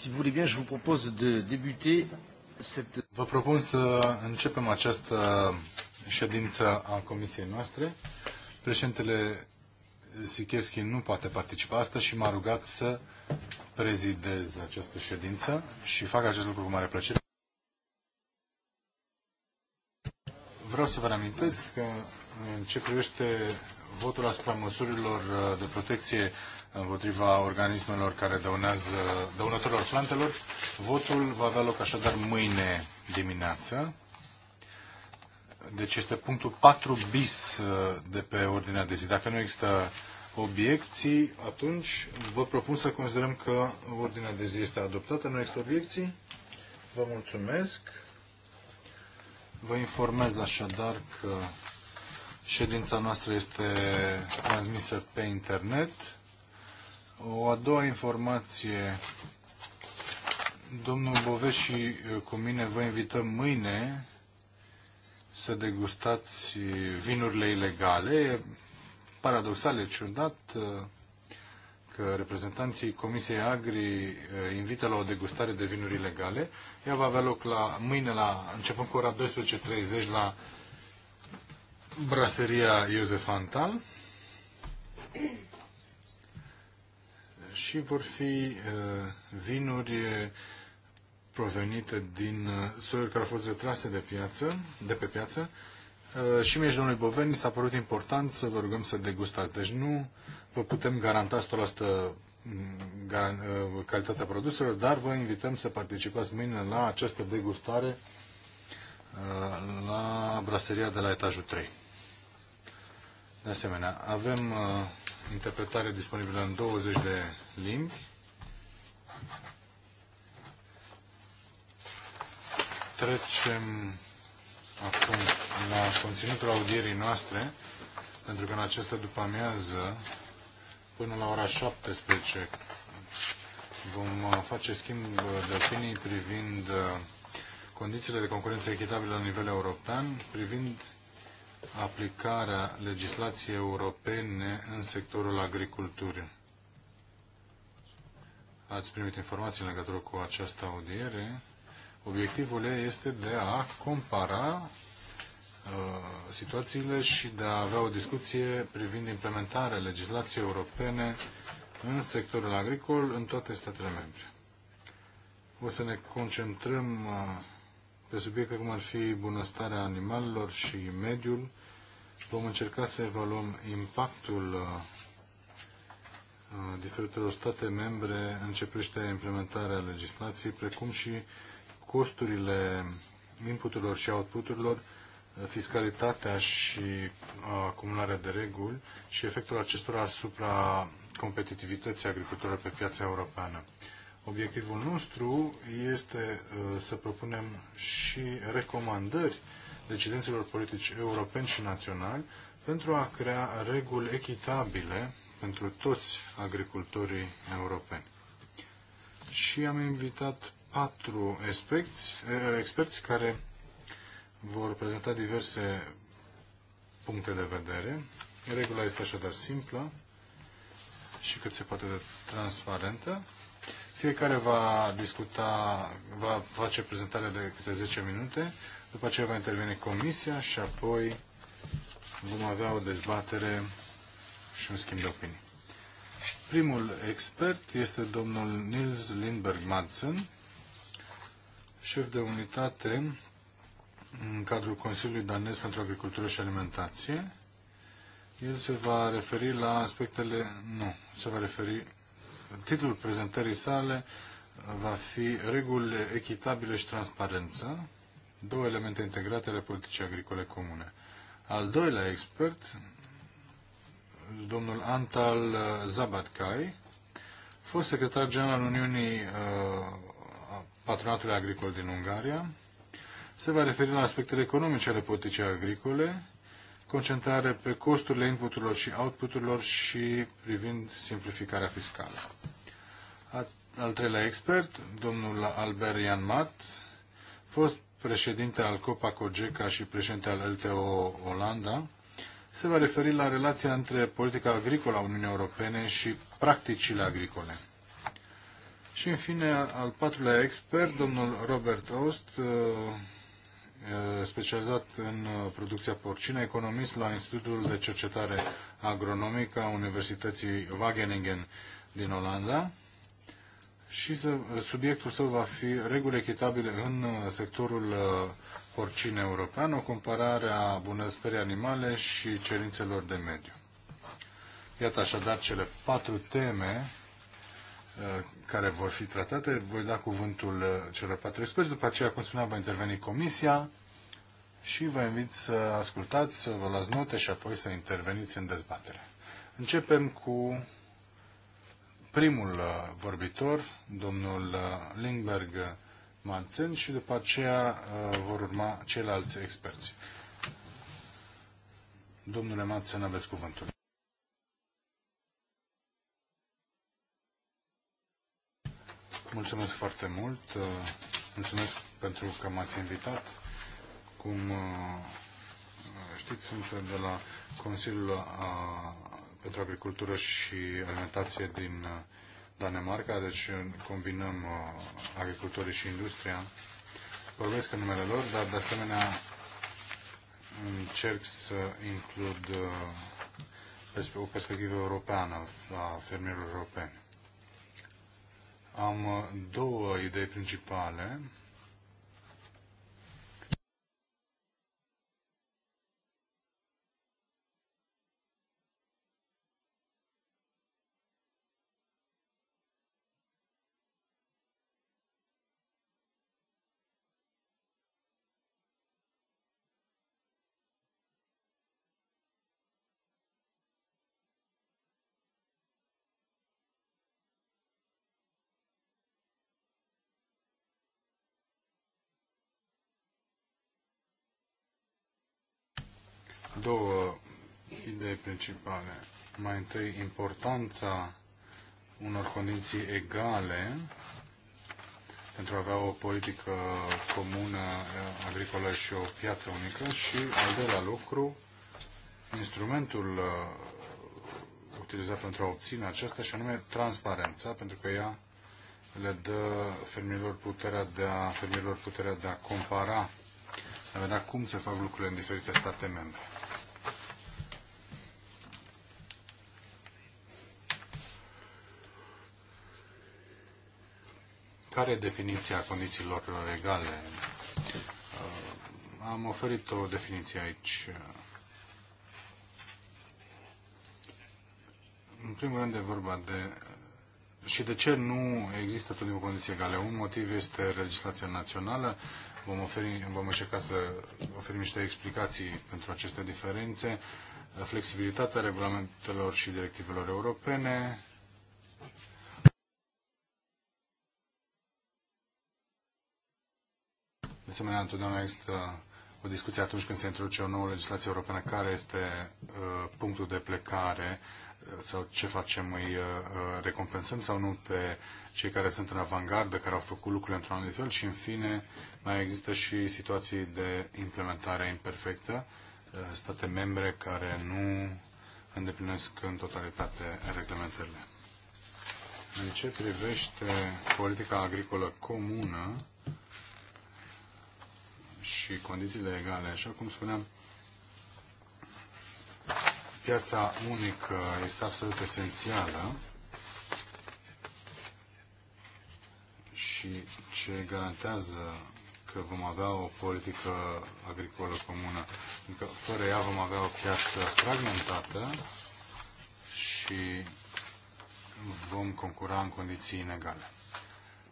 si vous voulez bien, je vous propose de débuter cette... Vă propun să începem această ședință a comisiei noastre. Președintele Sikerski nu poate participa astăzi și m-a rugat să prezidez această ședință și fac acest lucru cu mare plăcere. Vreau să vă reamintesc că în ce privește votul asupra măsurilor uh, de protecție împotriva organismelor care dăunează dăunătorilor plantelor. Votul va avea loc așadar mâine dimineață. Deci este punctul 4 bis uh, de pe ordinea de zi. Dacă nu există obiecții, atunci vă propun să considerăm că ordinea de zi este adoptată. Nu există obiecții? Vă mulțumesc. Vă informez așadar că Ședința noastră este transmisă pe internet. O a doua informație, domnul Boveș și uh, cu mine vă invităm mâine să degustați vinurile ilegale. Paradoxal, e ciudat uh, că reprezentanții Comisiei Agri uh, invită la o degustare de vinuri ilegale. Ea va avea loc la, mâine, la, începând cu ora 12.30 la Braseria Iosef Antal și vor fi uh, vinuri uh, provenite din uh, soiuri care au fost retrase de, piață, de pe piață. Și mie și domnului Boveni s-a părut important să vă rugăm să degustați. Deci nu vă putem garanta 100% mm, calitatea produselor, dar vă invităm să participați mâine la această degustare la braseria de la etajul 3. De asemenea, avem uh, interpretare disponibilă în 20 de limbi. Trecem acum la conținutul audierii noastre, pentru că în această după-amiază, până la ora 17, vom uh, face schimb de opinii privind uh, condițiile de concurență echitabilă la nivel european, privind aplicarea legislației europene în sectorul agriculturii. Ați primit informații în legătură cu această audiere. Obiectivul ei este de a compara uh, situațiile și de a avea o discuție privind implementarea legislației europene în sectorul agricol în toate statele membre. O să ne concentrăm uh, pe subiecte cum ar fi bunăstarea animalelor și mediul, vom încerca să evaluăm impactul uh, uh, diferitelor state membre în ce privește implementarea legislației, precum și costurile inputurilor și outputurilor, uh, fiscalitatea și acumularea de reguli și efectul acestora asupra competitivității agricultorilor pe piața europeană. Obiectivul nostru este să propunem și recomandări decidenților politici europeni și naționali pentru a crea reguli echitabile pentru toți agricultorii europeni. Și am invitat patru experți, eh, experți care vor prezenta diverse puncte de vedere. Regula este așadar simplă și cât se poate de transparentă. Fiecare va discuta, va face prezentarea de câte 10 minute. După aceea va interveni comisia și apoi vom avea o dezbatere și un schimb de opinii. Primul expert este domnul Nils Lindberg Madsen, șef de unitate în cadrul Consiliului Danez pentru Agricultură și Alimentație. El se va referi la aspectele... Nu, se va referi... Titlul prezentării sale va fi Reguli echitabile și transparență două elemente integrate ale politicii agricole comune. Al doilea expert, domnul Antal uh, Zabatkai, fost secretar general al Uniunii uh, Patronatului Agricol din Ungaria, se va referi la aspectele economice ale politicii agricole, concentrare pe costurile inputurilor și outputurilor și privind simplificarea fiscală. Al treilea expert, domnul Albert Ian Mat, fost președinte al Copa Cogeca și președinte al LTO Olanda, se va referi la relația între politica agricolă a Uniunii Europene și practicile agricole. Și, în fine, al patrulea expert, domnul Robert Ost, uh, uh, specializat în uh, producția porcină, economist la Institutul de Cercetare Agronomică a Universității Wageningen din Olanda, și subiectul său va fi reguli echitabile în uh, sectorul uh, porcin european, o comparare a bunăstării animale și cerințelor de mediu. Iată așadar cele patru teme uh, care vor fi tratate. Voi da cuvântul celor patru experți. După aceea, cum spuneam, va interveni comisia și vă invit să ascultați, să vă luați note și apoi să interveniți în dezbatere. Începem cu primul uh, vorbitor, domnul uh, Lindberg uh, Manțen, și după aceea vor urma ceilalți experți. Domnule Manțen, aveți cuvântul. Mulțumesc foarte mult. Mulțumesc pentru că m-ați invitat. Cum știți, sunt de la Consiliul pentru Agricultură și Alimentație din uh, Danemarca, deci uh, combinăm uh, agricultorii și industria. Vorbesc în numele lor, dar de asemenea încerc să includ o perspectivă europeană a fermierilor europeni. Am două idei principale două idei principale. Mai întâi, importanța unor condiții egale pentru a avea o politică comună eh, agricolă și o piață unică și, al doilea lucru, instrumentul eh, utilizat pentru a obține acesta, și anume transparența, pentru că ea le dă fermierilor puterea de a, fermierilor puterea de a compara, de a vedea cum se fac lucrurile în diferite state membre. Care e definiția condițiilor legale? Uh, am oferit o definiție aici. În primul rând e vorba de și de ce nu există tot timpul condiții egale? Un motiv este legislația națională. Vom, oferi, vom încerca să oferim niște explicații pentru aceste diferențe, flexibilitatea regulamentelor și directivelor europene, De asemenea, întotdeauna există o discuție atunci când se introduce o nouă legislație europeană, care este uh, punctul de plecare uh, sau ce facem, îi uh, recompensăm sau nu pe cei care sunt în avangardă, care au făcut lucrurile într-un anumit fel și, în fine, mai există și situații de implementare imperfectă, state membre care nu îndeplinesc în totalitate reglementările. În ce privește politica agricolă comună, și condițiile legale. Așa cum spuneam, piața unică este absolut esențială și ce garantează că vom avea o politică agricolă comună. Adică fără ea vom avea o piață fragmentată și vom concura în condiții inegale.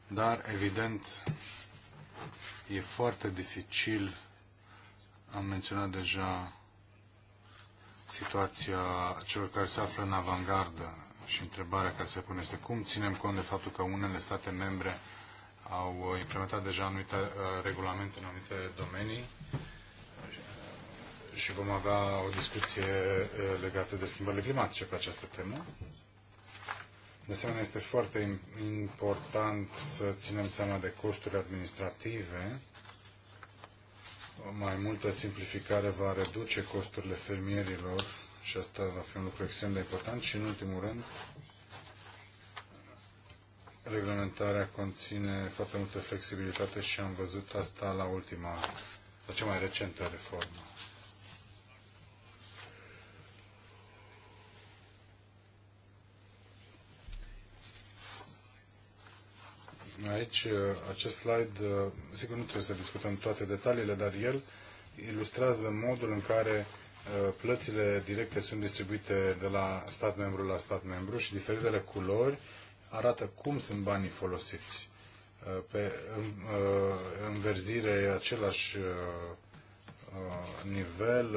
Dar, evident, e foarte dificil. Am menționat deja situația celor care se află în avangardă și întrebarea care se pune este cum ținem cont de faptul că unele state membre au implementat deja anumite uh, regulamente în anumite domenii și vom avea o discuție uh, legată de schimbările climatice pe această temă. De asemenea, este foarte important să ținem seama de costuri administrative. Mai multă simplificare va reduce costurile fermierilor și asta va fi un lucru extrem de important. Și, în ultimul rând, reglementarea conține foarte multă flexibilitate și am văzut asta la ultima, la cea mai recentă reformă. Aici, uh, acest slide, uh, sigur nu trebuie să discutăm toate detaliile, dar el ilustrează modul în care uh, plățile directe sunt distribuite de la stat membru la stat membru și diferitele culori arată cum sunt banii folosiți. Pe înverzire e același nivel,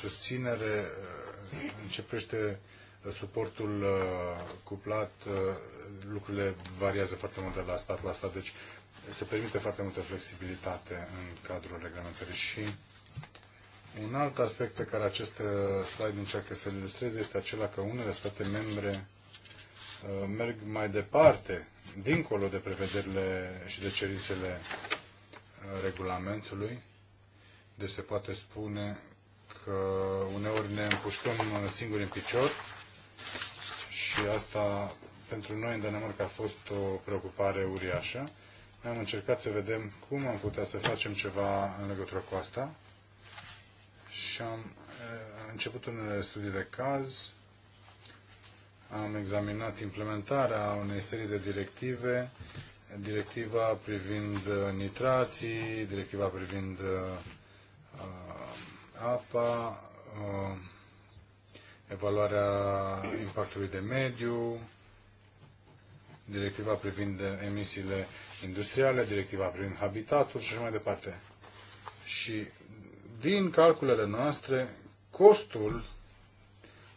susținere începește suportul cuplat lucrurile variază foarte mult de la stat la stat, deci se permite foarte multă flexibilitate în cadrul reglementării și un alt aspect pe care acest uh, slide încearcă să-l ilustreze este acela că unele state membre uh, merg mai departe, dincolo de prevederile și de cerințele uh, regulamentului. de deci se poate spune că uneori ne împușcăm singuri în picior și asta pentru noi în Danemarca a fost o preocupare uriașă. Am încercat să vedem cum am putea să facem ceva în legătură cu asta și am eh, început un studii de caz, am examinat implementarea unei serii de directive, directiva privind eh, nitrații, directiva privind uh, apa, uh, evaluarea impactului de mediu, directiva privind emisiile industriale, directiva privind habitatul și așa mai departe. Și din calculele noastre, costul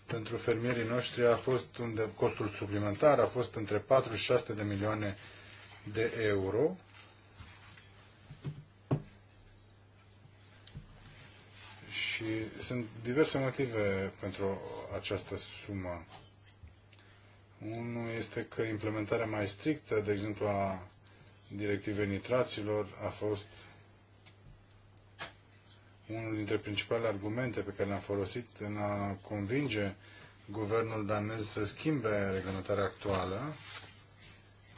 pentru fermierii noștri a fost unde, costul suplimentar a fost între 4 și 6 de milioane de euro. Și sunt diverse motive pentru această sumă unul este că implementarea mai strictă, de exemplu, a directivei nitraților a fost unul dintre principalele argumente pe care le-am folosit în a convinge guvernul danez să schimbe reglementarea actuală.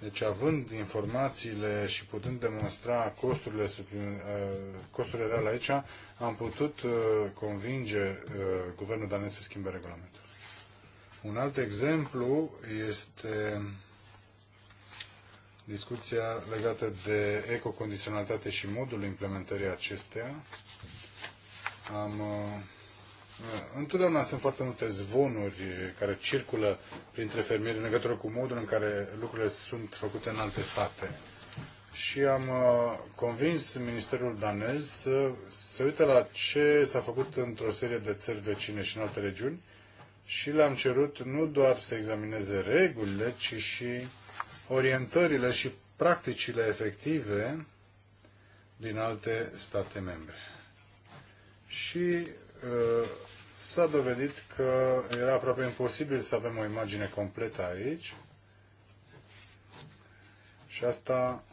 Deci, având informațiile și putând demonstra costurile, ă, costurile reale aici, am putut ă, convinge ă, guvernul danez să schimbe regulamentul. Un alt exemplu este discuția legată de ecocondiționalitate și modul implementării acesteia. Am, uh, întotdeauna sunt foarte multe zvonuri care circulă printre fermieri în legătură cu modul în care lucrurile sunt făcute în alte state. Și am uh, convins Ministerul danez să se uite la ce s-a făcut într-o serie de țări vecine și în alte regiuni și le-am cerut nu doar să examineze regulile, ci și orientările și practicile efective din alte state membre. Și uh, s-a dovedit că era aproape imposibil să avem o imagine completă aici. Și asta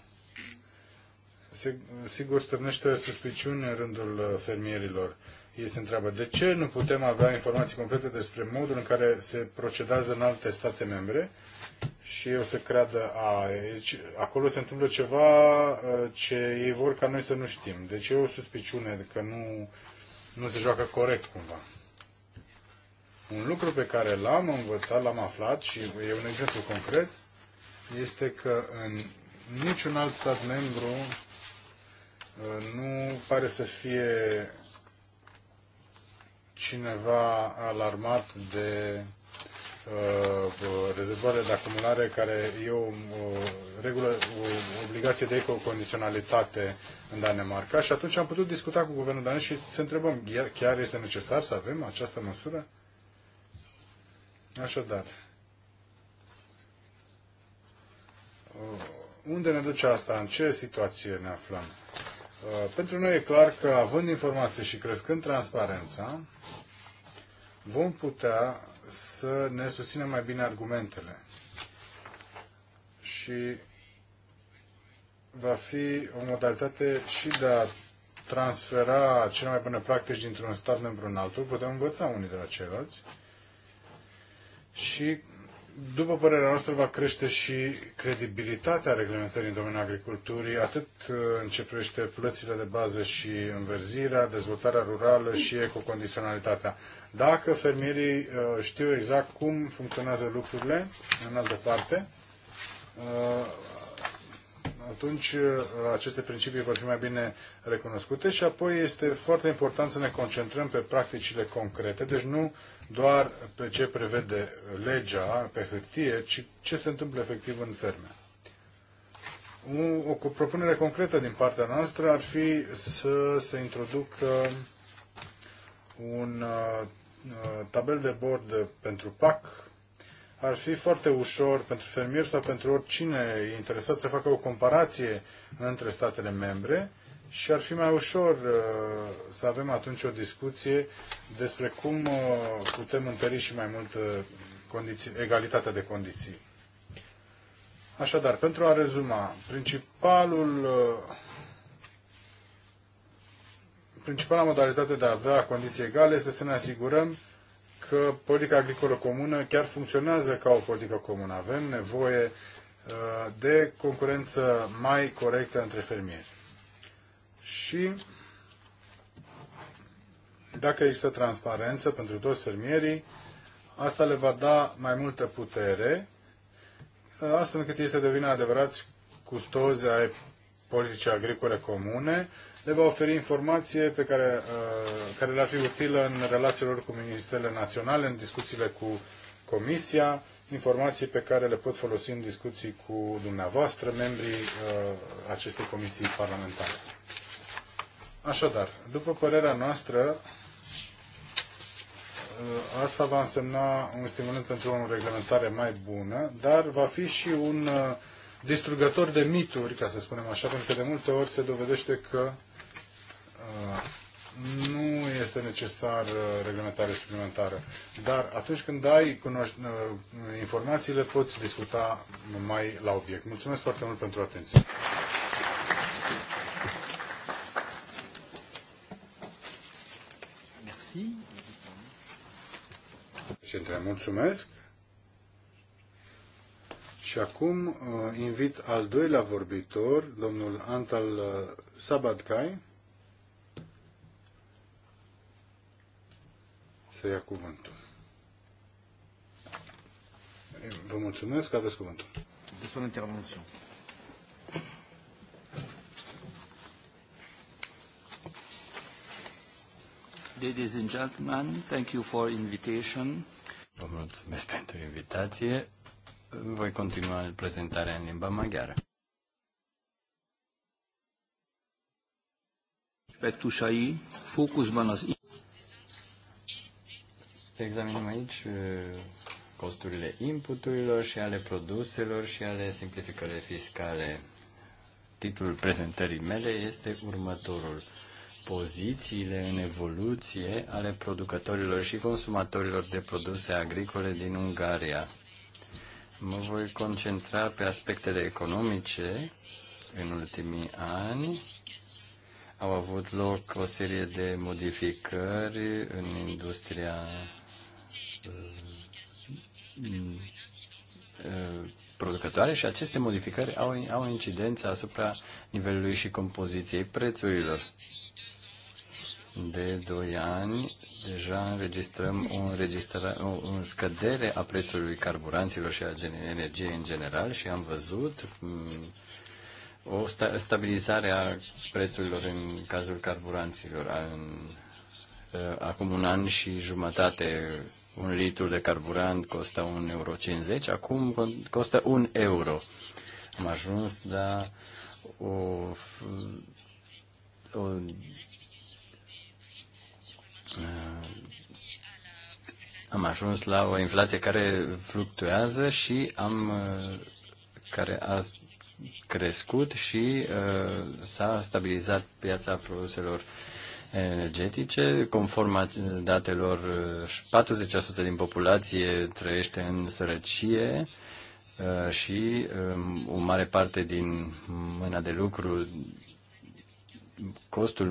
sigur stârnește suspiciune în rândul uh, fermierilor este se întreabă de ce nu putem avea informații complete despre modul în care se procedează în alte state membre și eu să creadă, a, aici, deci, acolo se întâmplă ceva uh, ce ei vor ca noi să nu știm. Deci e o suspiciune că nu, nu se joacă corect cumva. Un lucru pe care l-am învățat, l-am aflat și e un exemplu concret, este că în niciun alt stat membru uh, nu pare să fie cineva alarmat de uh, rezervoare de acumulare care e o, o regulă, o obligație de ecocondiționalitate în Danemarca și atunci am putut discuta cu guvernul danesc și să întrebăm chiar este necesar să avem această măsură? Așadar, uh, unde ne duce asta? În ce situație ne aflăm? Uh, pentru noi e clar că, având informații și crescând transparența, vom putea să ne susținem mai bine argumentele. Și va fi o modalitate și de a transfera cele mai bune practici dintr-un stat membru în altul, putem învăța unii de la ceilalți și după părerea noastră, va crește și credibilitatea reglementării în domeniul agriculturii, atât uh, în ce privește plățile de bază și înverzirea, dezvoltarea rurală și ecocondiționalitatea. Dacă fermierii uh, știu exact cum funcționează lucrurile, în altă parte, uh, atunci aceste principii vor fi mai bine recunoscute și apoi este foarte important să ne concentrăm pe practicile concrete, deci nu doar pe ce prevede legea pe hârtie, ci ce se întâmplă efectiv în ferme. O, propunere concretă din partea noastră ar fi să se introducă un uh, uh, tabel de bord pentru PAC. Ar fi foarte ușor pentru fermier sau pentru oricine interesat să facă o comparație între statele membre și ar fi mai ușor uh, să avem atunci o discuție despre cum uh, putem întări și mai mult uh, condiții, egalitatea de condiții. Așadar, pentru a rezuma, principalul, principala modalitate de a avea condiții egale este să ne asigurăm că politica agricolă comună chiar funcționează ca o politică comună. Avem nevoie de concurență mai corectă între fermieri și dacă există transparență pentru toți fermierii, asta le va da mai multă putere, astfel încât ei să devină adevărați custozi ai politicii agricole comune, le va oferi informație pe care, uh, care le-ar fi utilă în relațiile lor cu ministerele naționale, în discuțiile cu Comisia, informații pe care le pot folosi în discuții cu dumneavoastră, membrii uh, acestei comisii parlamentare. Așadar, după părerea noastră, ă, asta va însemna un stimulant pentru o reglementare mai bună, dar va fi și un ă, distrugător de mituri, ca să spunem așa, pentru că de multe ori se dovedește că ă, nu este necesar reglementare suplimentară. Dar atunci când ai informațiile, poți discuta mai la obiect. Mulțumesc foarte mult pentru atenție. centre. Mulțumesc! Și acum uh, invit al doilea vorbitor, domnul Antal uh, Sabadkai, să ia cuvântul. Vă mulțumesc, aveți cuvântul. De son intervenție. Ladies and gentlemen, thank you for invitation. Vă mulțumesc pentru invitație. Voi continua prezentarea în limba maghiară. aspektusai fókuszban az... Examinăm aici uh, costurile inputurilor și ale produselor și ale simplificării fiscale. Titlul prezentării mele este următorul pozițiile în evoluție ale producătorilor și consumatorilor de produse agricole din Ungaria. Mă voi concentra pe aspectele economice. În ultimii ani au avut loc o serie de modificări în industria uh, producătoare și aceste modificări au, au incidență asupra nivelului și compoziției prețurilor de 2 ani deja înregistrăm o, un o scădere a prețului carburanților și a energiei în general și am văzut mm, o sta- stabilizare a prețurilor în cazul carburanților. În, uh, acum un an și jumătate un litru de carburant costă 1,50 euro, acum costă 1 euro. Am ajuns la o, o Eh, am ajuns la o inflație care fluctuează și am eh, care a crescut și eh, s-a stabilizat piața produselor energetice. Conform datelor, 40% din populație trăiește în sărăcie și o mare parte din mâna de lucru costul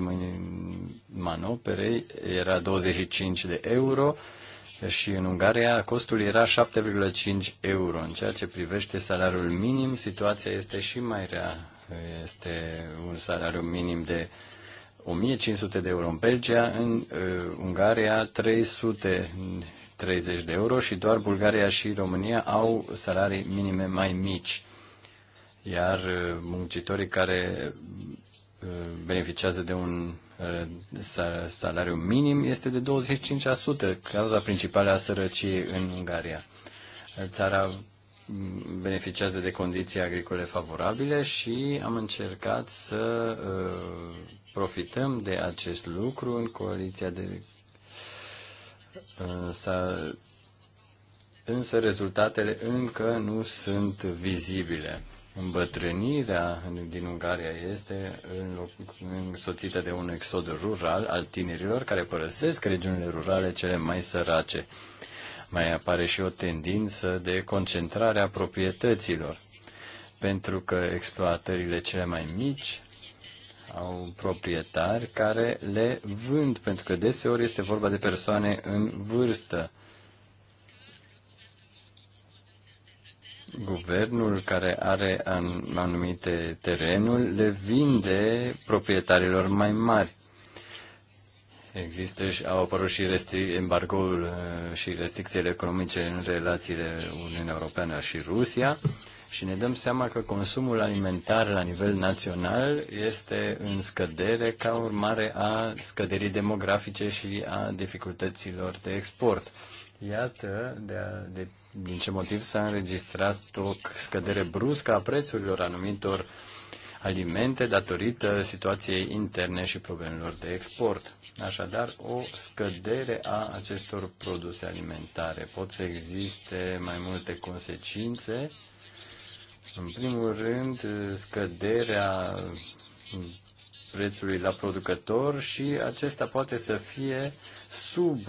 manoperei era 25 de euro și în Ungaria costul era 7,5 euro. În ceea ce privește salariul minim, situația este și mai rea. Este un salariu minim de 1500 de euro în Belgia, în uh, Ungaria 330 de euro și doar Bulgaria și România au salarii minime mai mici. Iar uh, muncitorii care beneficiază de un uh, salariu minim este de 25%, cauza principală a sărăciei în Ungaria. Țara beneficiază de condiții agricole favorabile și am încercat să uh, profităm de acest lucru în coaliția de uh, s însă rezultatele încă nu sunt vizibile îmbătrânirea din Ungaria este însoțită de un exod rural al tinerilor care părăsesc regiunile rurale cele mai sărace. Mai apare și o tendință de concentrare a proprietăților, pentru că exploatările cele mai mici au proprietari care le vând, pentru că deseori este vorba de persoane în vârstă guvernul care are anumite terenuri le vinde proprietarilor mai mari. Există și au apărut și embargoul uh, și restricțiile economice în relațiile Uniunii Europeană și Rusia și ne dăm seama că consumul alimentar la nivel național este în scădere ca urmare a scăderii demografice și a dificultăților de export. Iată, de, a, de din ce motiv s-a înregistrat o scădere bruscă a prețurilor anumitor alimente datorită situației interne și problemelor de export. Așadar, o scădere a acestor produse alimentare. Pot să existe mai multe consecințe. În primul rând, scăderea prețului la producător și acesta poate să fie sub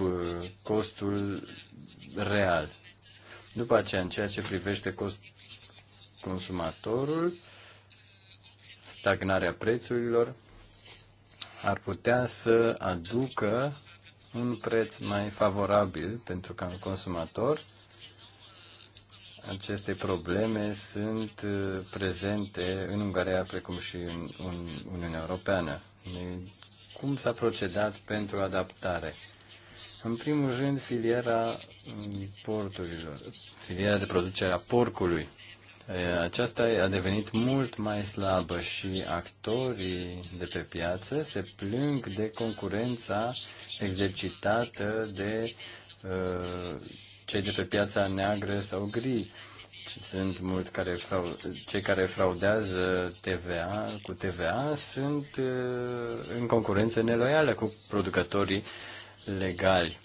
costul real. După aceea, în ceea ce privește cost consumatorul, stagnarea prețurilor ar putea să aducă un preț mai favorabil pentru ca un consumator. Aceste probleme sunt uh, prezente în Ungaria precum și în Uniunea Europeană. Cum s-a procedat pentru adaptare? În primul rând, filiera porturilor, filiera de producere a porcului. Aceasta a devenit mult mai slabă și actorii de pe piață se plâng de concurența exercitată de cei de pe piața neagră sau gri. Sunt mulți care frau, cei care fraudează TVA cu TVA sunt în concurență neloială cu producătorii legali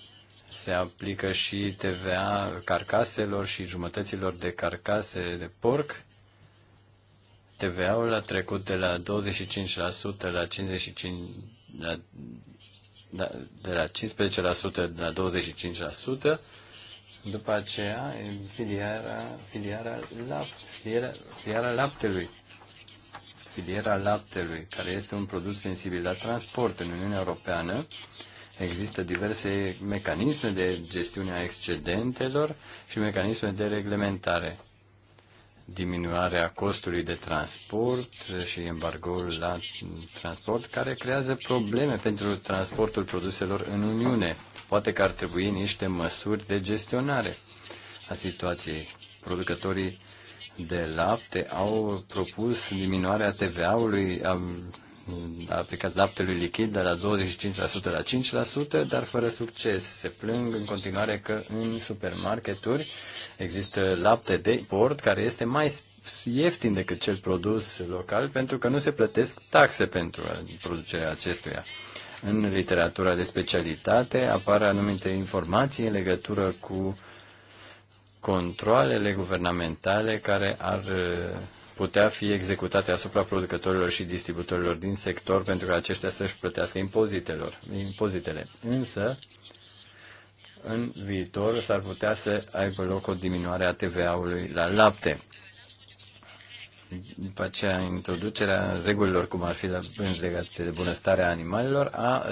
se aplică și TVA carcaselor și jumătăților de carcase de porc. TVA-ul a trecut de la 25% la 55 la, la, da, de la 15% la 25%. După aceea, filiera, filiera, lap, filiera, filiera laptelui filiera laptelui, care este un produs sensibil la transport în Uniunea Europeană, Există diverse mecanisme de gestiune a excedentelor și mecanisme de reglementare. Diminuarea costului de transport și embargoul la transport, care creează probleme pentru transportul produselor în Uniune. Poate că ar trebui niște măsuri de gestionare a situației. Producătorii de lapte au propus diminuarea TVA-ului aplicați da, laptelui lichid de la 25% la 5%, dar fără succes. Se plâng în continuare că în supermarketuri există lapte de port care este mai ieftin decât cel produs local pentru că nu se plătesc taxe pentru producerea acestuia. În literatura de specialitate apar anumite informații în legătură cu controlele guvernamentale care ar putea fi executate asupra producătorilor și distributorilor din sector pentru că aceștia să-și plătească impozitelor, impozitele. Însă, în viitor s-ar putea să aibă loc o diminuare a TVA-ului la lapte. După aceea, introducerea regulilor, cum ar fi la, legate de bunăstarea animalelor, a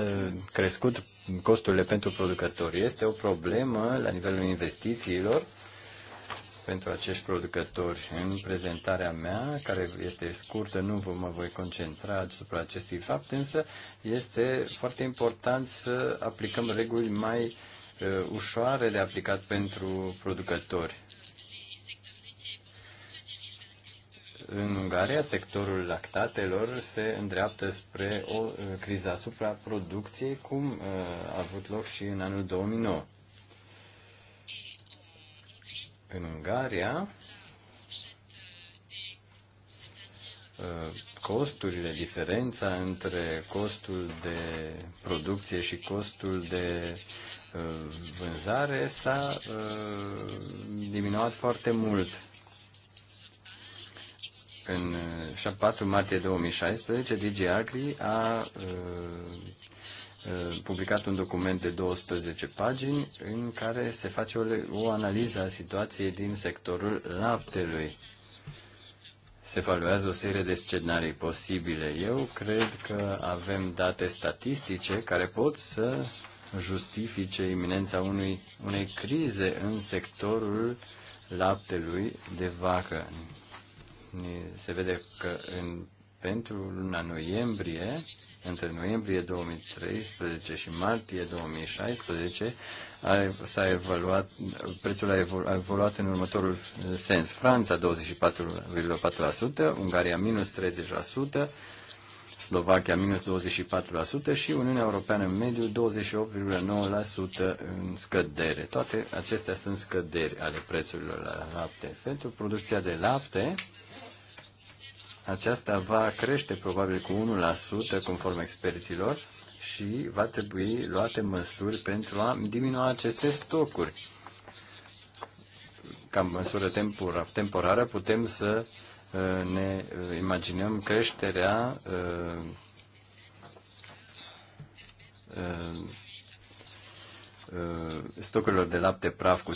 crescut costurile pentru producători. Este o problemă la nivelul investițiilor pentru acești producători. În prezentarea mea, care este scurtă, nu vă, mă voi concentra asupra acestui fapt, însă este foarte important să aplicăm reguli mai uh, ușoare de aplicat pentru producători. În Ungaria, sectorul lactatelor se îndreaptă spre o uh, criză asupra producției, cum uh, a avut loc și în anul 2009 în Ungaria, uh, costurile, diferența între costul de producție și costul de uh, vânzare s-a uh, diminuat foarte mult. În 4 martie 2016, DG Agri a Eh, publicat un document de 12 pagini în care se face o, o analiză a situației din sectorul laptelui. Se evaluează o serie de scenarii posibile. Eu cred că avem date statistice care pot să justifice iminența unui, unei crize în sectorul laptelui de vacă. Se vede că în, pentru luna noiembrie, între noiembrie 2013 și martie 2016 s-a evaluat, prețul a, a evoluat în următorul sens. Franța 24,4%, Ungaria minus 30%, Slovacia minus 24% și Uniunea Europeană în mediu 28,9% în scădere. Toate acestea sunt scăderi ale prețurilor la lapte. Pentru producția de lapte, aceasta va crește probabil cu 1% conform experților și va trebui luate măsuri pentru a diminua aceste stocuri. Ca măsură temporară putem să uh, ne uh, imaginăm creșterea uh, stocurilor de lapte praf cu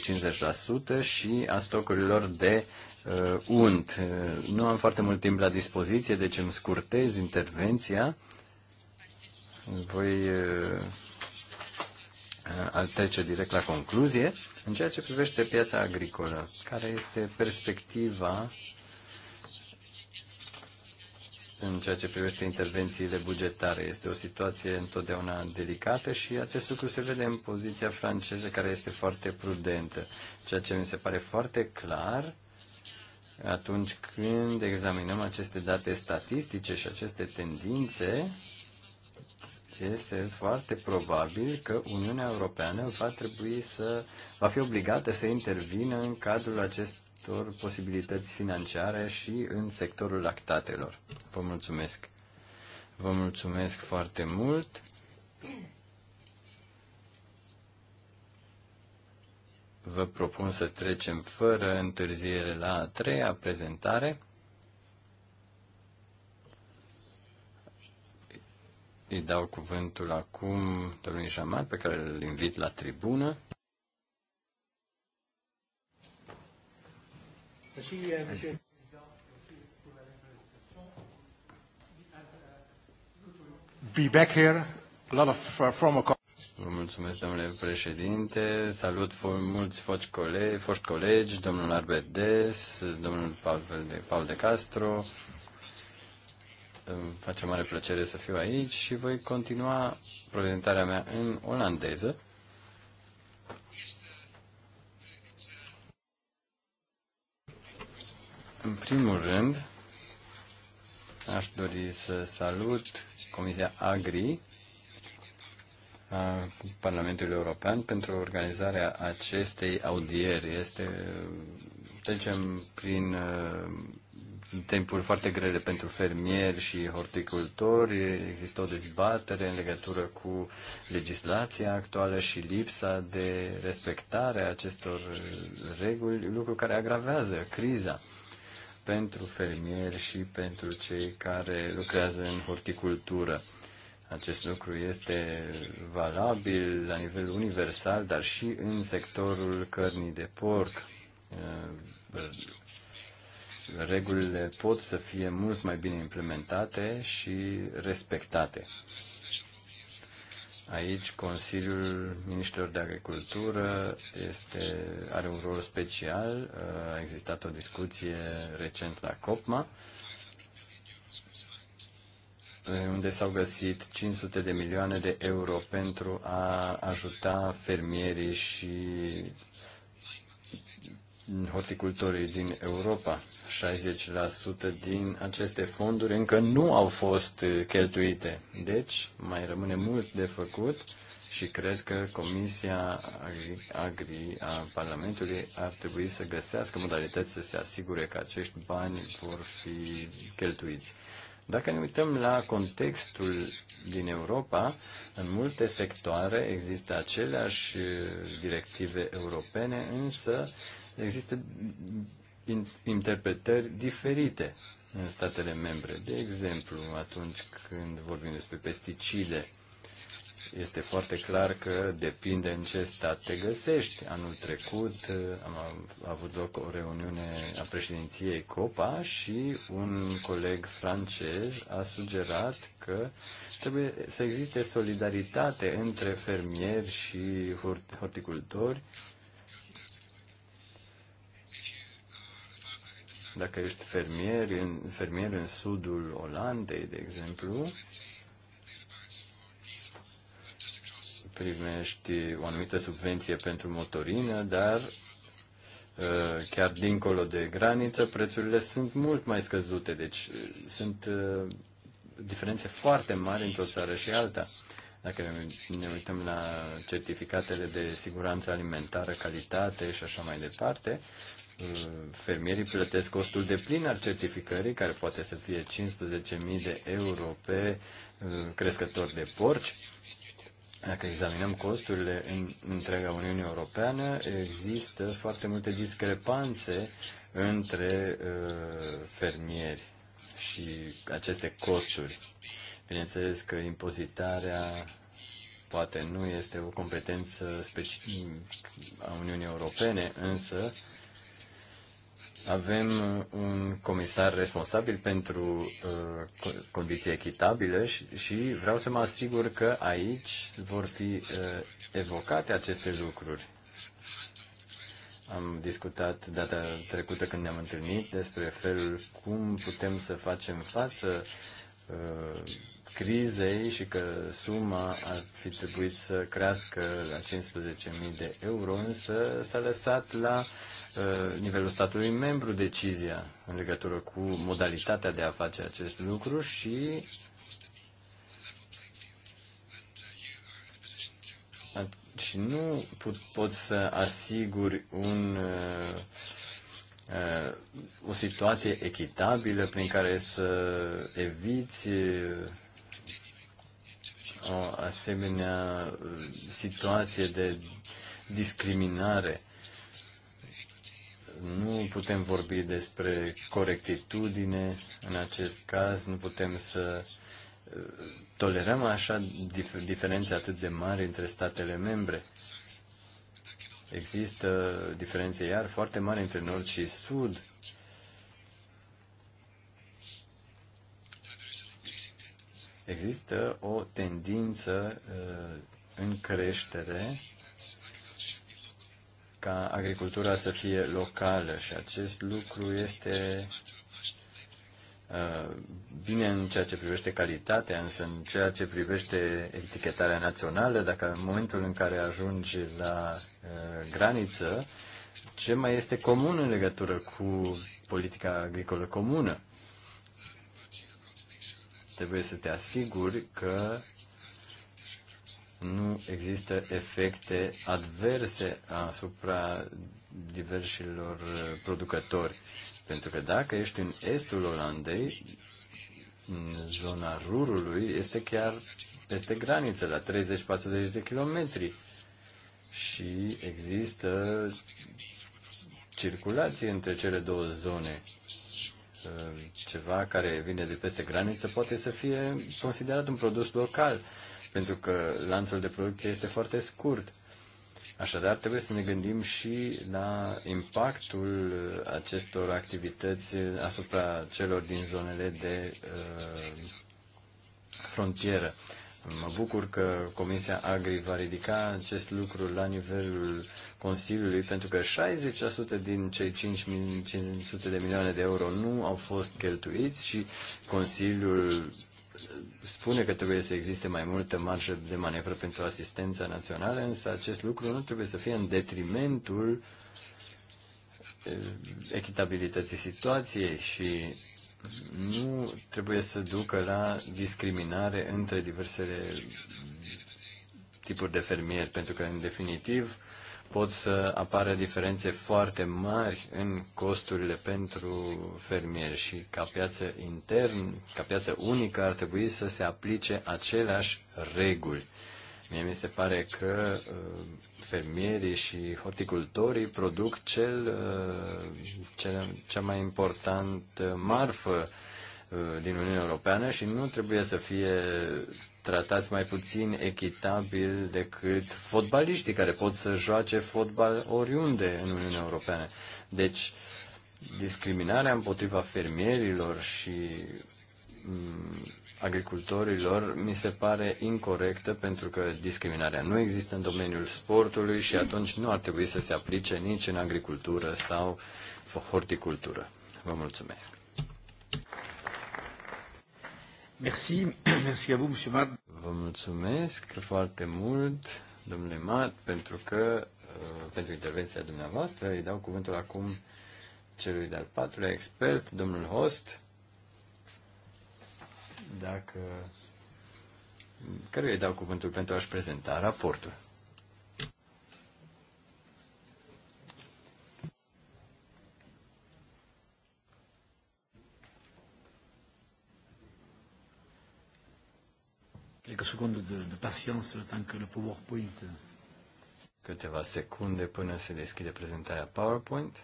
50% și a stocurilor de uh, unt. Uh, nu am foarte mult timp la dispoziție, deci îmi scurtez intervenția. Voi uh, uh, al trece direct la concluzie. În ceea ce privește piața agricolă, care este perspectiva în ceea ce privește intervențiile bugetare. Este o situație întotdeauna delicată și acest lucru se vede în poziția franceză, care este foarte prudentă. Ceea ce mi se pare foarte clar atunci când examinăm aceste date statistice și aceste tendințe, este foarte probabil că Uniunea Europeană va trebui să va fi obligată să intervină în cadrul acestor posibilități financiare și în sectorul lactatelor. Vă mulțumesc. Vă mulțumesc foarte mult. Vă propun să trecem fără întârziere la a treia prezentare. Îi dau cuvântul acum domnului Jamal, pe care îl invit la tribună. be back here. A lot of uh, former Vă mulțumesc, domnule președinte. Salut mulți foști colegi, foști colegi domnul Arbedes, domnul Paul de, Paul de Castro. Îmi face mare plăcere să fiu aici și voi continua prezentarea mea în olandeză. În primul rând, aș dori să salut Comisia Agri, a Parlamentului European pentru organizarea acestei audieri. Este, trecem prin timpuri foarte grele pentru fermieri și horticultori. Există o dezbatere în legătură cu legislația actuală și lipsa de respectare a acestor reguli, lucru care agravează criza pentru fermieri și pentru cei care lucrează în horticultură. Acest lucru este valabil la nivel universal, dar și în sectorul cărnii de porc. Uh, regulile pot să fie mult mai bine implementate și respectate. Aici Consiliul Ministrilor de Agricultură este, are un rol special. Uh, a existat o discuție recent la COPMA unde s-au găsit 500 de milioane de euro pentru a ajuta fermierii și horticultorii din Europa. 60% din aceste fonduri încă nu au fost cheltuite. Deci, mai rămâne mult de făcut și cred că Comisia Agri, Agri a Parlamentului ar trebui să găsească modalități să se asigure că acești bani vor fi cheltuiți. Dacă ne uităm la contextul din Europa, în multe sectoare există aceleași directive europene, însă există interpretări diferite în statele membre. De exemplu, atunci când vorbim despre pesticide, este foarte clar că depinde în ce stat te găsești. Anul trecut uh, am avut loc o reuniune a președinției COPA și un coleg francez a sugerat că trebuie să existe solidaritate între fermieri și horticultori dacă ești fermier în, fermier în sudul Olandei, de exemplu, primești o anumită subvenție pentru motorină, dar uh, chiar dincolo de graniță, prețurile sunt mult mai scăzute, deci uh, sunt uh, diferențe foarte mari într-o țară și alta. Dacă ne uităm la certificatele de siguranță alimentară, calitate și așa mai departe, fermierii plătesc costul de plin al certificării, care poate să fie 15.000 de euro pe crescător de porci, dacă examinăm costurile în întreaga Uniune Europeană, există foarte multe discrepanțe între uh, fermieri și aceste costuri. Bineînțeles că impozitarea poate nu este o competență a Uniunii Europene, însă uh, avem uh, un comisar responsabil pentru uh, condiții echitabile și, și vreau să mă asigur că aici vor fi uh, evocate aceste lucruri. Am discutat data trecută când ne-am întâlnit despre felul cum putem să facem față uh, crizei și că suma ar fi trebuit să crească la 15.000 de euro, însă s-a lăsat la uh, nivelul statului membru decizia în legătură cu modalitatea de a face acest lucru și și nu put, pot să asiguri un, uh, uh, o situație echitabilă prin care să eviți uh, o asemenea uh, situație de discriminare. Nu putem vorbi despre corectitudine în acest caz, nu putem să uh, tolerăm așa dif- diferențe atât de mari între statele membre. Există diferențe iar foarte mari între nord și sud există o tendință uh, în creștere ca agricultura să fie locală și acest lucru este uh, bine în ceea ce privește calitatea, însă în ceea ce privește etichetarea națională, dacă în momentul în care ajungi la uh, graniță, ce mai este comun în legătură cu politica agricolă comună? Trebuie să te asiguri că nu există efecte adverse asupra diversilor producători. Pentru că dacă ești în estul Olandei, în zona rurului, este chiar peste graniță, la 30-40 de kilometri. Și există circulație între cele două zone. Uh, ceva care vine de peste graniță poate să fie considerat un produs local, pentru că lanțul de producție este foarte scurt. Așadar, trebuie să ne gândim și la impactul acestor activități asupra celor din zonele de uh, frontieră. Uh, Mă bucur că Comisia Agri va ridica acest lucru la nivelul Consiliului, pentru că 60% din cei 500 de milioane de euro nu au fost cheltuiți și Consiliul spune că trebuie să existe mai multă marjă de manevră pentru asistența națională, însă acest lucru nu trebuie să fie în detrimentul eh, echitabilității situației și nu trebuie să ducă la discriminare între diversele tipuri de fermieri, pentru că, în definitiv, pot să apară diferențe foarte mari în costurile pentru fermieri și ca piață intern, ca piață unică, ar trebui să se aplice aceleași reguli Mie mi se pare că uh, fermierii și horticultorii produc cel, uh, cel, cea mai importantă marfă uh, din Uniunea Europeană și nu trebuie să fie tratați mai puțin echitabil decât fotbaliștii care pot să joace fotbal oriunde în Uniunea Europeană. Deci, discriminarea împotriva fermierilor și mm, agricultorilor mi se pare incorrectă pentru că discriminarea nu există în domeniul sportului și atunci nu ar trebui să se aplice nici în agricultură sau horticultură. Vă mulțumesc. Merci. Merci à vous, monsieur Vă mulțumesc foarte mult, domnule Mat, pentru că uh, pentru intervenția dumneavoastră. Îi dau cuvântul acum celui de-al patrulea expert, domnul Host dacă căruia îi dau cuvântul pentru a-și prezenta raportul. Câteva secunde de, de patience le temps le PowerPoint. Euh, Câteva secunde până se deschide prezentarea PowerPoint.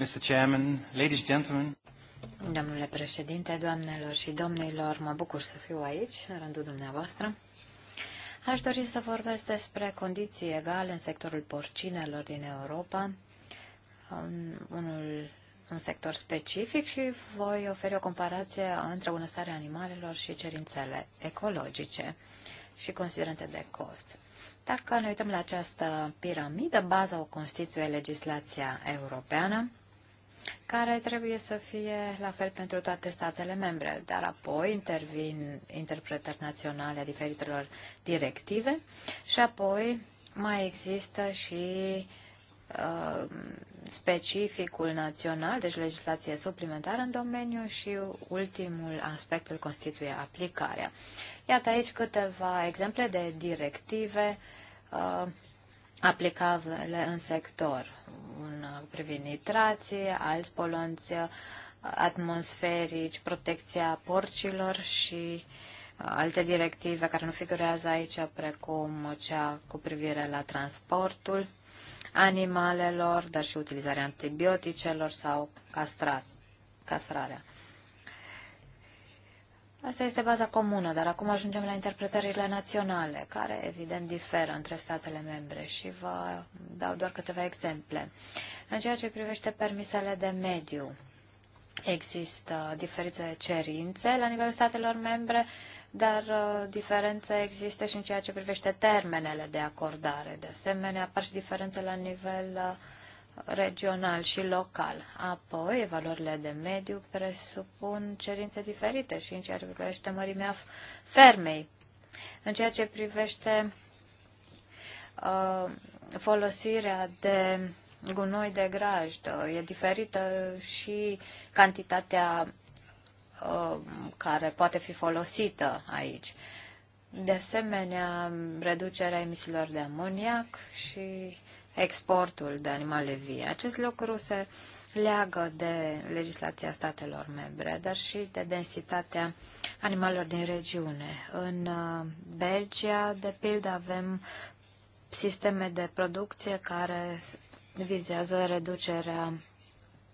Mr. Chairman, ladies and gentlemen. Domnule președinte, doamnelor și domnilor, mă bucur să fiu aici, în rândul dumneavoastră. Aș dori să vorbesc despre condiții egale în sectorul porcinelor din Europa, unul, un sector specific și voi oferi o comparație între bunăstarea animalelor și cerințele ecologice și considerente de cost. Dacă ne uităm la această piramidă, baza o constituie legislația europeană, care trebuie să fie la fel pentru toate statele membre, dar apoi intervin interpretări naționale a diferitelor directive și apoi mai există și uh, specificul național, deci legislație suplimentară în domeniu și ultimul aspect îl constituie aplicarea. Iată aici câteva exemple de directive uh, aplicabile în sector un privind nitrații, alți polonți atmosferici, protecția porcilor și uh, alte directive care nu figurează aici, precum cea cu privire la transportul animalelor, dar și utilizarea antibioticelor sau castrat, castrarea. Asta este baza comună, dar acum ajungem la interpretările naționale, care evident diferă între statele membre și vă dau doar câteva exemple. În ceea ce privește permisele de mediu, există diferite cerințe la nivelul statelor membre, dar uh, diferențe există și în ceea ce privește termenele de acordare. De asemenea, apar și diferențe la nivel uh, regional și local. Apoi, valorile de mediu presupun cerințe diferite și în ceea ce privește mărimea fermei. În ceea ce privește uh, folosirea de gunoi de grajdă, e diferită și cantitatea uh, care poate fi folosită aici. De asemenea, reducerea emisiilor de amoniac și exportul de animale vii. Acest lucru se leagă de legislația statelor membre, dar și de densitatea animalelor din regiune. În uh, Belgia, de pildă, avem sisteme de producție care vizează reducerea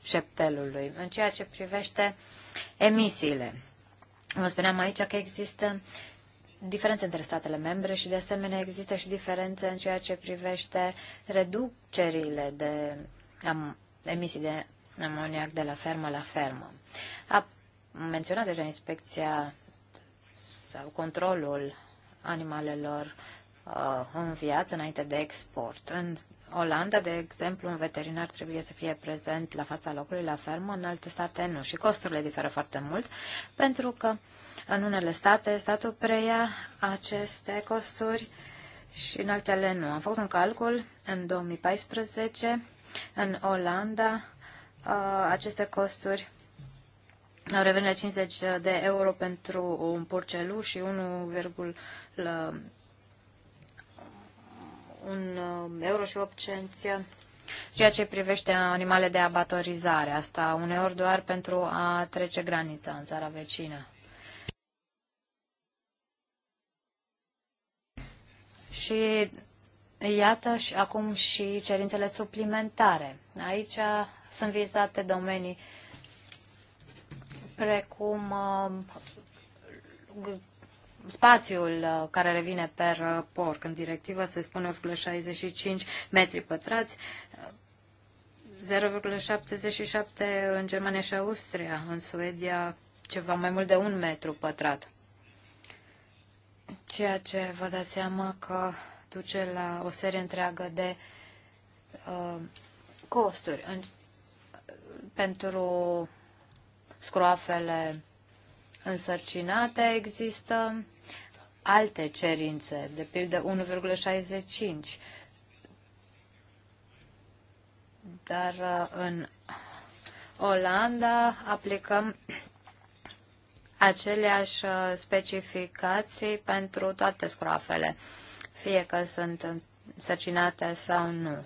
șeptelului. În ceea ce privește emisiile, vă spuneam aici că există diferențe între statele membre și, de asemenea, există și diferențe în ceea ce privește reducerile de am, emisii de amoniac de la fermă la fermă. A menționat deja inspecția sau controlul animalelor uh, în viață înainte de export. În Olanda, de exemplu, un veterinar trebuie să fie prezent la fața locului, la fermă, în alte state nu. Și costurile diferă foarte mult, pentru că în unele state statul preia aceste costuri și în altele nu. Am făcut un calcul în 2014, în Olanda, aceste costuri au revenit la 50 de euro pentru un porcelou și 1, un uh, euro și 8 cenți uh, ceea ce privește animale de abatorizare, asta uneori doar pentru a trece granița în țara vecină. Și iată și acum și cerințele suplimentare. Aici sunt vizate domenii precum uh, spațiul uh, care revine per uh, porc. În directivă se spune 1,65 metri pătrați, 0,77 în Germania și Austria, în Suedia ceva mai mult de un metru pătrat. Ceea ce vă dați seama că duce la o serie întreagă de uh, costuri în, pentru scroafele însărcinate, există alte cerințe, de pildă 1,65. Dar uh, în Olanda aplicăm aceleași uh, specificații pentru toate scroafele, fie că sunt însărcinate sau nu.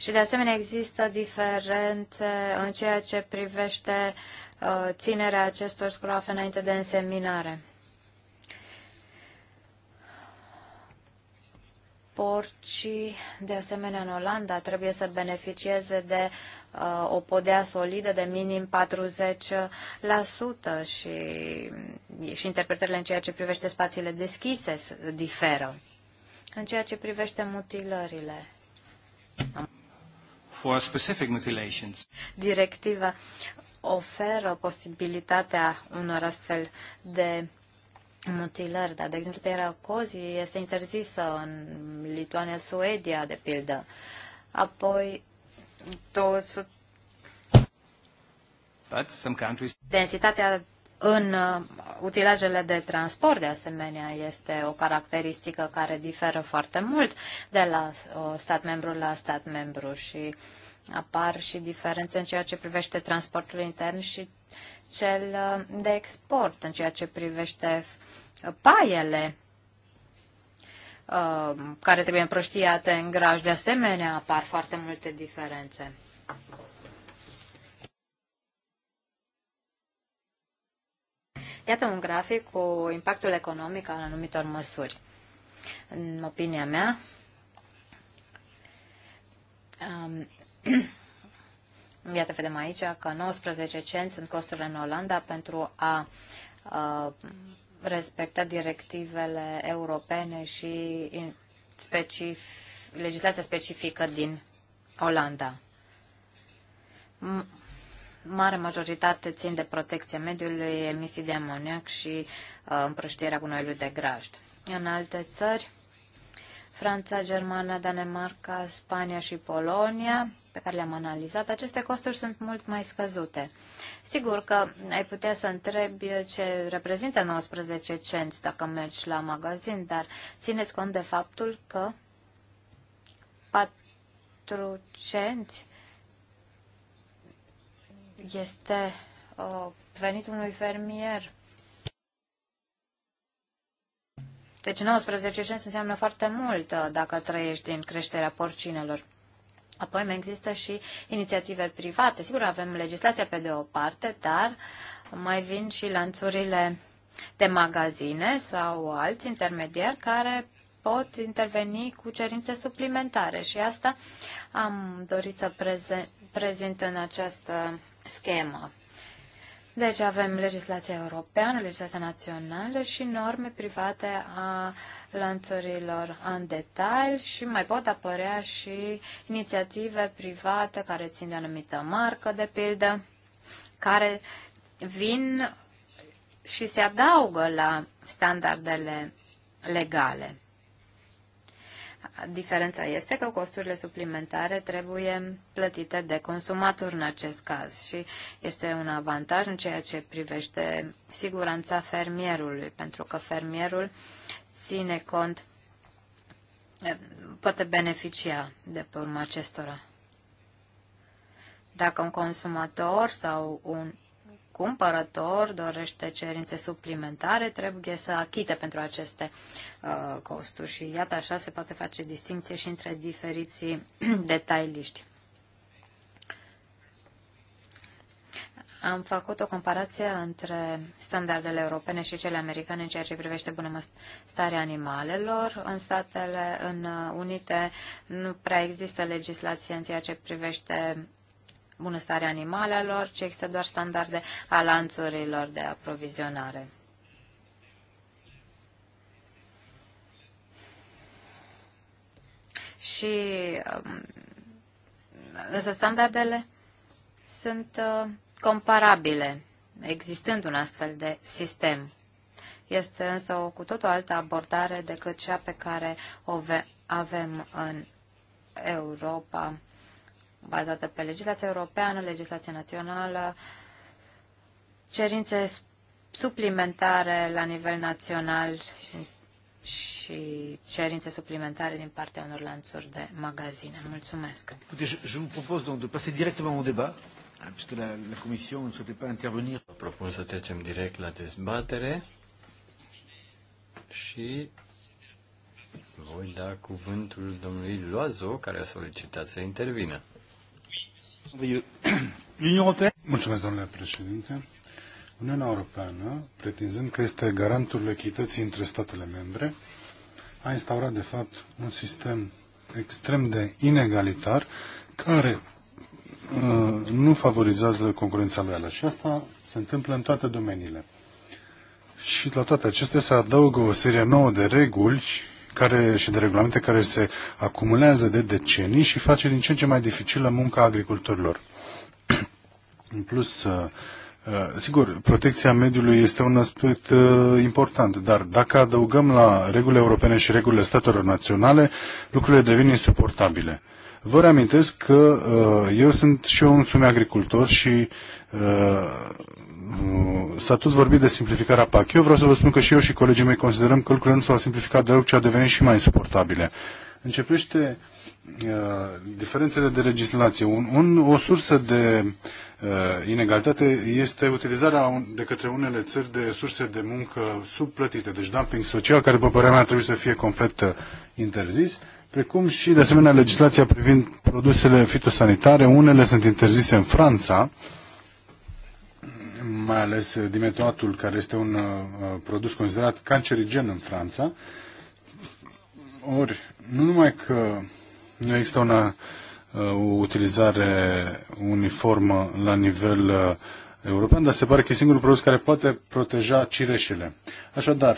Și de asemenea există diferențe în ceea ce privește uh, ținerea acestor scroafe înainte de înseminare. porcii, de asemenea în Olanda, trebuie să beneficieze de uh, o podea solidă de minim 40% și, și interpretările în ceea ce privește spațiile deschise diferă. În ceea ce privește mutilările. Am for specific mutilations. Directiva oferă posibilitatea unor astfel de mutilări, dar, de exemplu, tăierea cozii este interzisă în Lituania, Suedia, de pildă. Apoi, 200... But some countries... Densitatea în uh, utilajele de transport, de asemenea, este o caracteristică care diferă foarte mult de la uh, stat membru la stat membru și apar și diferențe în ceea ce privește transportul intern și cel uh, de export, în ceea ce privește paiele care trebuie împrăștiate în graj. De asemenea, apar foarte multe diferențe. Iată un grafic cu impactul economic al anumitor măsuri. În opinia mea, um, iată, vedem aici că 19 cenți sunt costurile în Olanda pentru a uh, respecta directivele europene și specif- legislația specifică din Olanda mare majoritate țin de protecția mediului, emisii de amoniac și uh, împrăștierea gunoiului de grajd. În alte țări, Franța, Germania, Danemarca, Spania și Polonia, pe care le-am analizat, aceste costuri sunt mult mai scăzute. Sigur că ai putea să întrebi ce reprezintă 19 cenți dacă mergi la magazin, dar țineți cont de faptul că 4 cenți este uh, venitul unui fermier. Deci 19 cenți înseamnă foarte mult uh, dacă trăiești din creșterea porcinelor. Apoi mai există și inițiative private. Sigur, avem legislația pe de o parte, dar mai vin și lanțurile de magazine sau alți intermediari care pot interveni cu cerințe suplimentare și asta am dorit să prezent, prezint în această schemă. Deci avem legislația europeană, legislația națională și norme private a lanțurilor în detail și mai pot apărea și inițiative private care țin de anumită marcă, de pildă, care vin și se adaugă la standardele legale. Diferența este că costurile suplimentare trebuie plătite de consumator în acest caz și este un avantaj în ceea ce privește siguranța fermierului, pentru că fermierul ține cont, poate beneficia de pe urma acestora. Dacă un consumator sau un cumpărător dorește cerințe suplimentare, trebuie să achite pentru aceste uh, costuri. Și iată așa se poate face distinție și între diferiții detailiști. Am făcut o comparație între standardele europene și cele americane în ceea ce privește bunăstarea animalelor. În Statele în Unite nu prea există legislație în ceea ce privește bunăstarea animalelor, ci există doar standarde a lanțurilor de aprovizionare. Și um, însă standardele sunt uh, comparabile, existând un astfel de sistem. Este însă o cu tot o altă abordare decât cea pe care o avem în Europa bazată pe legislația europeană, legislația națională, cerințe suplimentare la nivel național și, și cerințe suplimentare din partea unor lanțuri de magazine. Mulțumesc. Écoutez, je, vous propose donc de passer directement au débat, la, la ne souhaitait pas intervenir. Vă propun să trecem direct la dezbatere și voi da cuvântul domnului Loazo, care a solicitat să intervină. Mulțumesc, domnule președinte. Uniunea Europeană, pretinzând că este garantul echității între statele membre, a instaurat, de fapt, un sistem extrem de inegalitar care uh, nu favorizează concurența loială. Și asta se întâmplă în toate domeniile. Și la toate acestea se adaugă o serie nouă de reguli care, și de regulamente care se acumulează de decenii și face din ce în ce mai dificilă munca agricultorilor. în plus, uh, uh, Sigur, protecția mediului este un aspect uh, important, dar dacă adăugăm la regulile europene și regulile statelor naționale, lucrurile devin insuportabile. Vă reamintesc că uh, eu sunt și eu însumi agricultor și Uh, s-a tot vorbit de simplificarea PAC. Eu vreau să vă spun că și eu și colegii mei considerăm că lucrurile nu s-au simplificat deloc, ci au devenit și mai insuportabile. Începește uh, diferențele de legislație. Un, un, o sursă de uh, inegalitate este utilizarea un, de către unele țări de surse de muncă subplătite, deci dumping social, care, după părerea mea, trebuie să fie complet uh, interzis, precum și, de asemenea, legislația privind produsele fitosanitare. Unele sunt interzise în Franța, uh, mai ales dimetoatul, care este un uh, produs considerat cancerigen în Franța. Ori, nu numai că nu există una, uh, o utilizare uniformă la nivel uh, european, dar se pare că e singurul produs care poate proteja cireșele. Așadar,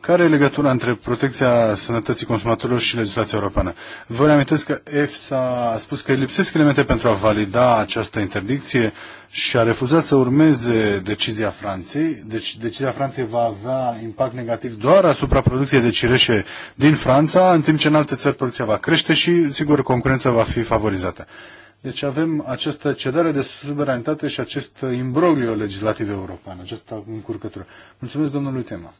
care e legătura între protecția sănătății consumatorilor și legislația europeană? Vă reamintesc că EFSA a spus că lipsesc elemente pentru a valida această interdicție și a refuzat să urmeze decizia Franței. Deci decizia Franței va avea impact negativ doar asupra producției de cireșe din Franța, în timp ce în alte țări producția va crește și, sigur, concurența va fi favorizată. Deci avem această cedare de suveranitate și acest imbroglio legislativ european, această încurcătură. Mulțumesc, domnului Tema.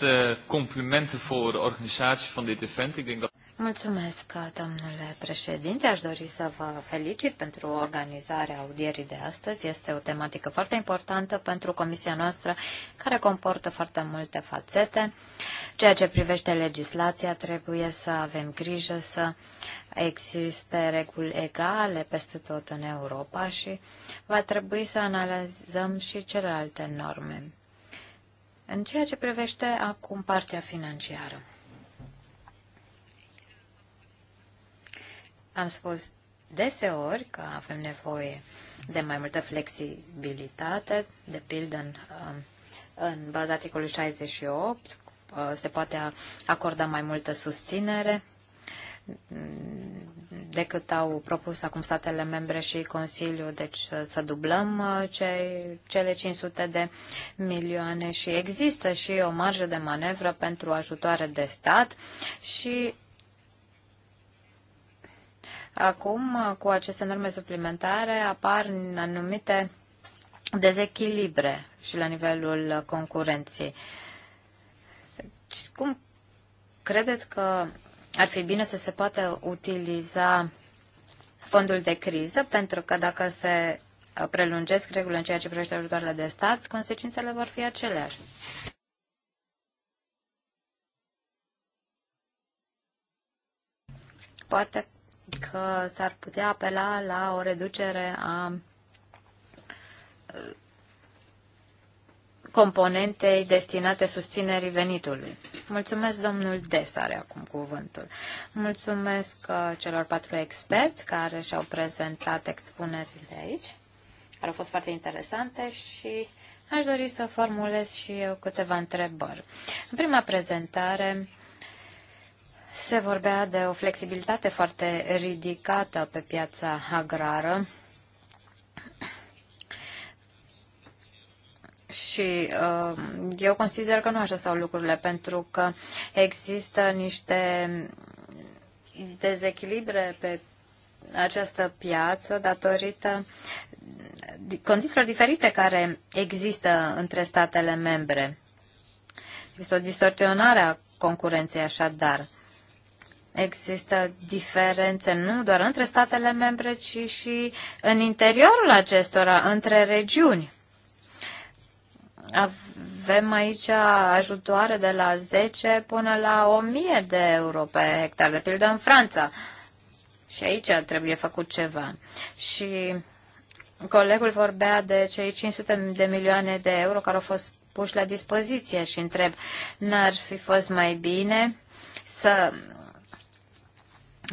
eerst complimenten voor de organisatie van dit event. Ik denk dat... Mulțumesc, domnule președinte. Aș dori să vă felicit pentru organizarea audierii de astăzi. Este o tematică foarte importantă pentru comisia noastră, care comportă foarte multe fațete. Ceea ce privește legislația, trebuie să avem grijă să existe reguli egale peste tot în Europa și va trebui să analizăm și celelalte norme. În ceea ce privește acum partea financiară, am spus deseori că avem nevoie de mai multă flexibilitate, de pildă în, um, în baza articolului 68 uh, se poate acorda mai multă susținere decât au propus acum statele membre și Consiliul, deci să, dublăm uh, ce, cele 500 de milioane și există și o marjă de manevră pentru ajutoare de stat și acum uh, cu aceste norme suplimentare apar anumite dezechilibre și la nivelul uh, concurenței. Cum credeți că ar fi bine să se poată utiliza fondul de criză, pentru că dacă se prelungesc regulile în ceea ce privește ajutoarele de stat, consecințele vor fi aceleași. Poate că s-ar putea apela la o reducere a componentei destinate susținerii venitului. Mulțumesc, domnul Desare acum cuvântul. Mulțumesc uh, celor patru experți care și-au prezentat expunerile aici, care au fost foarte interesante și aș dori să formulez și eu câteva întrebări. În prima prezentare, se vorbea de o flexibilitate foarte ridicată pe piața agrară și uh, eu consider că nu așa stau lucrurile, pentru că există niște dezechilibre pe această piață datorită condițiilor diferite care există între statele membre. Există o distorsionare a concurenței așadar. Există diferențe nu doar între statele membre, ci și în interiorul acestora, între regiuni. Avem aici ajutoare de la 10 până la 1000 de euro pe hectar, de pildă în Franța. Și aici trebuie făcut ceva. Și colegul vorbea de cei 500 de milioane de euro care au fost puși la dispoziție și întreb, n-ar fi fost mai bine să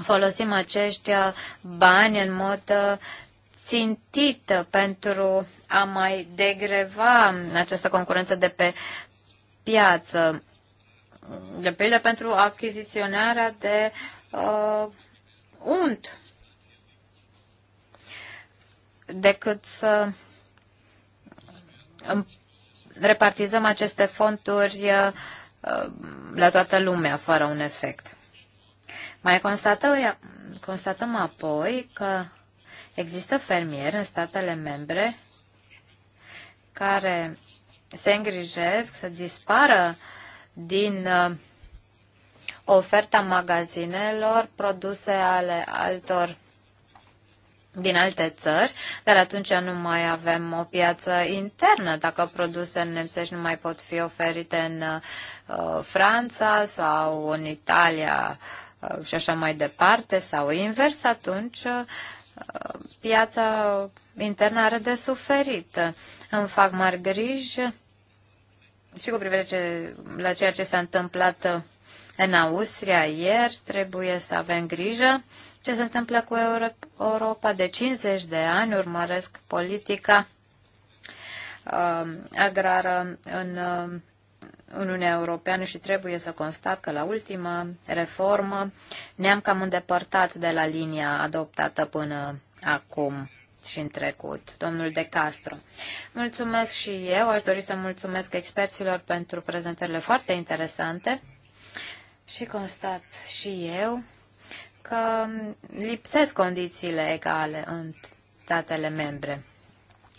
folosim acești bani în mod țintită pentru a mai degreva această concurență de pe piață, de pildă pentru achiziționarea de uh, unt, decât să um, repartizăm aceste fonduri uh, uh, la toată lumea, fără un efect. Mai constatăm, constatăm apoi că Există fermieri în statele membre care se îngrijesc să dispară din uh, oferta magazinelor produse ale altor din alte țări, dar atunci nu mai avem o piață internă dacă produse nemțești nu mai pot fi oferite în uh, Franța sau în Italia uh, și așa mai departe sau invers, atunci uh, piața internă are de suferit. Îmi fac mari griji și cu privire ce, la ceea ce s-a întâmplat în Austria ieri, trebuie să avem grijă ce se întâmplă cu Europa. De 50 de ani urmăresc politica uh, agrară în uh, Uniunea Europeană și trebuie să constat că la ultima reformă ne-am cam îndepărtat de la linia adoptată până acum și în trecut, domnul De Castro. Mulțumesc și eu, aș dori să mulțumesc experților pentru prezentările foarte interesante și constat și eu că lipsesc condițiile egale în statele membre,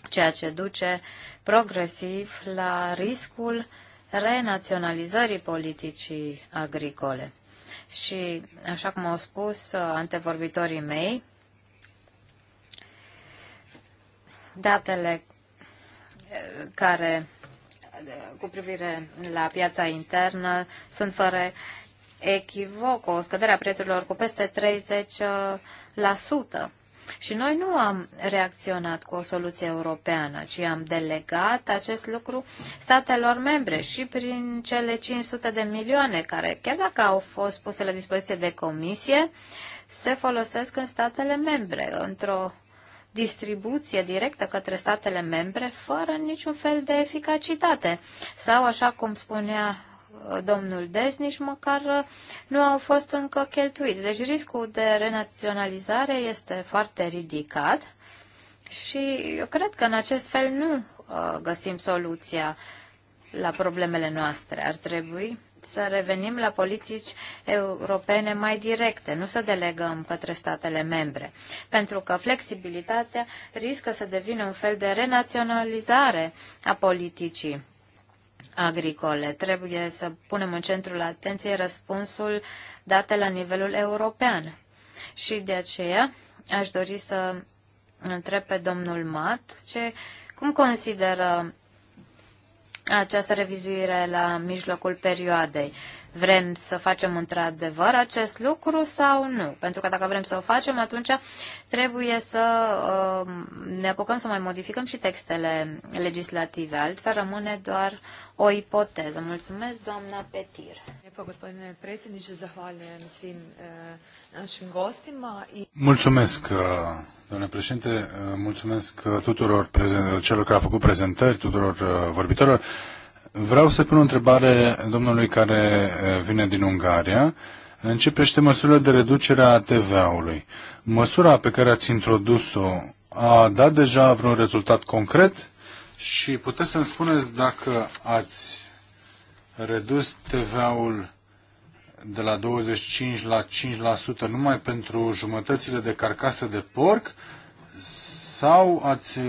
ceea ce duce progresiv la riscul renaționalizării politicii agricole. Și, așa cum au spus uh, antevorbitorii mei, datele uh, care uh, cu privire la piața internă sunt fără echivoc o scădere a prețurilor cu peste 30%. Și noi nu am reacționat cu o soluție europeană, ci am delegat acest lucru statelor membre și prin cele 500 de milioane care, chiar dacă au fost puse la dispoziție de comisie, se folosesc în statele membre, într-o distribuție directă către statele membre fără niciun fel de eficacitate. Sau, așa cum spunea domnul Des nici măcar uh, nu au fost încă cheltuiți. Deci riscul de renaționalizare este foarte ridicat și eu cred că în acest fel nu uh, găsim soluția la problemele noastre. Ar trebui să revenim la politici europene mai directe, nu să delegăm către statele membre, pentru că flexibilitatea riscă să devină un fel de renaționalizare a politicii agricole. Trebuie să punem în centrul atenției răspunsul date la nivelul european. Și de aceea aș dori să întreb pe domnul Mat ce, cum consideră această revizuire la mijlocul perioadei. Vrem să facem într-adevăr acest lucru sau nu? Pentru că dacă vrem să o facem, atunci trebuie să uh, ne apucăm să mai modificăm și textele legislative. Altfel rămâne doar o ipoteză. Mulțumesc, doamna Petir. Uh, Mulțumesc, uh, Domnule președinte, mulțumesc tuturor celor care au făcut prezentări, tuturor uh, vorbitorilor. Vreau să pun o întrebare domnului care uh, vine din Ungaria. prește măsurile de reducere a TVA-ului. Măsura pe care ați introdus-o a dat deja vreun rezultat concret și puteți să-mi spuneți dacă ați redus TVA-ul de la 25 la 5% numai pentru jumătățile de carcasă de porc sau ați uh,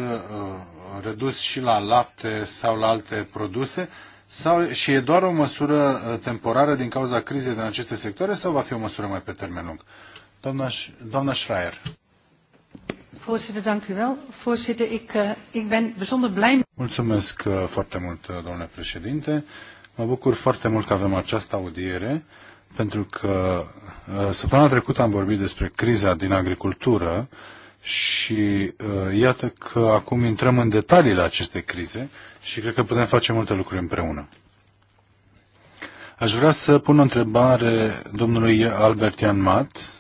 redus și la lapte sau la alte produse sau, și e doar o măsură uh, temporară din cauza crizei din aceste sectoare sau va fi o măsură mai pe termen lung? Doamna, doamna Schreier. Voorzitter, dank u wel. Voorzitter, ik, uh, ik ben bijzonder blij. Mulțumesc uh, foarte mult, domnule președinte. Mă bucur foarte mult că avem această audiere pentru că uh, săptămâna trecută am vorbit despre criza din agricultură și uh, iată că acum intrăm în detaliile acestei crize și cred că putem face multe lucruri împreună. Aș vrea să pun o întrebare domnului Albert Ian Mat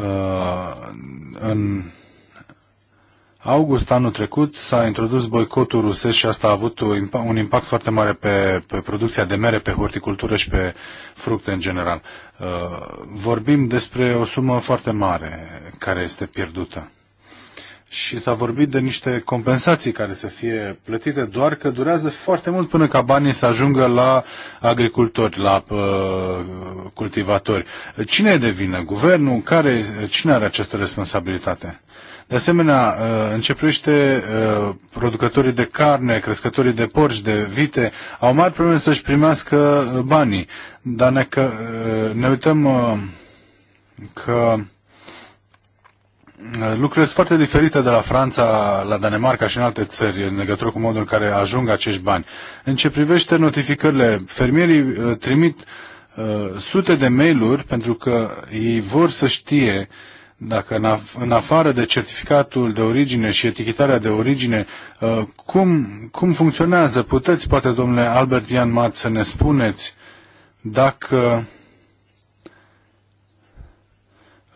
uh, în august anul trecut s-a introdus boicotul rusesc și asta a avut un impact foarte mare pe, pe producția de mere, pe horticultură și pe fructe în general. Uh, vorbim despre o sumă foarte mare care este pierdută. Și s-a vorbit de niște compensații care să fie plătite, doar că durează foarte mult până ca banii să ajungă la agricultori, la uh, cultivatori. Cine e de vină? Guvernul? Care, cine are această responsabilitate? Uh, de asemenea, uh, începește uh, producătorii de carne, crescătorii de porci, de vite, au mari probleme să-și primească uh, banii. Dar ne, că, ne uităm că lucrurile sunt foarte diferite de la Franța, la Danemarca și în alte țări în legătură cu modul în care ajung acești bani. În ce privește notificările, fermierii trimit sute de mail-uri pentru că ei vor să știe uh, dacă în afară de certificatul de origine și etichetarea de origine, uh, cum, cum funcționează? Puteți, poate, domnule Albert Ian Mat, să ne spuneți dacă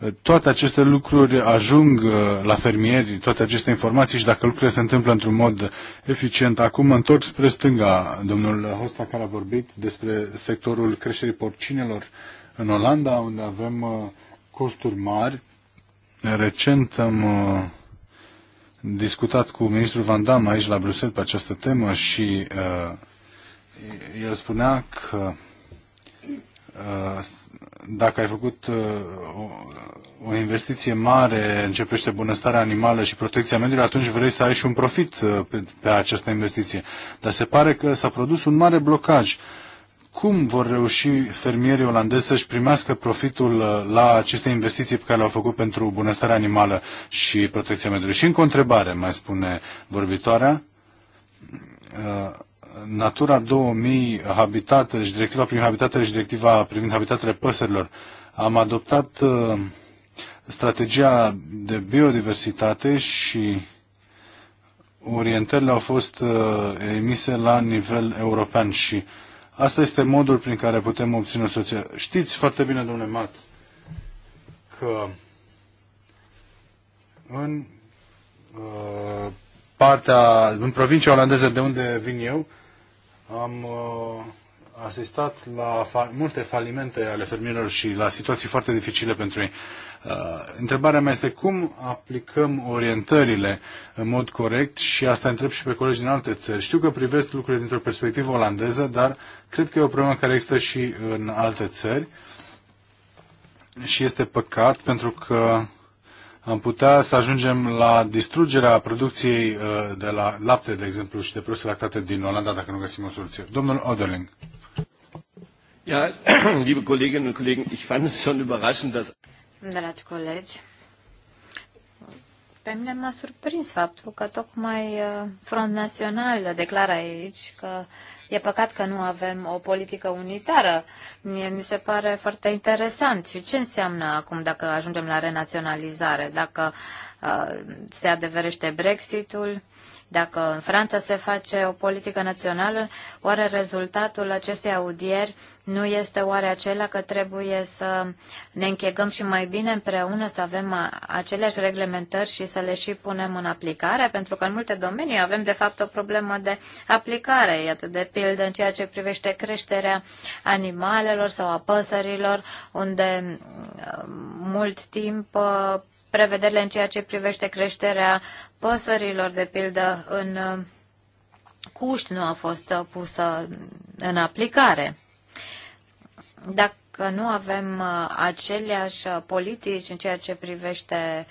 uh, toate aceste lucruri ajung uh, la fermieri, toate aceste informații și dacă lucrurile se întâmplă într-un mod eficient. Acum mă întorc spre stânga, domnul Hosta care a vorbit despre sectorul creșterii porcinelor în Olanda, unde avem costuri mari Recent am uh, discutat cu ministrul Van Damme aici la Bruxelles pe această temă și uh, el spunea că uh, dacă ai făcut uh, o, investiție mare, începește bunăstarea animală și protecția mediului, atunci vrei să ai și un profit uh, pe, pe această investiție. Dar se pare că s-a produs un mare blocaj. Uh, cum vor reuși fermierii olandezi să-și primească profitul uh, la aceste investiții pe care le-au făcut pentru bunăstarea animală și protecția mediului. Și încă o întrebare, mai spune vorbitoarea. Uh, Natura 2000, habitatele și directiva privind habitatele și directiva privind habitatele păsărilor. Am adoptat uh, strategia de biodiversitate și orientările au fost emise la nivel european și uh, Asta este modul prin care putem obține o Știți foarte bine, domnule Mat, că în uh, partea, în provincia olandeză de unde vin eu, am uh, asistat la fa- multe falimente ale fermierilor și la situații foarte dificile pentru ei. Uh, întrebarea mea este cum aplicăm orientările în mod corect și asta întreb și pe colegi din alte țări. Știu că privesc lucrurile dintr-o perspectivă olandeză, dar cred că e o problemă care există și în alte țări și este păcat pentru că am putea să ajungem la distrugerea producției uh, de la lapte, de exemplu, și de produse lactate din Olanda, dacă nu găsim o soluție. Domnul Oderling. Ja, liebe Kolleginnen und Kollegen, ich fand es schon überraschend, dass dragi colegi, pe mine m-a surprins faptul că tocmai uh, Front Național declară aici că e păcat că nu avem o politică unitară. Mie mi se pare foarte interesant. Și ce înseamnă acum dacă ajungem la renaționalizare? Dacă uh, se adeverește Brexitul, dacă în Franța se face o politică națională, oare rezultatul acestei audieri uh, nu este oare acela că trebuie să ne închegăm și mai bine împreună, să avem aceleași reglementări și să le și punem în aplicare? Pentru că în multe domenii avem, de fapt, o problemă de aplicare. Iată, de pildă, în ceea ce privește creșterea animalelor sau a păsărilor, unde mult timp uh, prevederile în ceea ce privește creșterea păsărilor, de pildă, în uh, cuști nu a fost uh, pusă în aplicare. Dacă nu avem uh, aceleași uh, politici în ceea ce privește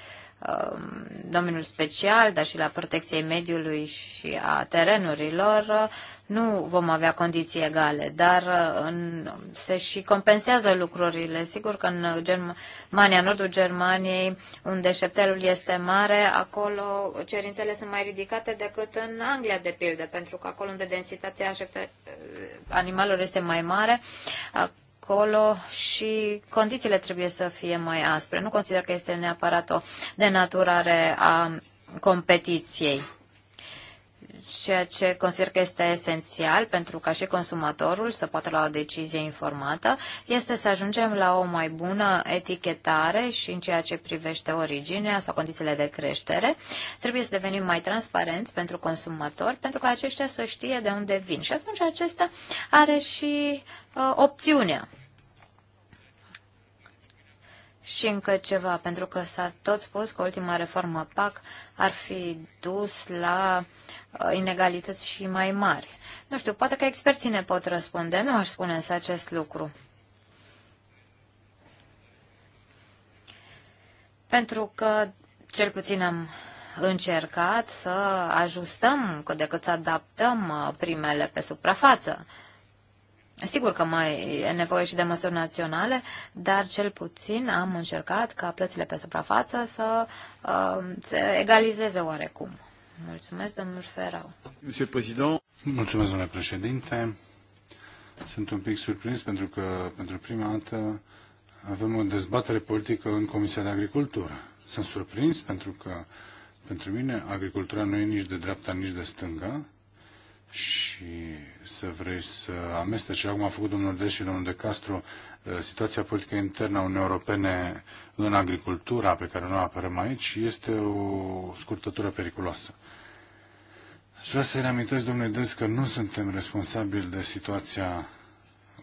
um, domeniul special, dar și la protecției mediului și a terenurilor, uh, nu vom avea condiții egale, dar în, se și compensează lucrurile. Sigur că în Germania, în nordul Germaniei, unde șeptelul este mare, acolo cerințele sunt mai ridicate decât în Anglia, de pildă, pentru că acolo unde densitatea animalelor este mai mare, acolo și condițiile trebuie să fie mai aspre. Nu consider că este neapărat o denaturare a competiției ceea ce consider că este esențial pentru ca și consumatorul să poată lua o decizie informată, este să ajungem la o mai bună etichetare și în ceea ce privește originea sau condițiile de creștere. Trebuie să devenim mai transparenți pentru consumatori, pentru ca aceștia să știe de unde vin. Și atunci acesta are și uh, opțiunea și încă ceva, pentru că s-a tot spus că ultima reformă PAC ar fi dus la Uh, inegalități și mai mari. Nu știu, poate că experții ne pot răspunde. Nu aș spune însă acest lucru. Pentru că cel puțin am încercat să ajustăm cât de cât să adaptăm uh, primele pe suprafață. Sigur că mai e nevoie și de măsuri naționale, dar cel puțin am încercat ca plățile pe suprafață să uh, se egalizeze oarecum. Mulțumesc, domnul Ferau. Mulțumesc, domnule președinte. Sunt un pic surprins pentru că pentru prima dată avem o dezbatere politică în Comisia de Agricultură. Sunt surprins pentru că pentru mine agricultura nu e nici de dreapta, nici de stânga și să vrei să amesteci, acum a făcut domnul Des și domnul De Castro, uh, situația politică internă a Uniunii Europene în agricultura pe care noi apărăm aici este o scurtătură periculoasă. Aș vrea să-i reamintesc, domnule Dens, că nu suntem responsabili de situația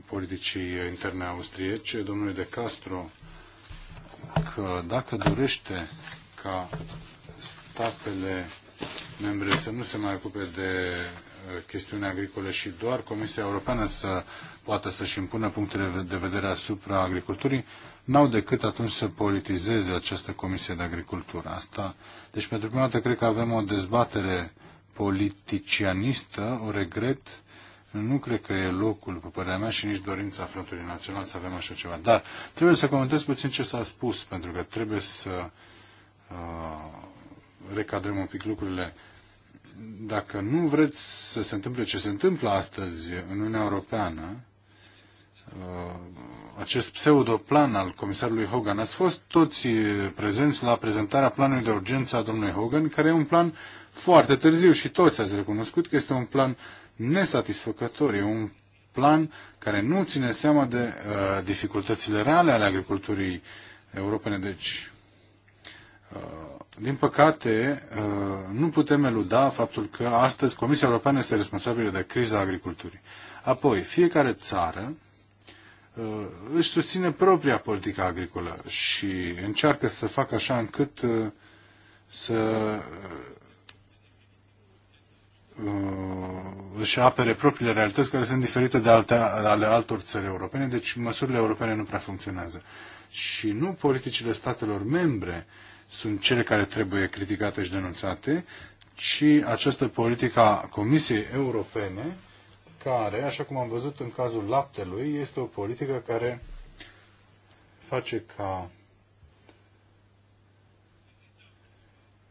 politicii interne austriece, domnului de Castro, că dacă dorește ca statele membre să nu se mai ocupe de uh, chestiuni agricole și doar Comisia Europeană să poată să-și impună punctele de vedere asupra agriculturii, n-au decât atunci să politizeze această Comisie de Agricultură. Asta, deci, pentru prima dată, cred că avem o dezbatere politicianistă, o regret, nu cred că e locul, pe părerea mea, și nici dorința Frontului Național să avem așa ceva. Dar trebuie să comentez puțin ce s-a spus, pentru că trebuie să uh, recadrăm un pic lucrurile. Dacă nu vreți să se întâmple ce se întâmplă astăzi în Uniunea Europeană, uh, acest pseudoplan al comisarului Hogan, ați fost toți prezenți la prezentarea planului de urgență a domnului Hogan, care e un plan uh, foarte târziu și toți ați recunoscut că este un plan nesatisfăcător, e un plan care nu ține seama de uh, dificultățile reale ale agriculturii europene. Deci, uh, din păcate, uh, nu putem eluda faptul că astăzi Comisia Europeană este responsabilă de criza agriculturii. Apoi, fiecare țară uh, își susține propria politică agricolă și încearcă să facă așa încât uh, să Uh, își apere propriile realități care sunt diferite de alte, ale altor țări europene, deci măsurile europene nu prea funcționează. Și nu politicile statelor membre sunt cele care trebuie criticate și denunțate, ci această politică a Comisiei Europene, care, așa cum am văzut în cazul laptelui, este o politică care face ca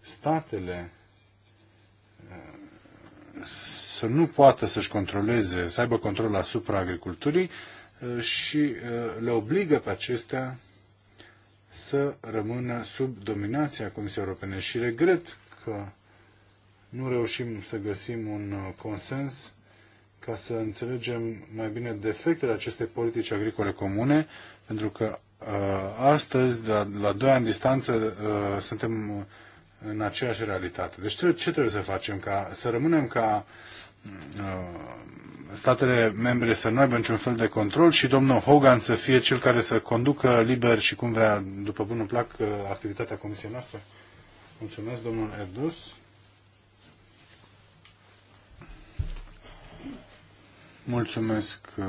statele să nu poată să-și controleze, să aibă control asupra agriculturii uh, și uh, le obligă pe acestea să rămână sub dominația Comisiei Europene. Și regret că nu reușim să găsim un uh, consens ca să înțelegem mai bine defectele acestei politici agricole comune, pentru că astăzi, la, da, la doi ani distanță, suntem în aceeași realitate. Deci ce trebuie să facem? Ca, să rămânem ca uh, statele membre să nu aibă niciun fel de control și domnul Hogan să fie cel care să conducă liber și cum vrea, după bunul plac, uh, activitatea comisiei noastre? Mulțumesc, domnul Erdus. Mulțumesc. Uh,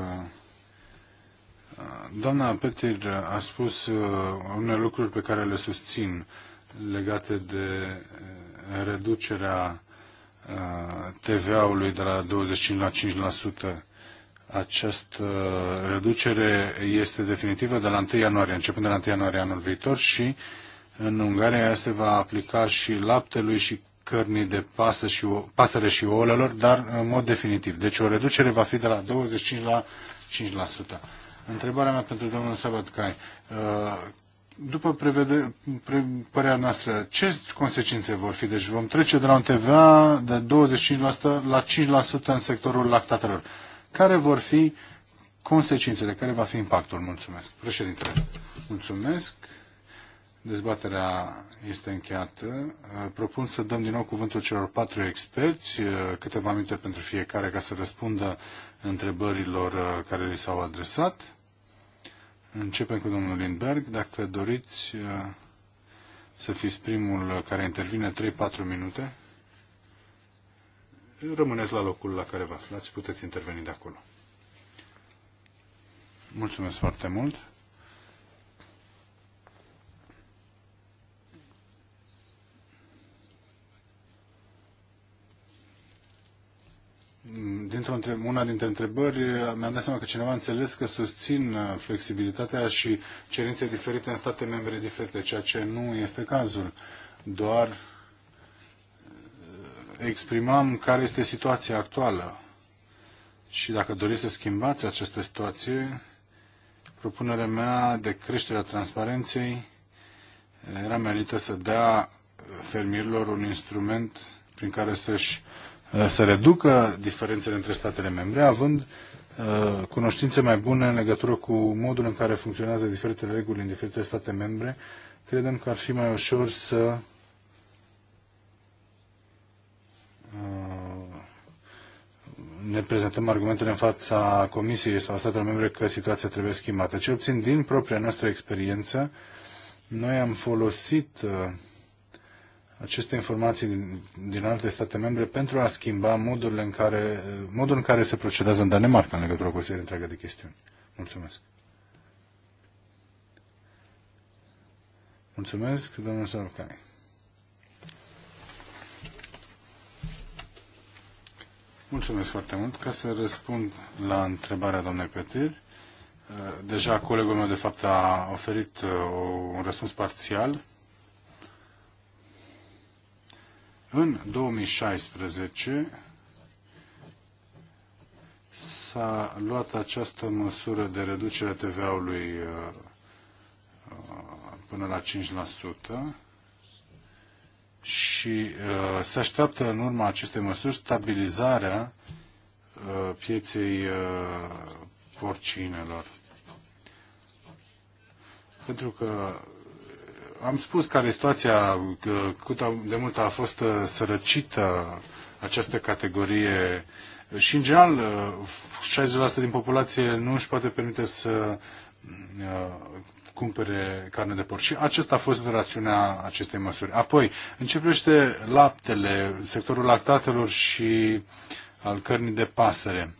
doamna Petir a spus unele lucruri pe care le susțin legate de eh, reducerea eh, TVA-ului de la 25 la 5%. Această reducere este definitivă de la 1 ianuarie, începând de la 1 ianuarie anul viitor și în Ungaria se va aplica și laptelui și cărnii de pasă și, pasăre și ouălelor, dar în mod definitiv. Deci o reducere va fi de la 25 la 5%. Întrebarea mea pentru domnul Sabatcai. Eh, după prevede, pre, părerea noastră, ce consecințe vor fi? Deci vom trece de la un TVA de 25% la 5% în sectorul lactatelor. Care vor fi consecințele? Care va fi impactul? Mulțumesc. Președinte, mulțumesc. Dezbaterea este încheiată. Propun să dăm din nou cuvântul celor patru experți, câteva minute pentru fiecare ca să răspundă întrebărilor uh, care li s-au adresat. Începem cu domnul Lindberg. Dacă doriți uh, să fiți primul care intervine 3-4 minute, rămâneți la locul la care vă aflați, puteți interveni de acolo. Mulțumesc foarte mult. dintr-o, una dintre întrebări, mi-am dat seama că cineva a înțeles că susțin uh, flexibilitatea și cerințe diferite în state membre diferite, ceea ce nu este cazul. Doar uh, exprimam care este situația actuală. Și dacă doriți să schimbați această situație, propunerea mea de a transparenței uh, era menită să dea fermierilor un instrument prin care să-și uh, Eh, să reducă diferențele între statele membre, având eh, cunoștințe mai bune în legătură cu modul în care funcționează diferitele reguli în diferite state membre, credem că ar fi mai ușor să eh, ne prezentăm argumentele în fața Comisiei sau a statelor membre că situația trebuie schimbată. Cel puțin din propria noastră experiență, noi am folosit aceste informații din, din alte state membre pentru a schimba modurile în care, modul în care se procedează în Danemarca în legătură cu o serie întreagă de chestiuni. Mulțumesc. Mulțumesc, domnul Sărucani. Mulțumesc foarte mult. Ca să răspund la întrebarea doamnei Petir, deja colegul meu de fapt a oferit uh, un răspuns parțial În 2016 s-a luat această măsură de reducere a TVA-ului uh, uh, până la 5% și uh, se așteaptă în urma acestei măsuri stabilizarea pieței porcinelor. Pentru că am spus care situația, cât de mult a fost uh, sărăcită această categorie și, în general, 60% uh, din populație nu își poate permite să uh, cumpere carne de porc. Și acesta a fost rațiunea acestei măsuri. Apoi, începește laptele, sectorul lactatelor și al cărnii de pasăre.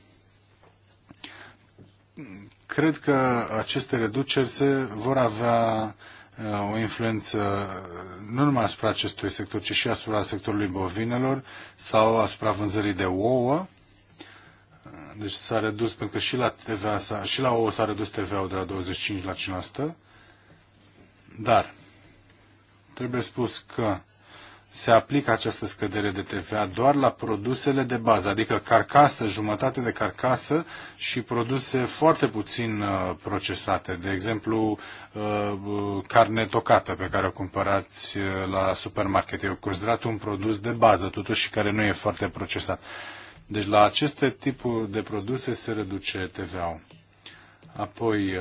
Cred că aceste reduceri se vor avea Uh, o influență uh, nu numai asupra acestui sector, ci și asupra sectorului bovinelor sau asupra vânzării de ouă. Uh, deci s-a redus, pentru că și la, TVA, și la ouă s-a redus TVA-ul de la 25 la 5%. Dar trebuie spus că se aplică această scădere de TVA doar la produsele de bază, adică carcasă, jumătate de carcasă și produse foarte puțin uh, procesate, de exemplu uh, carne tocată pe care o cumpărați uh, la supermarket. E considerat un produs de bază, totuși, care nu e foarte procesat. Deci la aceste tipuri de produse se reduce TVA-ul. Apoi,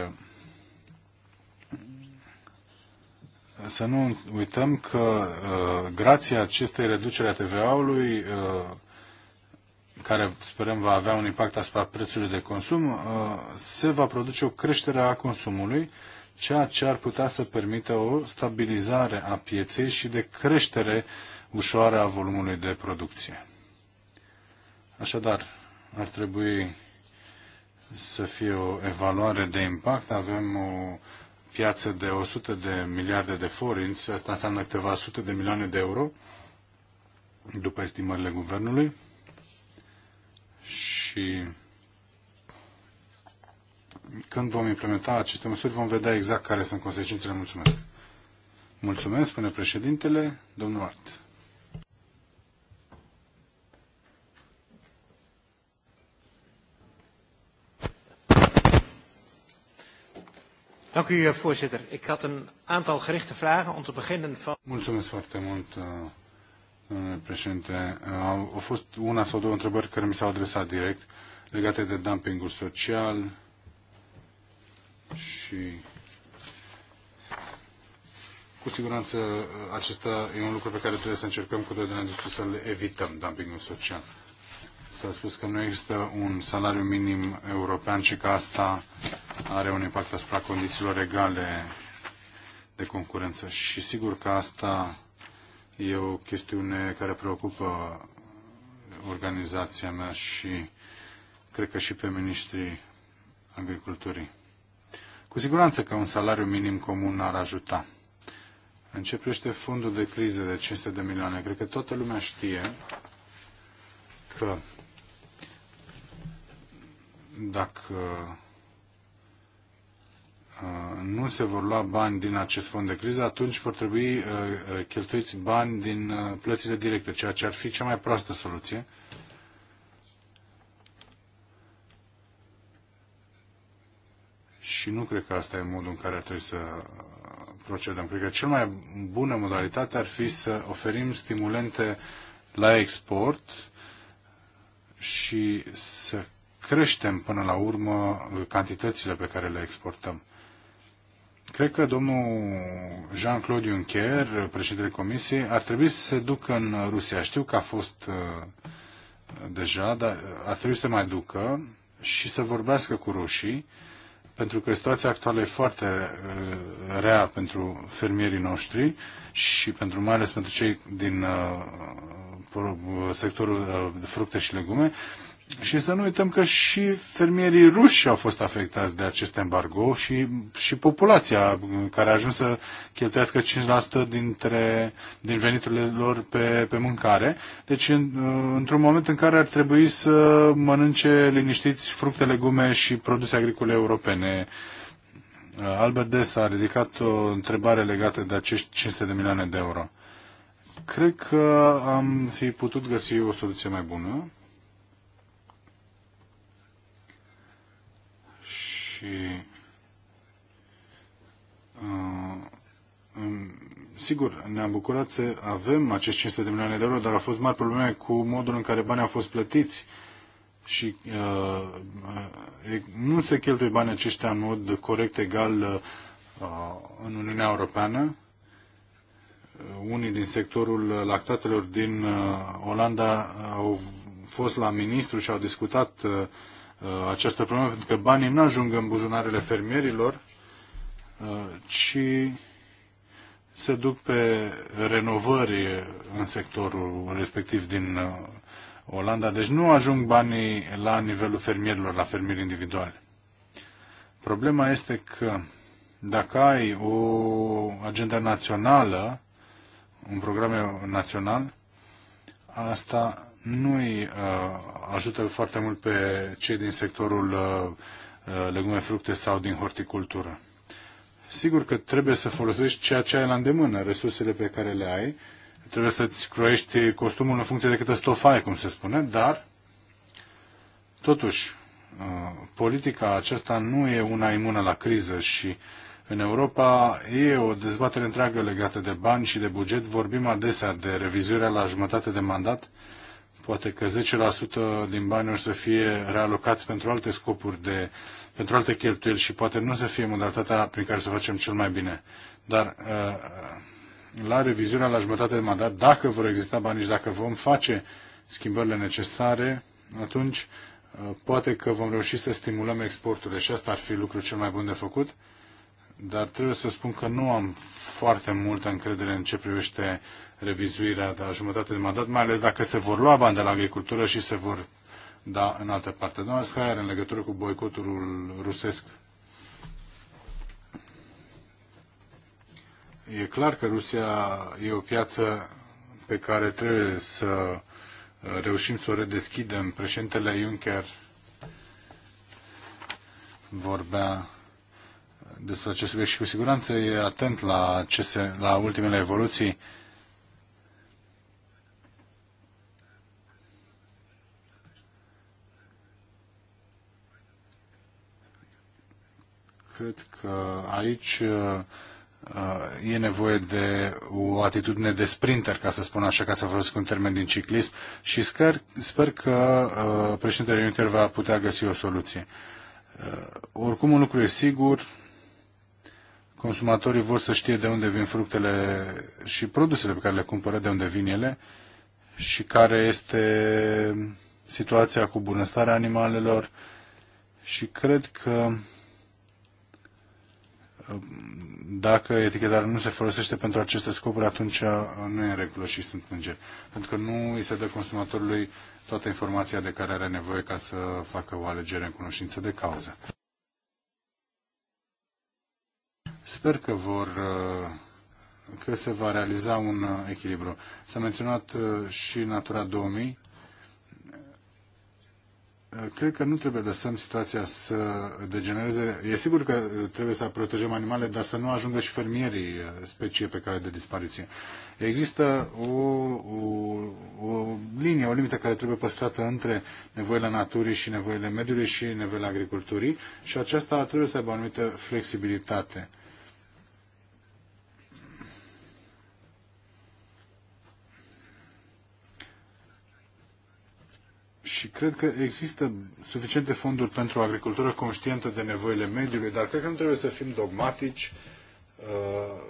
să nu uităm că uh, grația acestei reduceri a TVA-ului uh, care sperăm va avea un impact asupra prețului de consum, uh, se va produce o creștere a consumului, ceea ce ar putea să permită o stabilizare a pieței și de creștere ușoară a volumului de producție. Așadar, ar trebui să fie o evaluare de impact. Avem o piață de 100 de miliarde de forinți, asta înseamnă câteva sute de milioane de euro, după estimările guvernului. Și când vom implementa aceste măsuri, vom vedea exact care sunt consecințele. Mulțumesc! Mulțumesc, spune președintele, domnul Art. Dank u, voorzitter. Ik had een aantal gerichte vragen om te beginnen van... Mulțumesc foarte mult, uh, domnule președinte. Uh, au fost una sau două întrebări care mi s-au adresat direct legate de dumpingul social și cu siguranță uh, acesta e un lucru pe care trebuie să încercăm cu toate să-l evităm, dumpingul social. S-a spus că nu există un salariu minim european și că asta are un impact asupra condițiilor egale de concurență. Și sigur că asta e o chestiune care preocupă organizația mea și cred că și pe ministrii agriculturii. Cu siguranță că un salariu minim comun ar ajuta. Începește fondul de criză de 500 de milioane. Cred că toată lumea știe că dacă uh, nu se vor lua bani din acest fond de criză, atunci vor trebui uh, uh, cheltuiți bani din plățile directe, ceea ce ar fi cea mai proastă soluție. Și nu cred că asta e modul în care ar trebui să procedăm. Cred că cel mai bună modalitate ar fi să oferim stimulente la export și să creștem până la urmă cantitățile pe care le exportăm. Cred că domnul Jean-Claude Juncker, președintele Comisiei, ar trebui să se ducă în Rusia. Știu că a fost uh, deja, dar ar trebui să mai ducă și să vorbească cu rușii, pentru că situația actuală e foarte uh, rea pentru fermierii noștri și pentru mai ales pentru cei din uh, sectorul fructe și legume și să nu uităm că și fermierii ruși au fost afectați de acest embargo și, și populația care a ajuns să cheltuiască 5% dintre, din veniturile lor pe, pe mâncare. Deci în, într-un moment în care ar trebui să mănânce liniștiți fructe, legume și produse agricole europene. Albert Des a ridicat o întrebare legată de acești 500 de milioane de euro. Cred că am fi putut găsi o soluție mai bună și uh, sigur, ne-am bucurat să avem acești 500 de milioane de euro, dar au fost mari probleme cu modul în care banii au fost plătiți și uh, nu se cheltuie banii aceștia în mod corect, egal uh, în Uniunea Europeană. Uh, unii din sectorul lactatelor din uh, Olanda au fost la ministru și au discutat uh, Uh, această problemă, pentru că banii nu ajung în buzunarele fermierilor, uh, ci se duc pe renovări în sectorul respectiv din uh, Olanda. Deci nu ajung banii la nivelul fermierilor, la fermieri individuali. Problema este că dacă ai o agenda națională, un program național, asta nu îi uh, ajută foarte mult pe cei din sectorul uh, uh, legume, fructe sau din horticultură. Sigur că trebuie să folosești ceea ce ai la îndemână, resursele pe care le ai, trebuie să-ți croiești costumul în funcție de câtă stofă ai, cum se spune, dar totuși uh, politica aceasta nu e una imună la criză și în Europa e o dezbatere întreagă legată de bani și de buget. Vorbim adesea de revizuirea la jumătate de mandat Poate că 10% din bani or să fie realocați pentru alte scopuri, de, pentru alte cheltuieli și poate nu să fie modalitatea prin care să facem cel mai bine. Dar uh, la revizuirea la jumătate de mandat, dacă vor exista bani și dacă vom face schimbările necesare, atunci uh, poate că vom reuși să stimulăm exporturile și asta ar fi lucrul cel mai bun de făcut, dar trebuie să spun că nu am foarte multă încredere în ce privește revizuirea la jumătate de mandat, mai ales dacă se vor lua bani de la agricultură și se vor da în altă parte. Doamna Scraier, în legătură cu boicotul rusesc, e clar că Rusia e o piață pe care trebuie să uh, reușim să o redeschidem. Președintele Juncker vorbea despre acest subiect și cu siguranță e atent la, ce se, la ultimele evoluții. cred că aici uh, uh, e nevoie de o atitudine de sprinter, ca să spun așa, ca să folosesc un termen din ciclism și sper, sper că uh, președintele Juncker va putea găsi o soluție. Oricum, un lucru e sigur, consumatorii vor să știe de unde vin fructele și produsele pe care le cumpără, de unde vin ele și care este situația cu bunăstarea animalelor și cred că dacă etichetarea nu se folosește pentru aceste scopuri, atunci nu e în regulă și sunt plângeri. Pentru că nu îi se dă consumatorului toată informația de care are nevoie ca să facă o alegere în cunoștință de cauză. Sper că vor că se va realiza un echilibru. S-a menționat uh, și Natura 2000. Eh, cred că nu trebuie lăsăm situația să degenereze. E sigur că eh, trebuie să protejăm animale, dar să nu ajungă și fermierii eh, specie pe care de dispariție. Există o, o, o linie, o limită care trebuie păstrată între nevoile naturii și nevoile mediului și nevoile agriculturii și aceasta trebuie să aibă o anumită flexibilitate. și cred că există suficiente fonduri pentru o agricultură conștientă de nevoile mediului, dar cred că nu trebuie să fim dogmatici. Uh,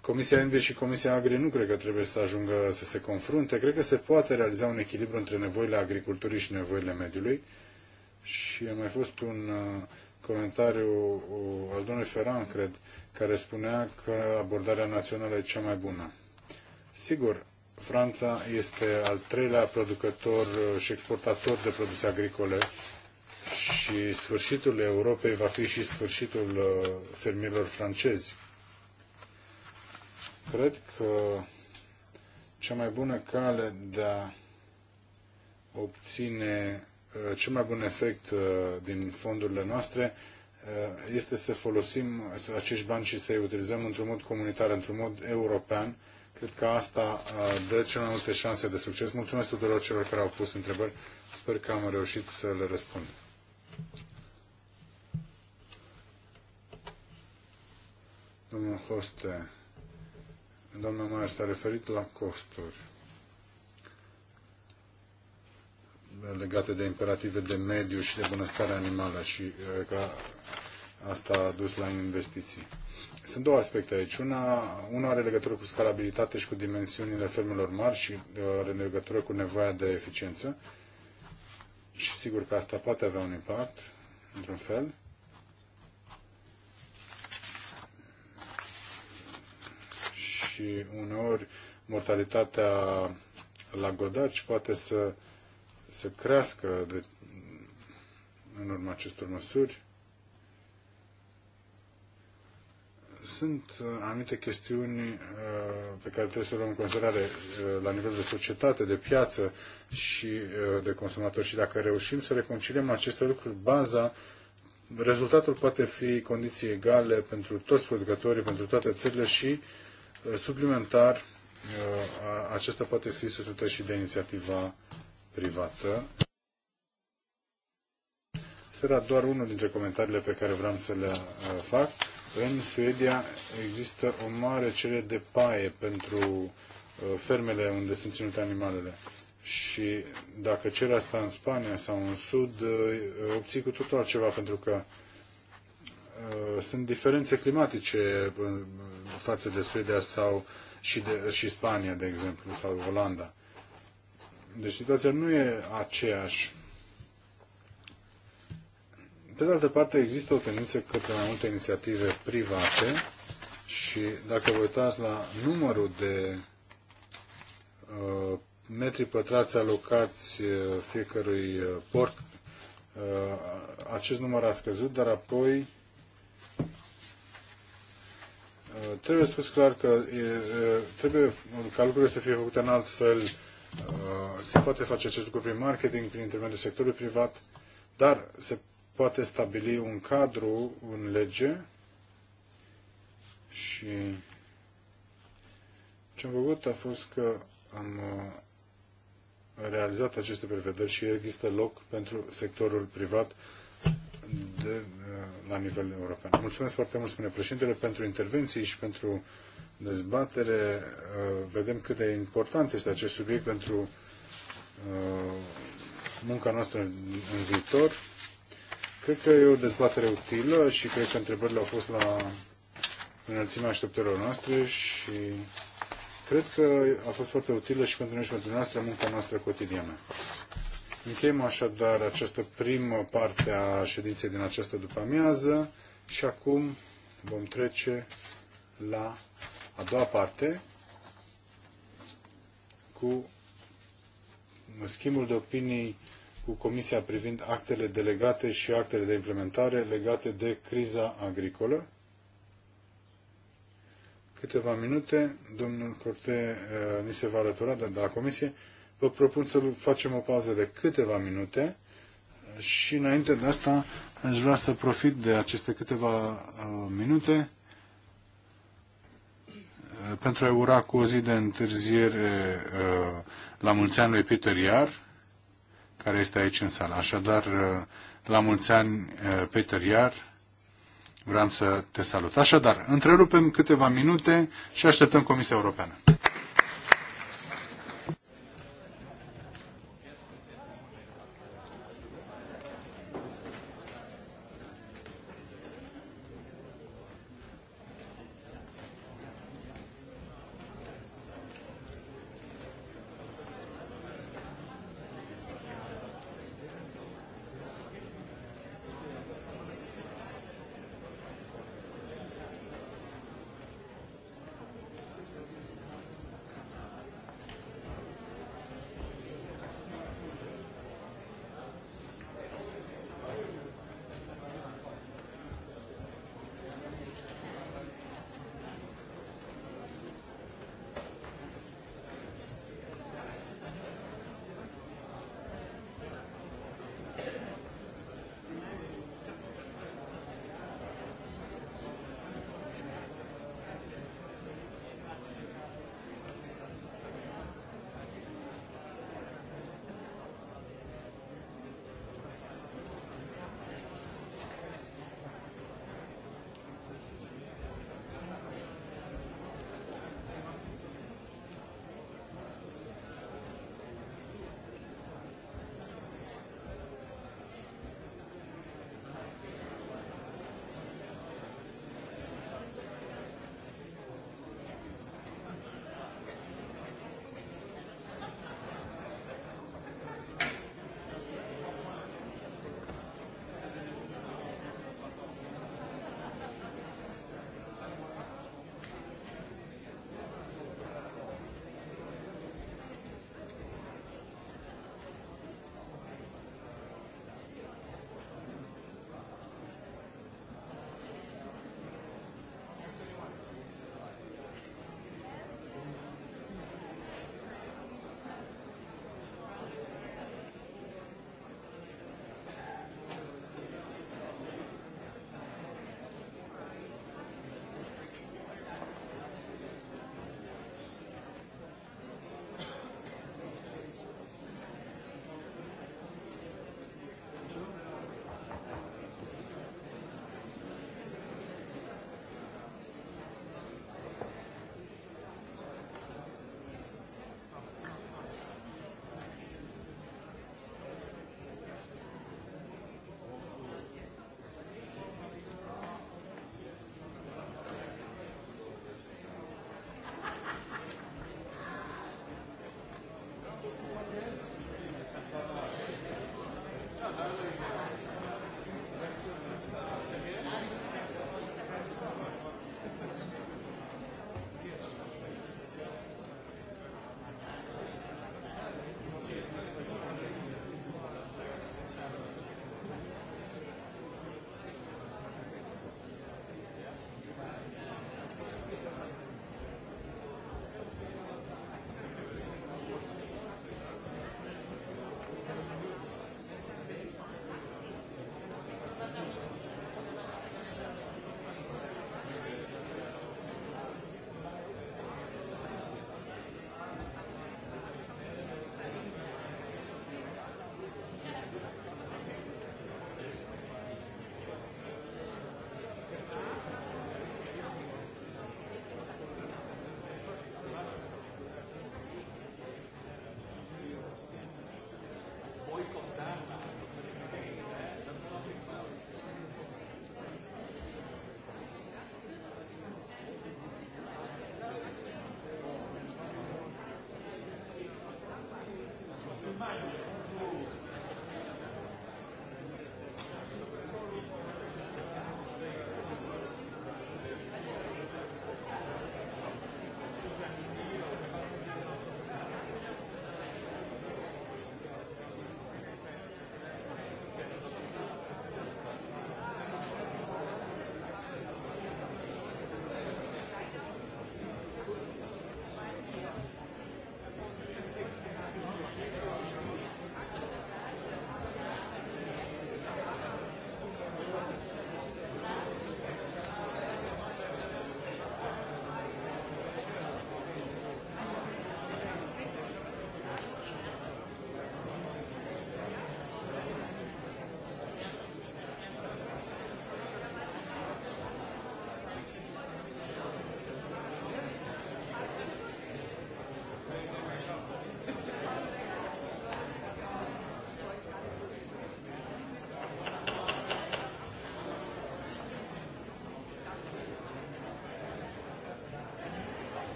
Comisia Envi și Comisia Agri nu cred că trebuie să ajungă să se confrunte. Cred că se poate realiza un echilibru între nevoile agriculturii și nevoile mediului. Și a mai fost un uh, comentariu al domnului Ferran, cred, care spunea că abordarea națională e cea mai bună. Sigur, Franța este al treilea producător uh, și exportator de produse agricole și sfârșitul Europei va fi și sfârșitul uh, fermierilor francezi. Cred că cea mai bună cale de a obține uh, cel mai bun efect din fondurile noastre este să folosim acești bani și să-i utilizăm într-un mod comunitar, într-un mod european, Cred că asta uh, dă cel mai multe șanse de succes. Mulțumesc tuturor celor care au pus întrebări. Sper că am reușit să le răspund. Domnul Hoste, doamna Maier s-a referit la costuri legate de imperative de mediu și de bunăstare animală și uh, că asta a dus la investiții. Sunt două aspecte aici. Una, una are legătură cu scalabilitate și cu dimensiunile fermelor mari și uh, are legătură cu nevoia de eficiență. Și sigur că asta poate avea un impact, într-un fel. Și uneori mortalitatea la godaci poate să, să crească de, în urma acestor măsuri. sunt uh, anumite chestiuni uh, pe care trebuie să le luăm în considerare uh, la nivel de societate, de piață și de consumator. Și dacă reușim să reconciliem aceste lucruri, baza, rezultatul poate fi condiții egale pentru toți producătorii, pentru toate țările și suplimentar acesta poate fi susținută și de inițiativa privată. Asta era doar unul dintre comentariile pe care vreau să le fac. În Suedia există o mare cerere de paie pentru uh, fermele unde sunt ținute animalele. Și dacă cer asta în Spania sau în Sud, uh, obții cu totul altceva, pentru că uh, sunt diferențe climatice față de Suedia sau și, de, și Spania, de exemplu, sau Olanda. Deci situația nu e aceeași pe de altă parte, există o tendință către mai multe inițiative private și dacă vă uitați la numărul de uh, metri pătrați alocați uh, fiecărui uh, port, uh, acest număr a scăzut, dar apoi uh, trebuie spus clar că trebuie ca lucrurile să fie făcute în alt fel. Se poate face acest lucru prin marketing, prin intermediul sectorului privat, dar se poate stabili un cadru în lege și ce am făcut a fost că am uh, realizat aceste prevederi și există loc pentru sectorul privat de, uh, la nivel european. Mulțumesc foarte mult, spune președintele, pentru intervenții și pentru dezbatere. Uh, vedem cât de important este acest subiect pentru munca noastră în viitor. Cred că e o dezbatere utilă și cred că întrebările au fost la înălțimea așteptărilor noastre și cred că a fost foarte utilă și pentru noi și pentru noastră munca noastră cotidiană. Încheiem așadar această primă parte a ședinței din această după-amiază și acum vom trece la a doua parte cu schimbul de opinii cu Comisia privind actele delegate și actele de implementare legate de criza agricolă. Câteva minute, domnul Corte eh, ni se va alătura de, la Comisie. Vă propun să facem o pauză de câteva minute și înainte de asta aș vrea să profit de aceste câteva eh, minute eh, pentru a ura cu o zi de întârziere la mulți ani lui Peter Iar, care este aici în sală. Așadar, uh, la mulți ani, uh, Peter Iar, vreau să te salut. Așadar, întrerupem câteva minute și așteptăm Comisia Europeană.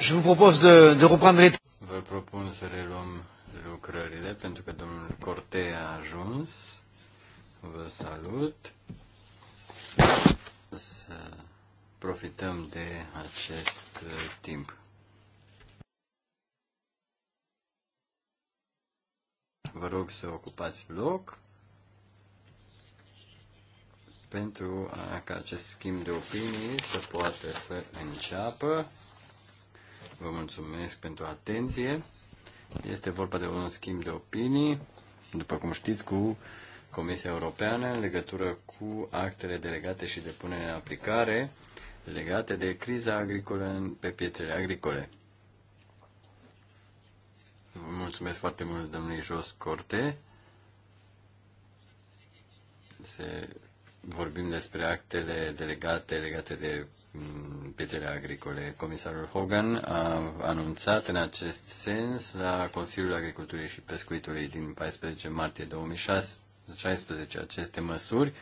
Je vous propose de, de reprendre les... Vă propun să reluăm lucrările pentru că domnul Corte a ajuns. Vă salut. Să profităm de acest uh, timp. Vă rog să ocupați loc pentru a, ca acest schimb de opinii să poată să înceapă. Vă mulțumesc pentru atenție. Este vorba de un schimb de opinii, după cum știți, cu Comisia Europeană în legătură cu actele delegate și de punere în aplicare legate de criza agricolă pe piețele agricole. Vă mulțumesc foarte mult domnului Jos Corte. Se vorbim despre actele delegate legate de mm, piețele agricole. Comisarul Hogan a anunțat în acest sens la Consiliul Agriculturii și Pescuitului din 14 martie 2016 aceste măsuri.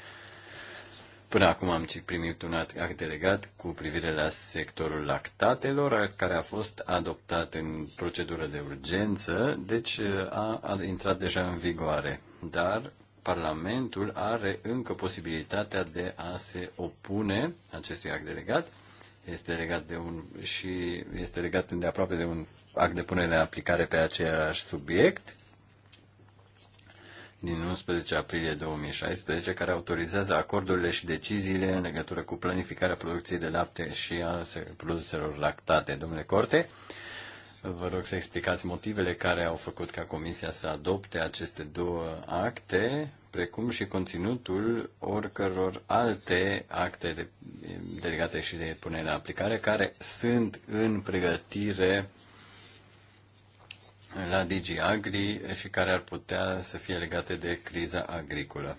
Până acum am primit un act delegat cu privire la sectorul lactatelor, care a fost adoptat în procedură de urgență, deci a, a intrat deja în vigoare. Dar Parlamentul are încă posibilitatea de a se opune acestui act delegat. Este legat de un, și este legat îndeaproape de un act de punere în aplicare pe același subiect din 11 aprilie 2016, care autorizează acordurile și deciziile în legătură cu planificarea producției de lapte și a produselor lactate. Domnule Corte, Vă rog să explicați motivele care au făcut ca Comisia să adopte aceste două acte, precum și conținutul oricăror alte acte de, delegate și de punere în aplicare care sunt în pregătire la Digi Agri și care ar putea să fie legate de criza agricolă.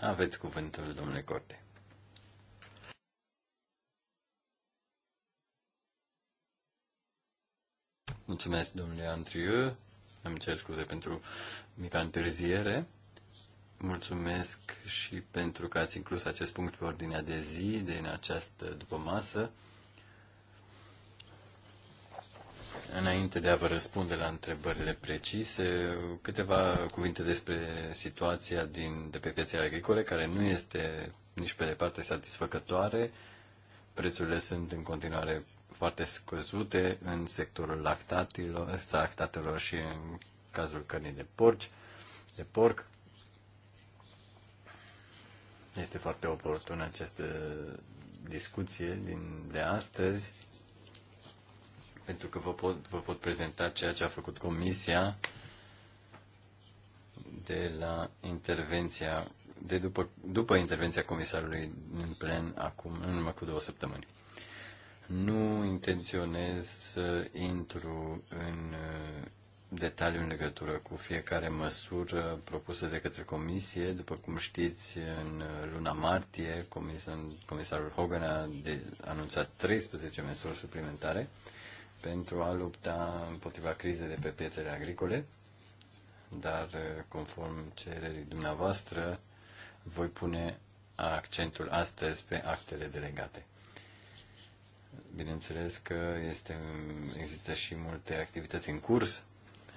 Aveți cuvântul, domnule Corte. Mulțumesc, domnule Andriu. Am cer scuze pentru mica întârziere. Mulțumesc și pentru că ați inclus acest punct pe ordinea de zi, din această după masă. Înainte de a vă răspunde la întrebările precise, câteva cuvinte despre situația din, de pe piețele agricole, care nu este nici pe departe satisfăcătoare. Prețurile sunt în continuare foarte scăzute în sectorul lactatelor, lactatelor și în cazul cărnii de porci, de porc. Este foarte oportună această discuție din, de astăzi, pentru că vă pot, vă pot prezenta ceea ce a făcut Comisia de la intervenția, de după, după intervenția comisarului în plen acum, în urmă cu două săptămâni. Nu intenționez să intru în uh, detaliu în legătură cu fiecare măsură propusă de către comisie. După cum știți, în uh, luna martie, comisarul Hogan a anunțat 13 măsuri suplimentare pentru a lupta împotriva crizei de pe piețele agricole, dar uh, conform cererii dumneavoastră, voi pune accentul astăzi pe actele delegate. Bineînțeles că este, există și multe activități în curs,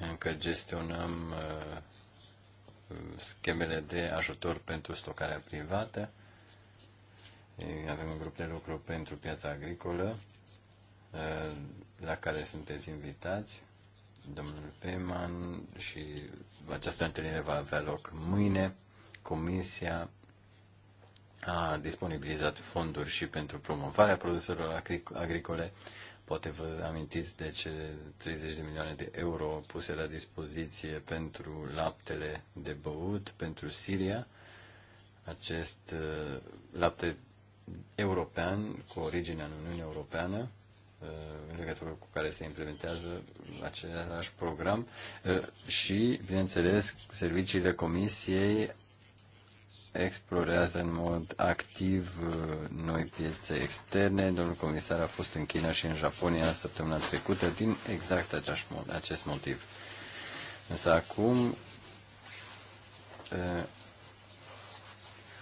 încă gestionăm uh, schemele de ajutor pentru stocarea privată, avem un grup de lucru pentru piața agricolă, uh, la care sunteți invitați, domnul Feman, și această întâlnire va avea loc mâine. Comisia a disponibilizat fonduri și pentru promovarea produselor agricole. Poate vă amintiți de ce 30 de milioane de euro puse la dispoziție pentru laptele de băut, pentru Siria. Acest uh, lapte european, cu origine în Uniunea Europeană, uh, în legătură cu care se implementează același program uh, și, bineînțeles, serviciile Comisiei explorează în mod activ uh, noi piețe externe. Domnul comisar a fost în China și în Japonia săptămâna trecută din exact acest, acest motiv. Însă acum, uh,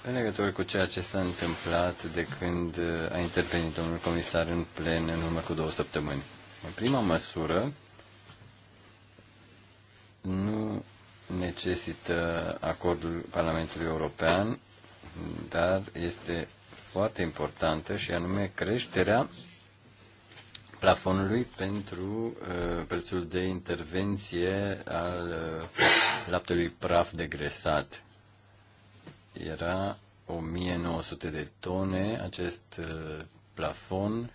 în legătură cu ceea ce s-a întâmplat de când uh, a intervenit domnul comisar în plen în urmă cu două săptămâni. În prima măsură, nu necesită acordul Parlamentului European, dar este foarte importantă și anume creșterea plafonului pentru uh, prețul de intervenție al uh, laptelui praf degresat. Era 1900 de tone acest uh, plafon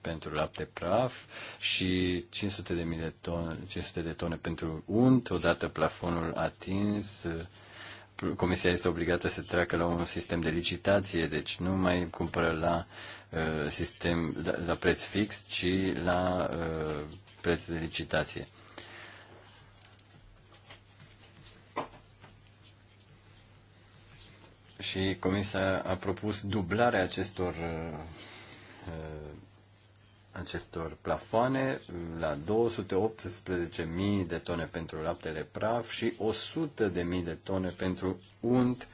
pentru lapte praf și 500 de, mii de tone, 500 de tone pentru unt. Odată plafonul atins, comisia este obligată să treacă la un sistem de licitație, deci nu mai cumpără la uh, sistem la, la preț fix, ci la uh, preț de licitație. Și comisia a propus dublarea acestor uh, uh acestor plafoane la 218.000 de tone pentru laptele praf și 100.000 de tone pentru unt,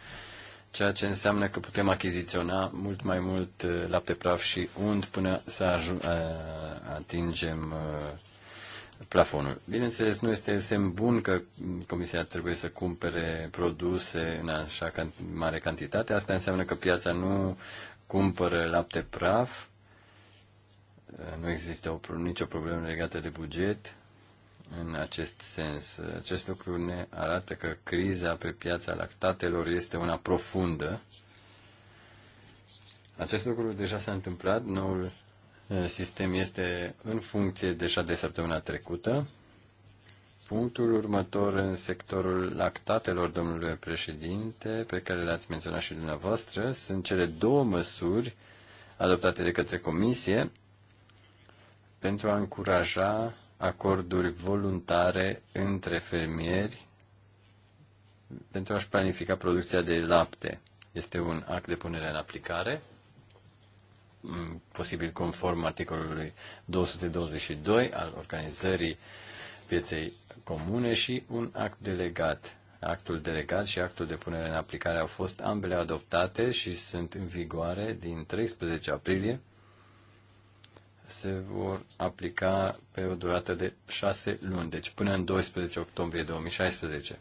ceea ce înseamnă că putem achiziționa mult mai mult uh, lapte praf și unt până să uh, atingem uh, plafonul. Bineînțeles, nu este semn bun că comisia trebuie să cumpere produse în așa mare cantitate. Asta înseamnă că piața nu cumpără lapte praf, nu există o, nicio problemă legată de buget în acest sens. Acest lucru ne arată că criza pe piața lactatelor este una profundă. Acest lucru deja s-a întâmplat, noul eh, sistem este în funcție deja de săptămâna trecută. Punctul următor în sectorul lactatelor, domnule președinte, pe care le-ați menționat și dumneavoastră, sunt cele două măsuri adoptate de către Comisie pentru a încuraja acorduri voluntare între fermieri pentru a-și planifica producția de lapte. Este un act de punere în aplicare, mm, posibil conform articolului 222 al organizării pieței comune și un act delegat. Actul delegat și actul de punere în aplicare au fost ambele adoptate și sunt în vigoare din 13 aprilie se vor aplica pe o durată de șase luni, deci până în 12 octombrie 2016.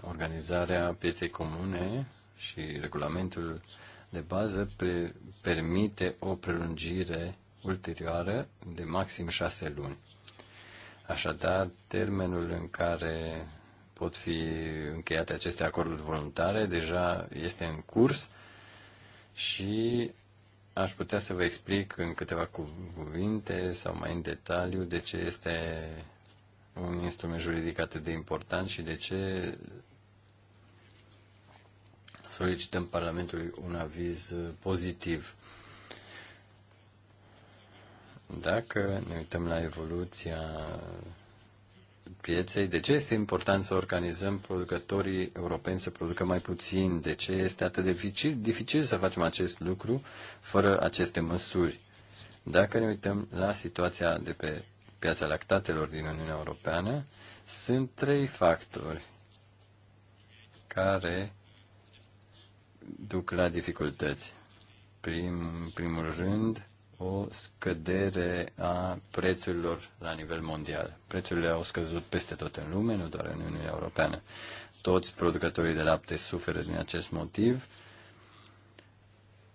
Organizarea pieței comune și regulamentul de bază pre- permite o prelungire ulterioară de maxim șase luni. Așadar, termenul în care pot fi încheiate aceste acorduri voluntare deja este în curs și aș putea să vă explic în câteva cuvinte sau mai în detaliu de ce este un instrument juridic atât de important și de ce solicităm Parlamentului un aviz pozitiv. Dacă ne uităm la evoluția pieței, de ce este important să organizăm producătorii europeni să producă mai puțin, de ce este atât de dificil, dificil să facem acest lucru fără aceste măsuri. Dacă ne uităm la situația de pe piața lactatelor din Uniunea Europeană, sunt trei factori care duc la dificultăți. Prim, primul rând, o scădere a prețurilor la nivel mondial. Prețurile au scăzut peste tot în lume, nu doar în Uniunea Europeană. Toți producătorii de lapte suferă din acest motiv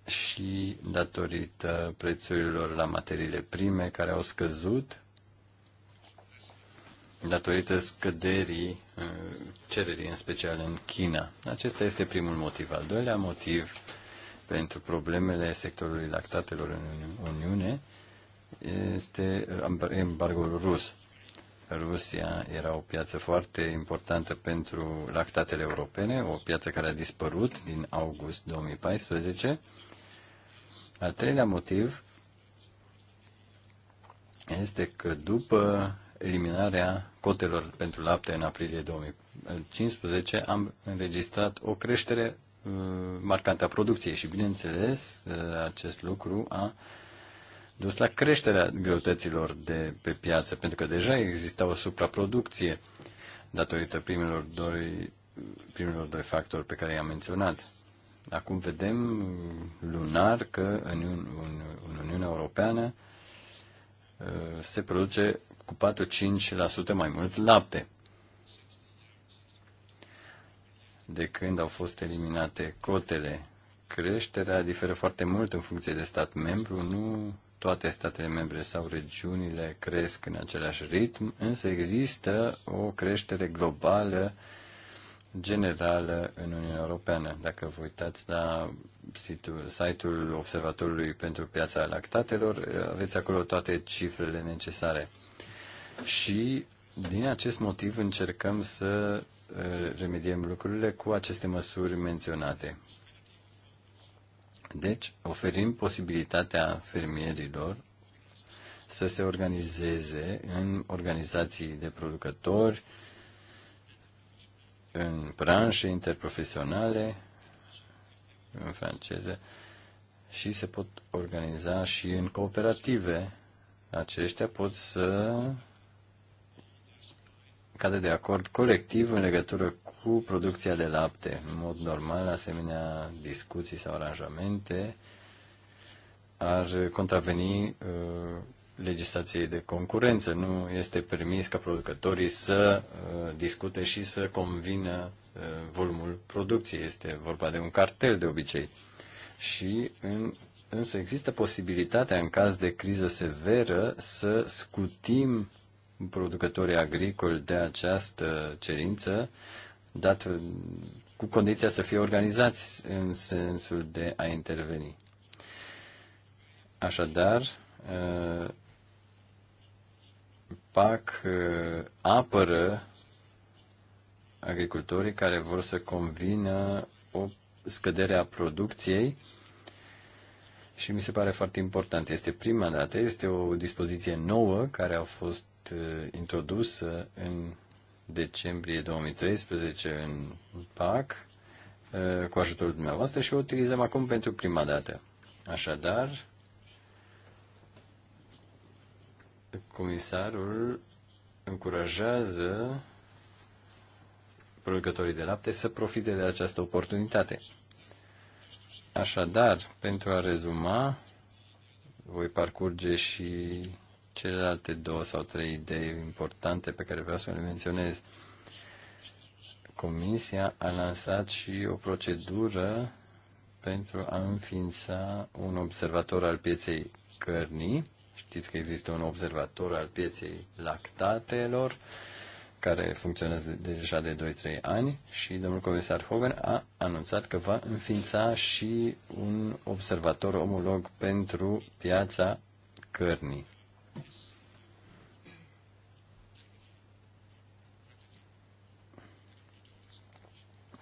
și datorită prețurilor la materiile prime care au scăzut, datorită scăderii uh, cererii, în special în China. Acesta este primul motiv. Al doilea motiv pentru problemele sectorului lactatelor în Uniune este embargoul rus. Rusia era o piață foarte importantă pentru lactatele europene, o piață care a dispărut din august 2014. Al treilea motiv este că după eliminarea cotelor pentru lapte în aprilie 2015 am înregistrat o creștere Uh, marcante a producției și, bineînțeles, uh, acest lucru a dus la creșterea greutăților de pe piață, pentru că deja exista o supraproducție datorită primelor doi, primelor doi factori pe care i-am menționat. Acum vedem lunar că în, un, în Uniunea Europeană uh, se produce cu 4-5% mai mult lapte. de când au fost eliminate cotele. Creșterea diferă foarte mult în funcție de stat membru, nu toate statele membre sau regiunile cresc în același ritm, însă există o creștere globală generală în Uniunea Europeană. Dacă vă uitați la site-ul Observatorului pentru Piața Lactatelor, aveți acolo toate cifrele necesare. Și din acest motiv încercăm să Uh, remediem lucrurile cu aceste măsuri menționate. Deci, oferim posibilitatea fermierilor să se organizeze în organizații de producători, în branșe interprofesionale, în franceză, și se pot organiza și în cooperative. Aceștia pot să cade de acord colectiv în legătură cu producția de lapte. În mod normal, asemenea discuții sau aranjamente ar contraveni uh, legislației de concurență. Nu este permis ca producătorii să uh, discute și să convină uh, volumul producției. Este vorba de un cartel de obicei. Și în, însă există posibilitatea în caz de criză severă să scutim producătorii agricoli de această cerință, dat cu condiția să fie organizați în sensul de a interveni. Așadar, eh, PAC eh, apără agricultorii care vor să convină o scădere a producției și mi se pare foarte important. Este prima dată, este o dispoziție nouă care a fost Uh, introdusă în decembrie 2013 în PAC uh, cu ajutorul dumneavoastră și o utilizăm acum pentru prima dată. Așadar, comisarul încurajează producătorii de lapte să profite de această oportunitate. Așadar, pentru a rezuma, voi parcurge și celelalte două sau trei idei importante pe care vreau să le menționez. Comisia a lansat și o procedură pentru a înființa un observator al pieței cărnii. Știți că există un observator al pieței lactatelor care funcționează deja de 2-3 ani și domnul comisar Hogan a anunțat că va înființa și un observator omolog pentru piața cărnii.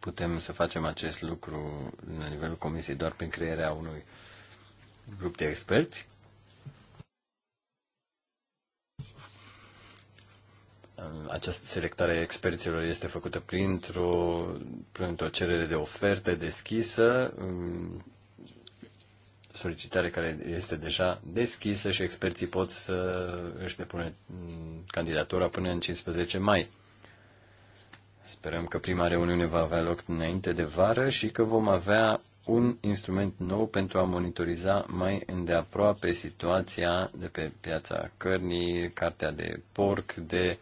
putem să facem acest lucru la nivelul comisiei doar prin crearea unui grup de experți. Această selectare a experților este făcută printr-o, printr-o cerere de ofertă deschisă, um, solicitare care este deja deschisă și experții pot să își depună um, candidatura până în 15 mai. Sperăm că prima reuniune va avea loc înainte de vară și că vom avea un instrument nou pentru a monitoriza mai îndeaproape situația de pe piața cărnii, cartea de porc, de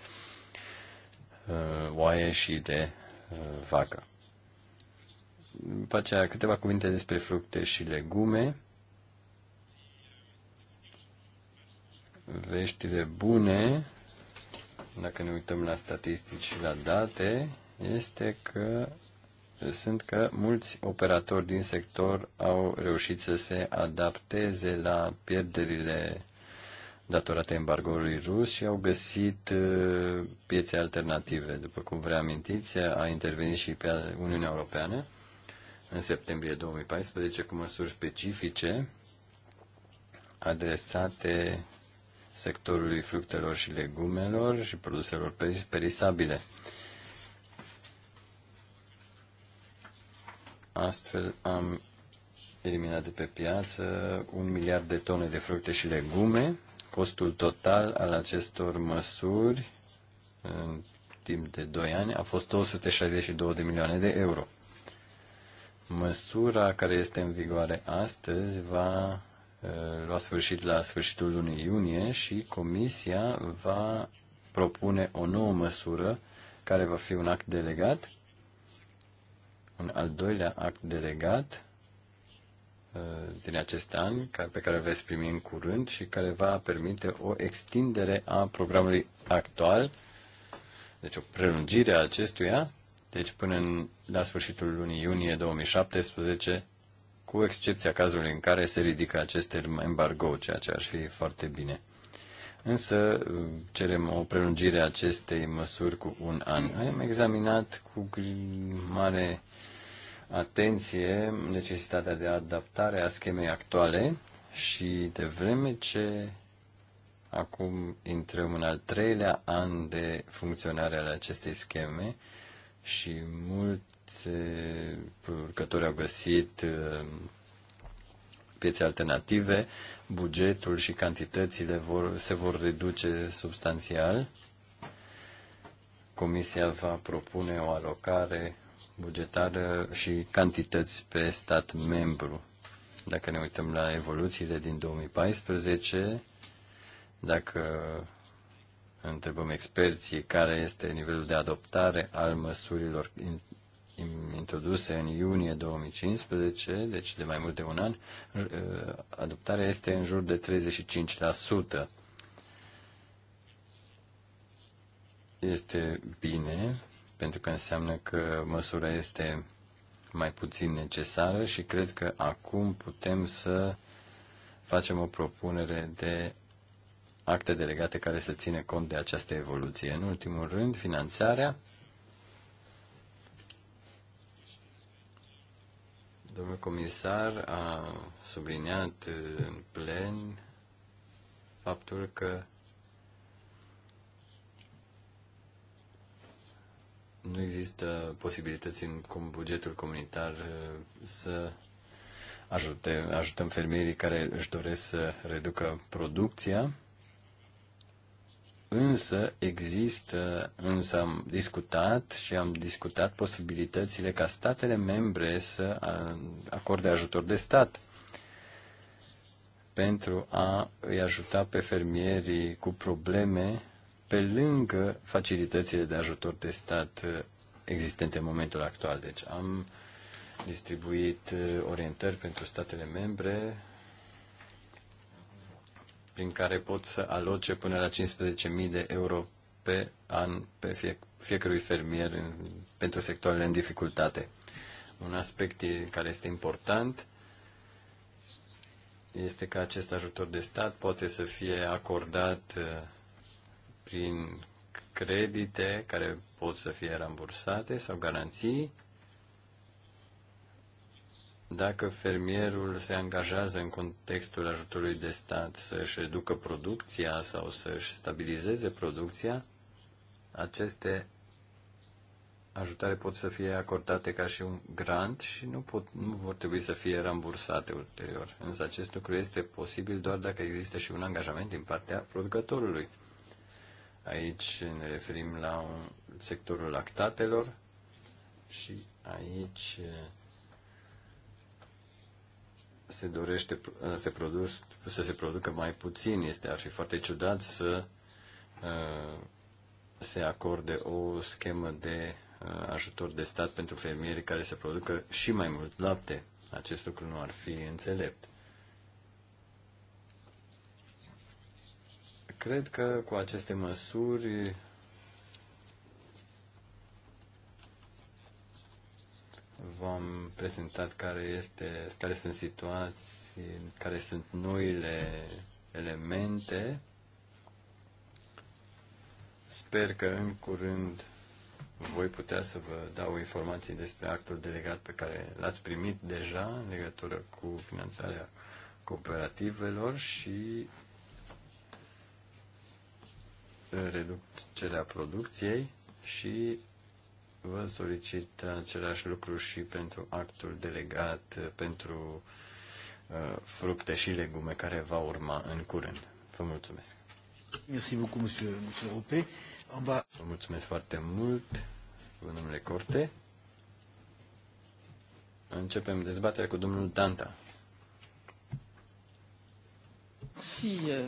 uh, oaie și de uh, vacă. După aceea, câteva cuvinte despre fructe și legume. Veștile bune dacă ne uităm la statistici și la date, este că sunt că mulți operatori din sector au reușit să se adapteze la pierderile datorate embargoului rus și au găsit uh, piețe alternative. După cum vă reamintiți, a intervenit și pe Uniunea Europeană în septembrie 2014 cu măsuri specifice adresate sectorului fructelor și legumelor și produselor perisabile. Astfel am eliminat de pe piață un miliard de tone de fructe și legume. Costul total al acestor măsuri în timp de 2 ani a fost 262 de milioane de euro. Măsura care este în vigoare astăzi va Uh, la sfârșit la sfârșitul lunii iunie și Comisia va propune o nouă măsură care va fi un act delegat, un al doilea act delegat uh, din acest an, pe care îl veți primi în curând și care va permite o extindere a programului actual, deci o prelungire a acestuia, deci până în, la sfârșitul lunii iunie 2017 cu excepția cazului în care se ridică acest embargo, ceea ce ar fi foarte bine. Însă cerem o prelungire a acestei măsuri cu un an. Am examinat cu mare atenție necesitatea de adaptare a schemei actuale și de vreme ce acum intrăm în al treilea an de funcționare al acestei scheme și mult producători au găsit uh, piețe alternative, bugetul și cantitățile vor, se vor reduce substanțial. Comisia va propune o alocare bugetară și cantități pe stat membru. Dacă ne uităm la evoluțiile din 2014, dacă întrebăm experții care este nivelul de adoptare al măsurilor introduse în iunie 2015, deci de mai mult de un an, eh, adoptarea este în jur de 35%. Este bine, pentru că înseamnă că măsura este mai puțin necesară și cred că acum putem să facem o propunere de acte delegate care să ține cont de această evoluție. În ultimul rând, finanțarea. Domnul comisar a subliniat uh, în plen faptul că nu există posibilități în bugetul comunitar uh, să ajute, ajutăm fermierii care își doresc să reducă producția Însă există, însă am discutat și am discutat posibilitățile ca statele membre să acorde ajutor de stat pentru a îi ajuta pe fermierii cu probleme pe lângă facilitățile de ajutor de stat existente în momentul actual. Deci am distribuit orientări pentru statele membre prin care pot să aloce până la 15.000 de euro pe an pe fie, fiecărui fermier în, pentru sectoarele în dificultate. Un aspect care este important este că acest ajutor de stat poate să fie acordat uh, prin credite care pot să fie rambursate sau garanții dacă fermierul se angajează în contextul ajutorului de stat să-și reducă producția sau să-și stabilizeze producția, aceste ajutare pot să fie acordate ca și un grant și nu, pot, nu vor trebui să fie rambursate ulterior. Însă acest lucru este posibil doar dacă există și un angajament din partea producătorului. Aici ne referim la un, sectorul lactatelor și aici se dorește uh, se produs, să se producă mai puțin. Este, ar fi foarte ciudat să uh, se acorde o schemă de uh, ajutor de stat pentru fermieri care să producă și mai mult lapte. Acest lucru nu ar fi înțelept. Cred că cu aceste măsuri v-am prezentat care, este, care sunt situații, care sunt noile elemente. Sper că în curând voi putea să vă dau informații despre actul delegat pe care l-ați primit deja în legătură cu finanțarea cooperativelor și reducerea producției și vă solicit același lucru și pentru actul delegat pentru uh, fructe și legume care va urma în curând. Vă mulțumesc. Merci beaucoup, monsieur, monsieur En bas... Vă mulțumesc foarte mult, domnule Corte. Începem dezbaterea cu domnul Danta. Si, uh,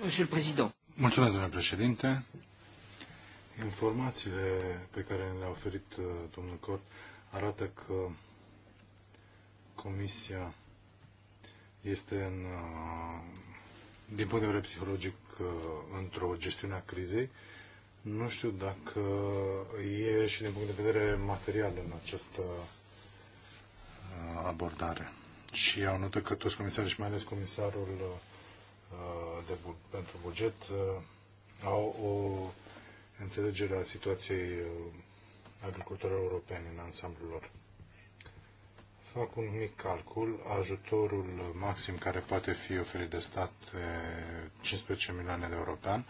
monsieur le Président. Mulțumesc, domnule președinte. Informațiile pe care le-a oferit uh, domnul Cort arată că Comisia este în, uh, din punct de vedere psihologic uh, într-o gestiune a crizei. Nu știu dacă e și din punct de vedere material în această abordare. Și au notat că toți comisarii și mai ales comisarul de, pentru buget au o înțelegerea situației uh, agricultorilor europeni în ansamblul lor. Fac un mic calcul. Ajutorul maxim care poate fi oferit de stat 15 milioane de euro pe an.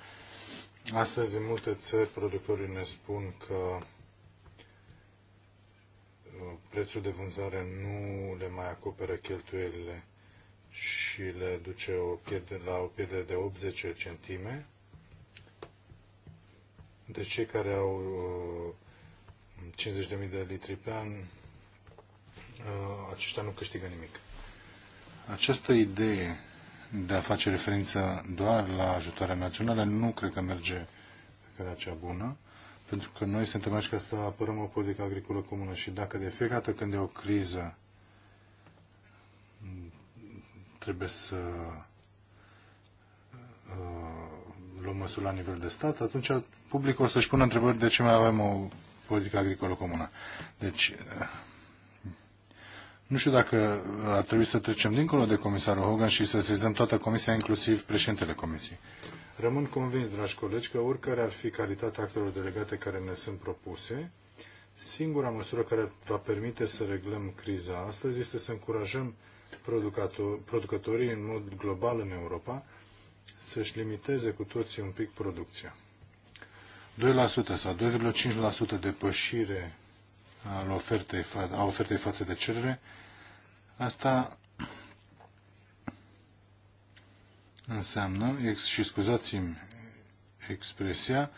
Astăzi, în multe țări, producătorii ne spun că uh, prețul de vânzare nu le mai acoperă cheltuielile și le duce o pierdere, la o pierdere de 80 centime între cei care au 50.000 uh, de litri pe an, uh, aceștia nu câștigă nimic. Această idee de a face referință doar la ajutoarea națională nu cred că merge pe care cea bună, pentru că noi suntem aici ca să apărăm o politică agricolă comună și dacă de fiecare dată când e o criză trebuie să uh, luăm măsuri la nivel de stat, atunci publicul o să-și pună întrebări de ce mai avem o politică agricolă comună. Deci, nu știu dacă ar trebui să trecem dincolo de comisarul Hogan și să sezăm toată comisia, inclusiv președintele comisiei. Rămân convins, dragi colegi, că oricare ar fi calitatea actelor delegate care ne sunt propuse, singura măsură care va permite să reglăm criza astăzi este să încurajăm producătorii în mod global în Europa să-și limiteze cu toții un pic producția. 2% sau 2,5% depășire al ofertei, a ofertei față de cerere, asta înseamnă, și scuzați-mi expresia,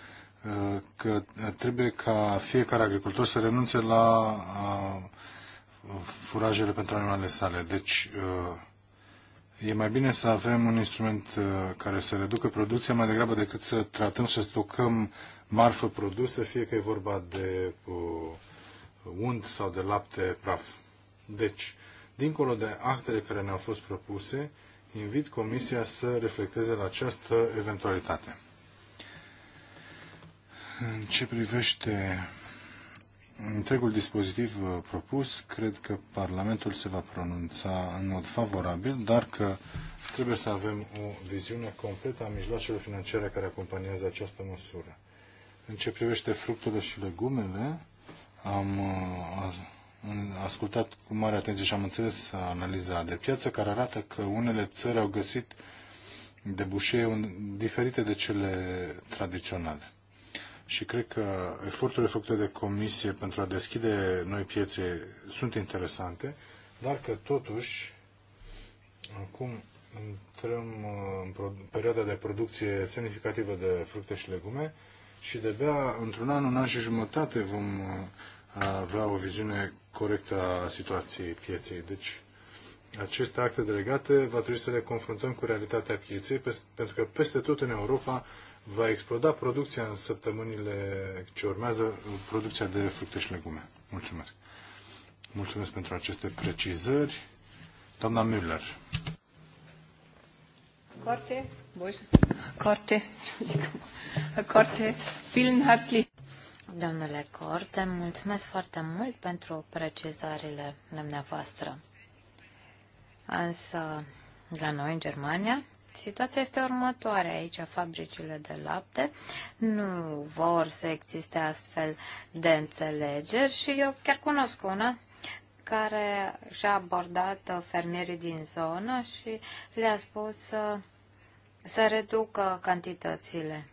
că trebuie ca fiecare agricultor să renunțe la furajele pentru animalele sale. Deci, E mai bine să avem un instrument uh, care să reducă producția mai degrabă decât să tratăm și să stocăm marfă produsă, fie că e vorba de uh, unt sau de lapte praf. Deci, dincolo de actele care ne-au fost propuse, invit Comisia să reflecteze la această eventualitate. În ce privește întregul dispozitiv uh, propus, cred că Parlamentul se va pronunța în mod favorabil, dar că trebuie să avem o viziune completă a mijloacelor financiare care acompaniază această măsură. În ce privește fructele și legumele, am uh, ascultat cu mare atenție și am înțeles analiza de piață care arată că unele țări au găsit debușee diferite de cele tradiționale și cred că eforturile făcute de comisie pentru a deschide noi piețe sunt interesante, dar că totuși acum intrăm uh, în perioada de producție semnificativă de fructe și legume și de-abia într-un an, un an și jumătate vom uh, avea o viziune corectă a situației pieței. Deci aceste acte delegate va trebui să le confruntăm cu realitatea pieței, pentru că peste tot în Europa va exploda producția în săptămânile ce urmează, producția de fructe și legume. Mulțumesc. Mulțumesc pentru aceste precizări. Doamna Müller. Corte, Corte, Corte, vielen herzlich. Domnule Corte, mulțumesc foarte mult pentru precizările dumneavoastră. Însă, la noi, în Germania, Situația este următoarea aici. Fabricile de lapte nu vor să existe astfel de înțelegeri și eu chiar cunosc una care și-a abordat fermierii din zonă și le-a spus să, să reducă cantitățile.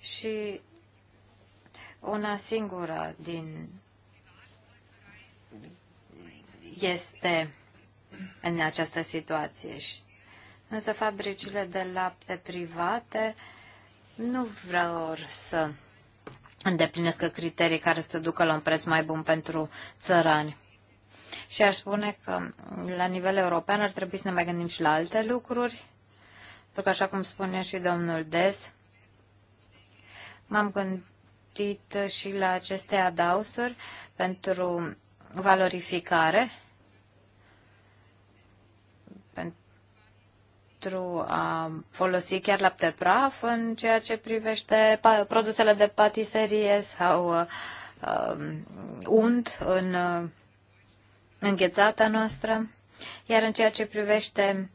Și una singură din este în această situație. Însă fabricile de lapte private nu vreau să îndeplinesc criterii care să ducă la un preț mai bun pentru țărani. Și aș spune că la nivel european ar trebui să ne mai gândim și la alte lucruri, pentru că așa cum spunea și domnul Des, m-am gândit și la aceste adausuri pentru valorificare pentru a folosi chiar lapte praf în ceea ce privește produsele de patiserie sau uh, unt în uh, înghețata noastră. Iar în ceea ce privește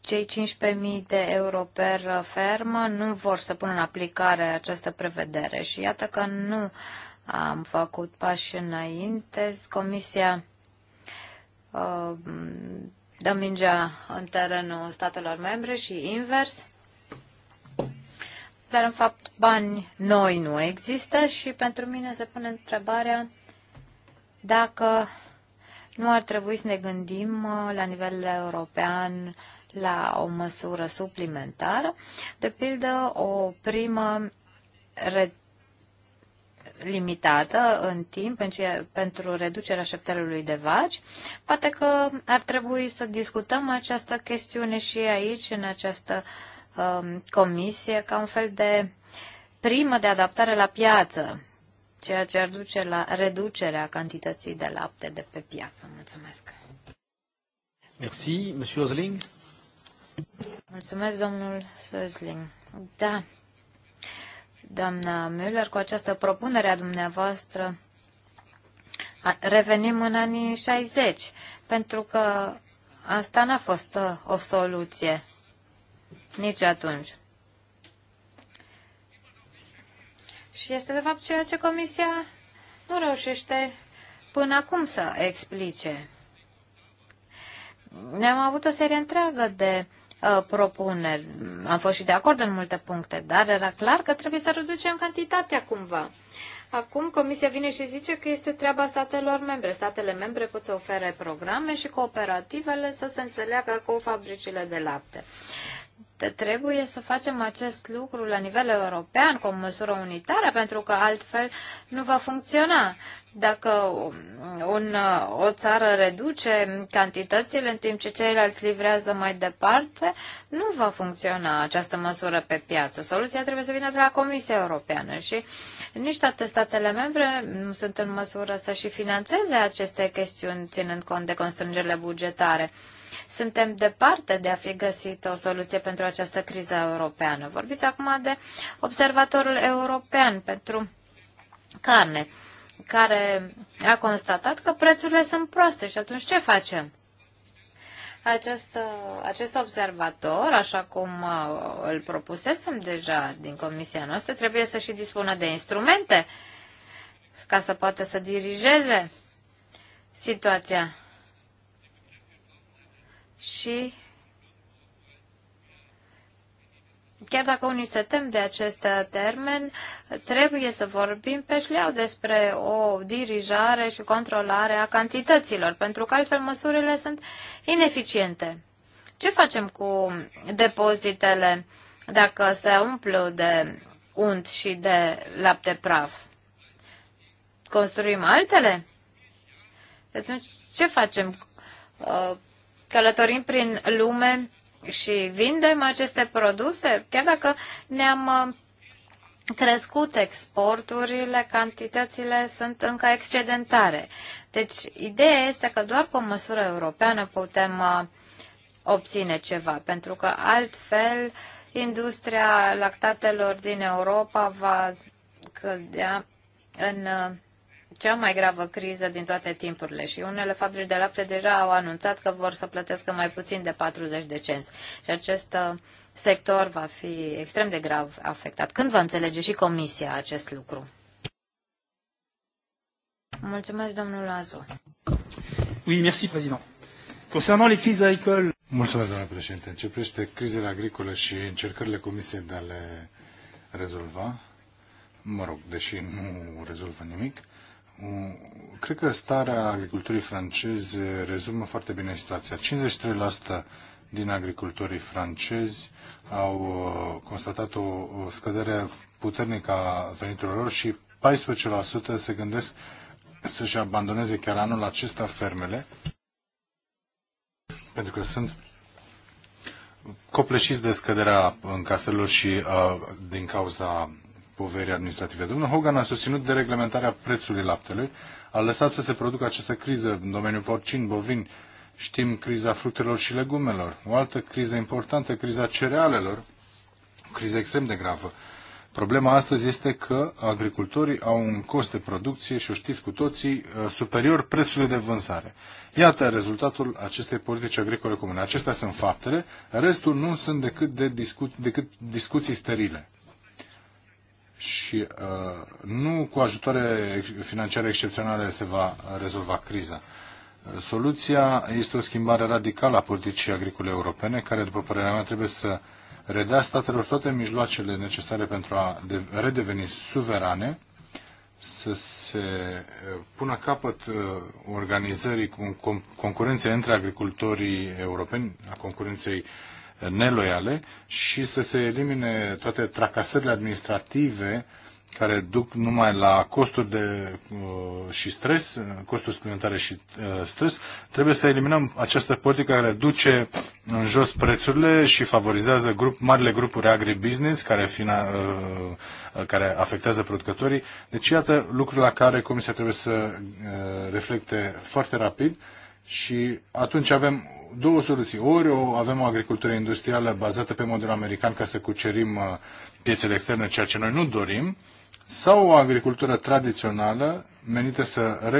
cei 15.000 de euro per fermă nu vor să pună în aplicare această prevedere și iată că nu am făcut pași înainte. Comisia uh, dăm mingea în terenul statelor membre și invers. Dar, în fapt, bani noi nu există și pentru mine se pune întrebarea dacă nu ar trebui să ne gândim uh, la nivel european la o măsură suplimentară, de pildă o primă limitată în timp pentru reducerea șeptelului de vaci, poate că ar trebui să discutăm această chestiune și aici, în această um, comisie, ca un fel de primă de adaptare la piață, ceea ce ar duce la reducerea cantității de lapte de pe piață. Mulțumesc! Merci, Monsieur Osling. Mulțumesc, domnul Sözling. Da, doamna Müller, cu această propunere a dumneavoastră revenim în anii 60, pentru că asta n-a fost uh, o soluție nici atunci. Și este de fapt ceea ce Comisia nu reușește până acum să explice. Ne-am avut o serie întreagă de Uh, propuneri. Am fost și de acord în multe puncte, dar era clar că trebuie să reducem cantitatea cumva. Acum Comisia vine și zice că este treaba statelor membre. Statele membre pot să ofere programe și cooperativele să se înțeleagă cu fabricile de lapte. Uh, trebuie să facem acest lucru la nivel european cu o măsură unitară, pentru că altfel nu va funcționa. Dacă un, o țară reduce cantitățile în timp ce ceilalți livrează mai departe, nu va funcționa această măsură pe piață. Soluția trebuie să vină de la Comisia Europeană și nici toate statele membre nu sunt în măsură să și financeze aceste chestiuni, ținând cont de constrângerile bugetare suntem departe de a fi găsit o soluție pentru această criză europeană. Vorbiți acum de observatorul european pentru carne, care a constatat că prețurile sunt proaste și atunci ce facem? Acest, acest observator, așa cum uh, îl propusesem deja din comisia noastră, trebuie să și dispună de instrumente ca să poată să dirigeze situația și chiar dacă unii se tem de acest termen, trebuie să vorbim pe șleau despre o dirijare și controlare a cantităților, pentru că altfel măsurile sunt ineficiente. Ce facem cu depozitele dacă se umplu de unt și de lapte praf? Construim altele? Atunci, ce facem uh, călătorim prin lume și vindem aceste produse, chiar dacă ne-am uh, crescut exporturile, cantitățile sunt încă excedentare. Deci, ideea este că doar cu o măsură europeană putem uh, obține ceva, pentru că altfel industria lactatelor din Europa va cădea în uh, cea mai gravă criză din toate timpurile și unele fabrici de lapte deja au anunțat că vor să plătească mai puțin de 40 de cenți. Și acest uh, sector va fi extrem de grav afectat. Când va înțelege și Comisia acest lucru? Mulțumesc, domnul Azu. Oui, merci, président. Concernant les crises agricoles... Mulțumesc, domnule președinte. În ce privește crizele agricole și încercările Comisiei de a le rezolva, mă rog, deși nu rezolvă nimic, Mm, cred că starea agriculturii franceze rezumă foarte bine situația. 53% din agricultorii francezi au uh, constatat o, scădere puternică a veniturilor lor și 14% se gândesc să-și abandoneze chiar anul acesta fermele pentru că sunt copleșiți de scăderea încasărilor și uh, din cauza poverii administrative. Domnul Hogan a susținut dereglementarea prețului laptelui, a lăsat să se producă această criză în domeniul porcin, bovin, știm criza fructelor și legumelor, o altă criză importantă, criza cerealelor, o criză extrem de gravă. Problema astăzi este că agricultorii au un cost de producție și o știți cu toții uh, superior prețului de vânzare. Iată rezultatul acestei politici agricole comune. Acestea sunt faptele, restul nu sunt decât, de discu- decât discuții sterile și uh, nu cu ajutoare financiare excepționale se va rezolva criza. Soluția este o schimbare radicală a politicii agricole europene, care, după părerea mea, trebuie să redea statelor toate mijloacele necesare pentru a redeveni suverane, să se uh, pună capăt uh, organizării concurenței între agricultorii europeni, a concurenței uh, neloiale și să se elimine toate tracasările administrative care duc numai la costuri de, uh, și stres, costuri suplimentare și uh, stres, trebuie să eliminăm această politică care duce în jos prețurile și favorizează grup, marile grupuri agribusiness care, fina, uh, care afectează producătorii. Deci iată lucruri la care Comisia trebuie să uh, reflecte foarte rapid și atunci avem două soluții. Ori o, avem o agricultură industrială bazată pe modelul american ca să cucerim uh, piețele externe, ceea ce noi nu dorim, sau o agricultură tradițională menită să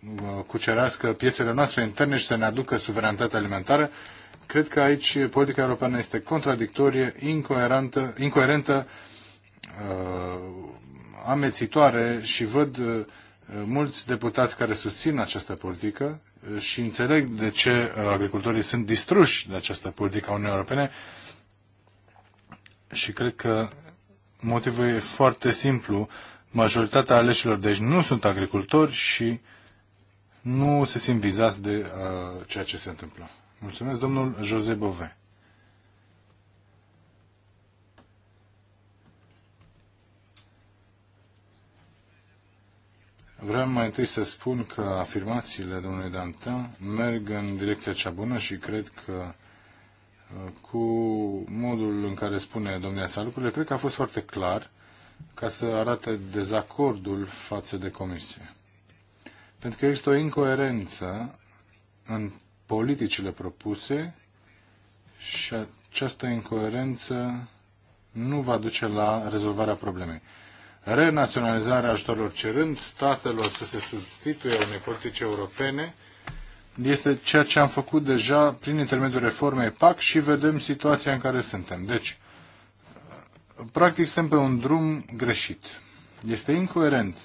recucerească piețele noastre interne și să ne aducă suveranitatea alimentară. Cred că aici politica europeană este contradictorie, incoerentă, incoerentă uh, amețitoare și văd uh, mulți deputați care susțin această politică și înțeleg de ce uh, agricultorii sunt distruși de această politică a Uniunii Europene și cred că motivul e foarte simplu. Majoritatea aleșilor deci nu sunt agricultori și nu se simt vizați de uh, ceea ce se întâmplă. Mulțumesc, domnul Jose Bove. Vreau mai întâi să spun că afirmațiile domnului Dantin merg în direcția cea bună și cred că uh, cu modul în care spune domnia sa lucrurile, cred că a fost foarte clar ca să arate dezacordul față de comisie. Pentru că există o incoerență în politicile propuse și această incoerență nu va duce la rezolvarea problemei renaționalizarea ajutorilor cerând statelor să se substituie unei politici europene este ceea ce am făcut deja prin intermediul reformei PAC și vedem situația în care suntem. Deci, practic suntem pe un drum greșit. Este incoerent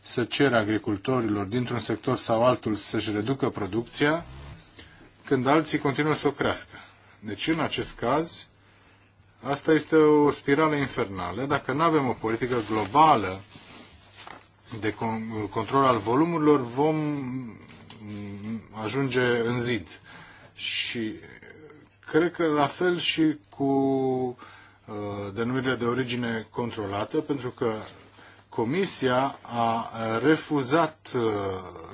să cer agricultorilor dintr-un sector sau altul să-și reducă producția când alții continuă să o crească. Deci, în acest caz, Asta este o spirală infernală. Dacă nu avem o politică globală de control al volumurilor, vom ajunge în zid. Și cred că la fel și cu uh, denumirile de origine controlată, pentru că Comisia a refuzat uh,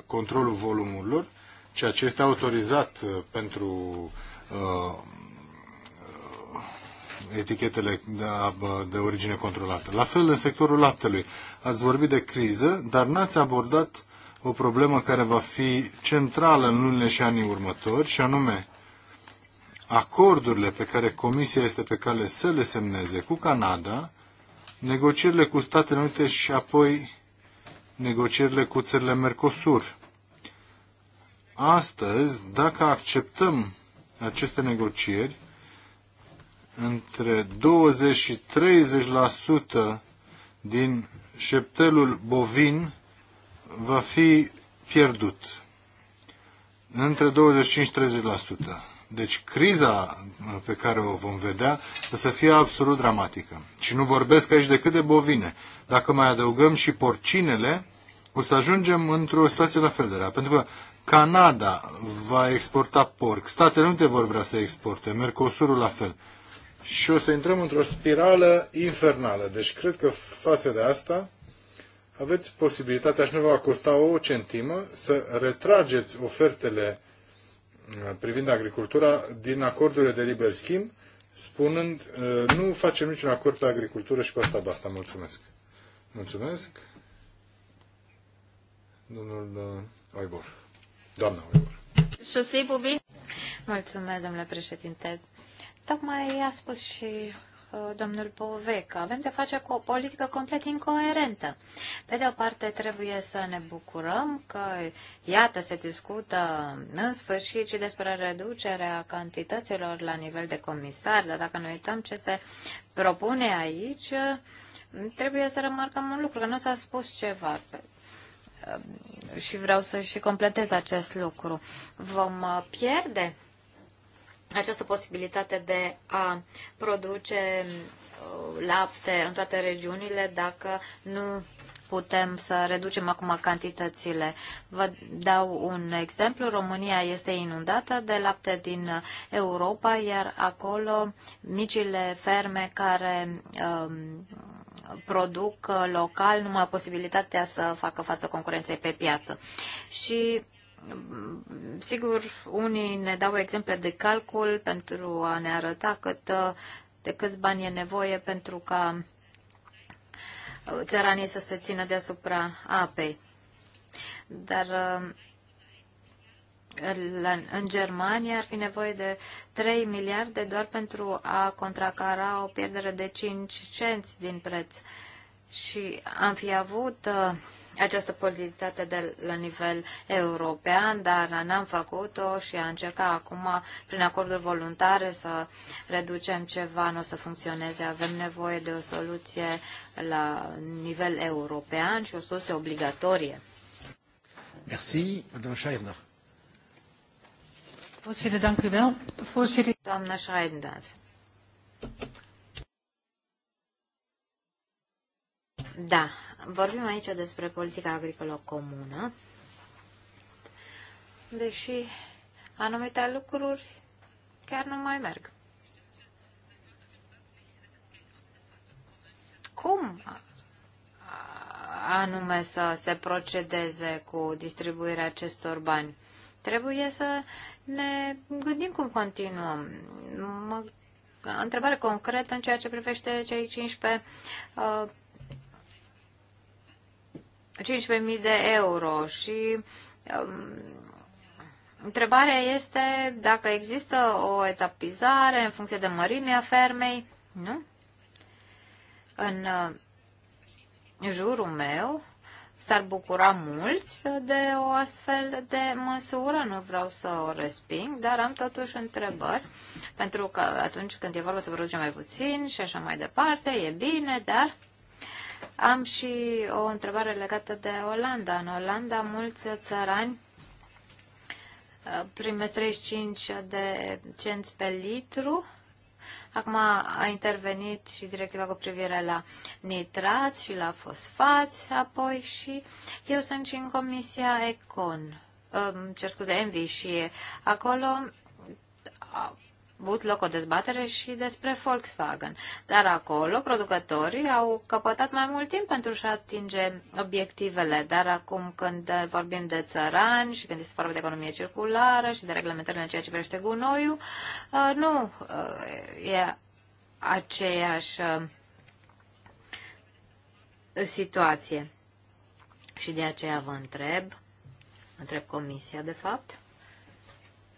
controlul volumurilor, ceea ce este autorizat uh, pentru etichetele de origine controlată. La fel în sectorul laptelui. Ați vorbit de criză, dar n-ați abordat o problemă care va fi centrală în lunile și anii următori, și anume acordurile pe care Comisia este pe cale să le semneze cu Canada, negocierile cu Statele Unite și apoi negocierile cu țările Mercosur. Astăzi, dacă acceptăm aceste negocieri, între 20 și 30% din șeptelul bovin va fi pierdut. Între 25-30%. Deci criza pe care o vom vedea o să fie absolut dramatică. Și nu vorbesc aici decât de bovine. Dacă mai adăugăm și porcinele, o să ajungem într-o situație la fel de rea. Pentru că Canada va exporta porc, Statele Unite vor vrea să exporte, Mercosurul la fel și o să intrăm într-o spirală infernală. Deci cred că față de asta aveți posibilitatea și nu va costa o centimă să retrageți ofertele uh, privind agricultura din acordurile de liber schimb, spunând uh, nu facem niciun acord pe agricultură și cu asta basta. Mulțumesc. Mulțumesc. Domnul uh, Oibor. Doamna Oibor. Mulțumesc, domnule președinte. Tocmai a spus și uh, domnul Pove că avem de face cu o politică complet incoerentă. Pe de o parte trebuie să ne bucurăm că, iată, se discută în sfârșit și despre reducerea cantităților la nivel de comisar, dar dacă ne uităm ce se propune aici, trebuie să remarcăm un lucru, că nu s-a spus ceva uh, și vreau să și completez acest lucru. Vom uh, pierde această posibilitate de a produce uh, lapte în toate regiunile dacă nu putem să reducem acum cantitățile. Vă dau un exemplu. România este inundată de lapte din Europa, iar acolo micile ferme care um, produc local nu mai au posibilitatea să facă față concurenței pe piață. Și Sigur, unii ne dau exemple de calcul pentru a ne arăta cât, uh, de câți bani e nevoie pentru ca uh, țăranii să se țină deasupra apei. Dar uh, în Germania ar fi nevoie de 3 miliarde doar pentru a contracara o pierdere de 5 cenți din preț. Și am fi avut această politică de la nivel european, dar n-am făcut-o și a încercat acum, prin acorduri voluntare, să reducem ceva, nu o să funcționeze. Avem nevoie de o soluție la nivel european și o soluție obligatorie. Merci, Madame Schreiner. Voorzitter, dank u wel. Voorzitter. Doamna Schreiner. Da, vorbim aici despre politica agricolă comună, deși anumite lucruri chiar nu mai merg. Cum anume să se procedeze cu distribuirea acestor bani? Trebuie să ne gândim cum continuăm. Mă, întrebare concretă în ceea ce privește cei 15 uh, 15.000 de euro și um, Întrebarea este dacă există o etapizare în funcție de mărimea fermei, nu? În uh, jurul meu s-ar bucura mulți de o astfel de măsură, nu vreau să o resping, dar am totuși întrebări, pentru că atunci când e vorba să producem mai puțin și așa mai departe, e bine, dar am și o întrebare legată de Olanda. În Olanda, mulți țărani uh, primesc 35 de cenți pe litru. Acum a intervenit și directiva cu privire la nitrați și la fosfați, apoi și eu sunt și în Comisia Econ, cer scuze, Envi și acolo avut loc o dezbatere și despre Volkswagen. Dar acolo producătorii au căpătat mai mult timp pentru a atinge obiectivele. Dar acum când vorbim de țărani și când este vorba de economie circulară și de reglementările în ceea ce privește gunoiul, uh, nu uh, e aceeași uh, situație. Și de aceea vă întreb, întreb comisia de fapt,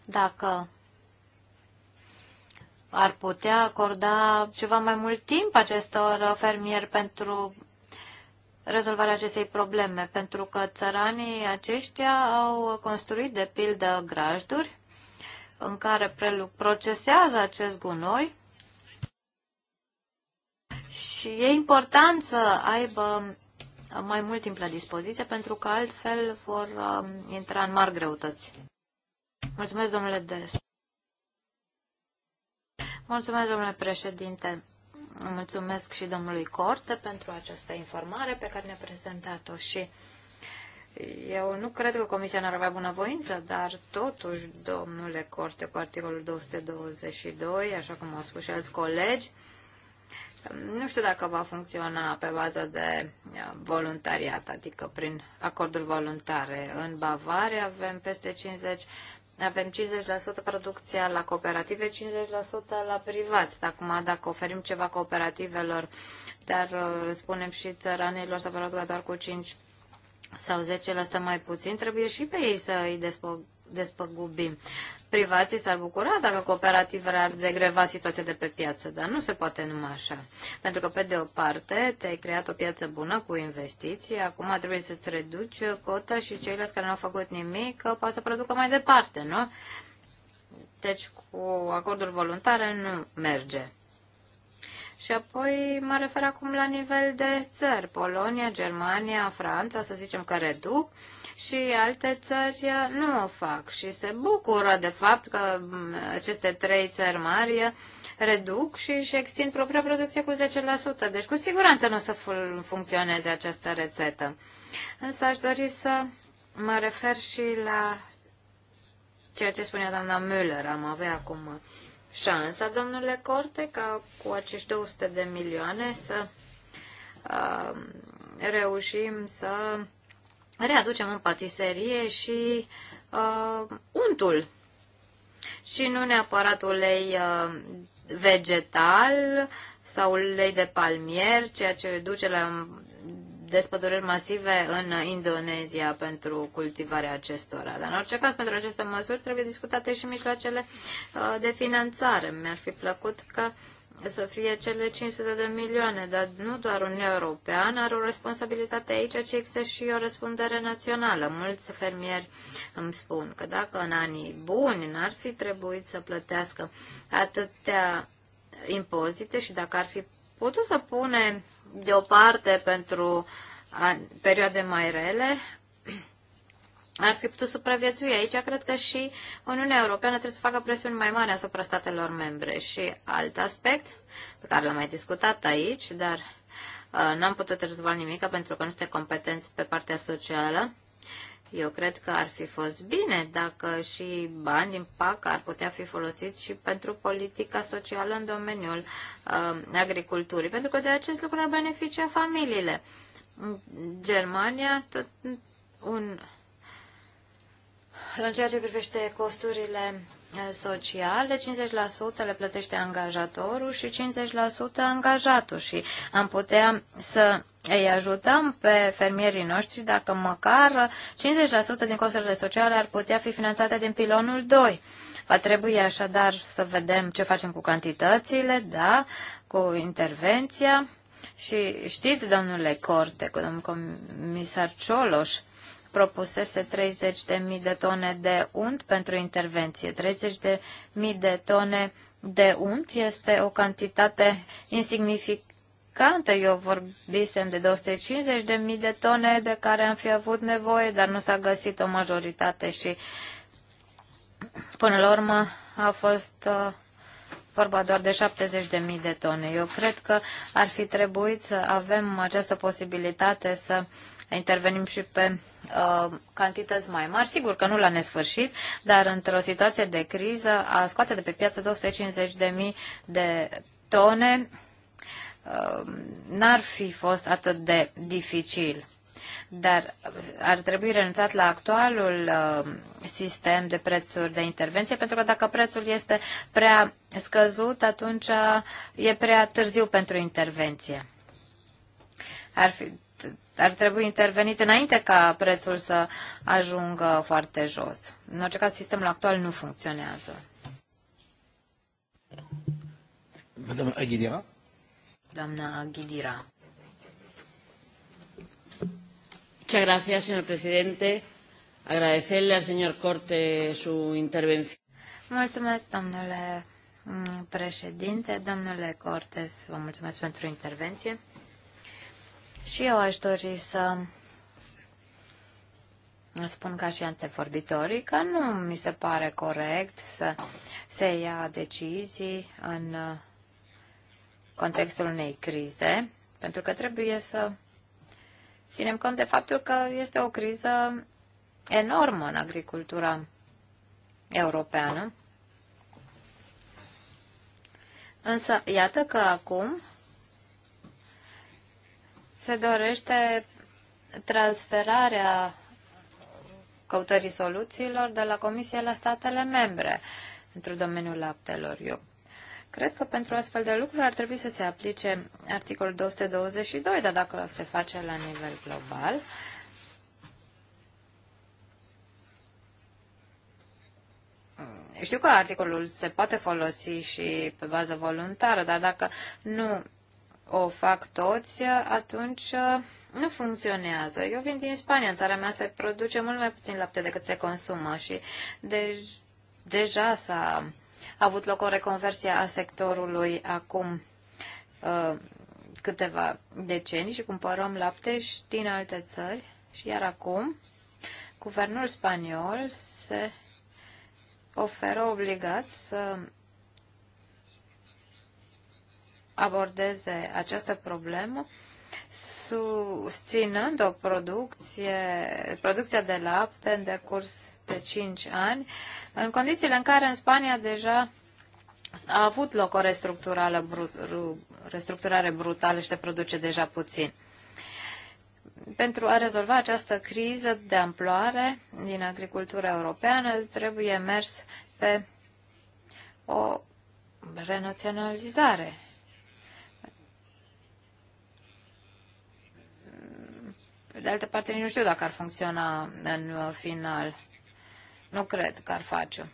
dacă ar putea acorda ceva mai mult timp acestor fermieri pentru rezolvarea acestei probleme, pentru că țăranii aceștia au construit, de pildă, grajduri în care procesează acest gunoi și e important să aibă mai mult timp la dispoziție, pentru că altfel vor uh, intra în mari greutăți. Mulțumesc, domnule Des. Mulțumesc, domnule președinte. Mulțumesc și domnului Corte pentru această informare pe care ne-a prezentat-o și eu nu cred că Comisia n-ar avea bunăvoință, dar totuși, domnule Corte, cu articolul 222, așa cum au spus și alți colegi, nu știu dacă va funcționa pe bază de voluntariat, adică prin acordul voluntare. În Bavaria avem peste 50 avem 50% producția la cooperative, 50% la privați. Acum, dacă oferim ceva cooperativelor, dar uh, spunem și țăranilor să producă doar cu 5 sau 10% mai puțin, trebuie și pe ei să îi despo- despăgubim. Privații s-ar bucura dacă cooperativele ar degreva situația de pe piață, dar nu se poate numai așa. Pentru că, pe de o parte, te-ai creat o piață bună cu investiții, acum trebuie să-ți reduci cota și ceilalți care nu au făcut nimic poate să producă mai departe, nu? Deci, cu acorduri voluntare nu merge. Și apoi mă refer acum la nivel de țări. Polonia, Germania, Franța, să zicem că reduc și alte țări uh, nu o fac și se bucură de fapt că mm, aceste trei țări mari uh, reduc și își extind propria producție cu 10%. Deci cu siguranță nu o să funcționeze această rețetă. Însă aș dori să mă refer și la ceea ce spunea doamna Müller. Am avea acum șansa, domnule Corte, ca cu acești 200 de milioane să uh, reușim să readucem în patiserie și uh, untul și nu neapărat ulei uh, vegetal sau ulei de palmier, ceea ce duce la despăduriri masive în Indonezia pentru cultivarea acestora. Dar în orice caz, pentru aceste măsuri trebuie discutate și mijloacele uh, de finanțare. Mi-ar fi plăcut că să fie cel de 500 de milioane, dar nu doar Uniunea Europeană are o responsabilitate aici, ci există și o răspundere națională. Mulți fermieri îmi spun că dacă în anii buni n-ar fi trebuit să plătească atâtea impozite și dacă ar fi putut să pune deoparte pentru perioade mai rele, ar fi putut supraviețui. Aici cred că și Uniunea Europeană trebuie să facă presiuni mai mari asupra statelor membre. Și alt aspect pe care l-am mai discutat aici, dar uh, n-am putut rezolva nimic pentru că nu suntem competenți pe partea socială. Eu cred că ar fi fost bine dacă și bani din PAC ar putea fi folosiți și pentru politica socială în domeniul uh, agriculturii, pentru că de acest lucru ar beneficia familiile. În Germania, tot un în ceea ce privește costurile eh, sociale, 50% le plătește angajatorul și 50% angajatul și am putea să îi ajutăm pe fermierii noștri dacă măcar 50% din costurile sociale ar putea fi finanțate din pilonul 2. Va trebui așadar să vedem ce facem cu cantitățile, da, cu intervenția și știți, domnule Corte, cu domnul comisar Cioloș, propusese 30.000 de tone de unt pentru intervenție. 30.000 de tone de unt este o cantitate insignificantă. Eu vorbisem de 250.000 de tone de care am fi avut nevoie, dar nu s-a găsit o majoritate și până la urmă a fost uh, vorba doar de 70.000 de tone. Eu cred că ar fi trebuit să avem această posibilitate să intervenim și pe Uh, cantități mai mari, sigur că nu la nesfârșit, dar într-o situație de criză a scoate de pe piață 250.000 de tone uh, n-ar fi fost atât de dificil. Dar ar trebui renunțat la actualul uh, sistem de prețuri de intervenție, pentru că dacă prețul este prea scăzut, atunci e prea târziu pentru intervenție ar fi ar trebui intervenit înainte ca prețul să ajungă foarte jos. În orice caz, sistemul actual nu funcționează. Doamna Ghidira. Doamna Ghidira. Muchas gracias, señor presidente. Agradecerle al señor Corte su intervención. Mulțumesc, domnule președinte, domnule Cortes, vă mulțumesc pentru intervenție. Și eu aș dori să spun ca și antevorbitorii că nu mi se pare corect să se ia decizii în uh, contextul unei crize, pentru că trebuie să ținem cont de faptul că este o criză enormă în agricultura europeană. Însă, iată că acum se dorește transferarea căutării soluțiilor de la Comisie la statele membre într-un domeniul laptelor. Eu cred că pentru astfel de lucruri ar trebui să se aplice articolul 222, dar dacă se face la nivel global, Știu că articolul se poate folosi și pe bază voluntară, dar dacă nu o fac toți, atunci uh, nu funcționează. Eu vin din Spania, în țara mea se produce mult mai puțin lapte decât se consumă și de- deja s-a avut loc o reconversie a sectorului acum uh, câteva decenii și cumpărăm lapte și din alte țări. Și iar acum, guvernul spaniol se oferă obligat să abordeze această problemă susținând o producție, producția de lapte în decurs de 5 ani, în condițiile în care în Spania deja a avut loc o restructurare, brut, restructurare brutală și se produce deja puțin. Pentru a rezolva această criză de amploare din agricultura europeană, trebuie mers pe o renaționalizare Pe de altă parte, nici nu știu dacă ar funcționa în uh, final. Nu cred că ar face.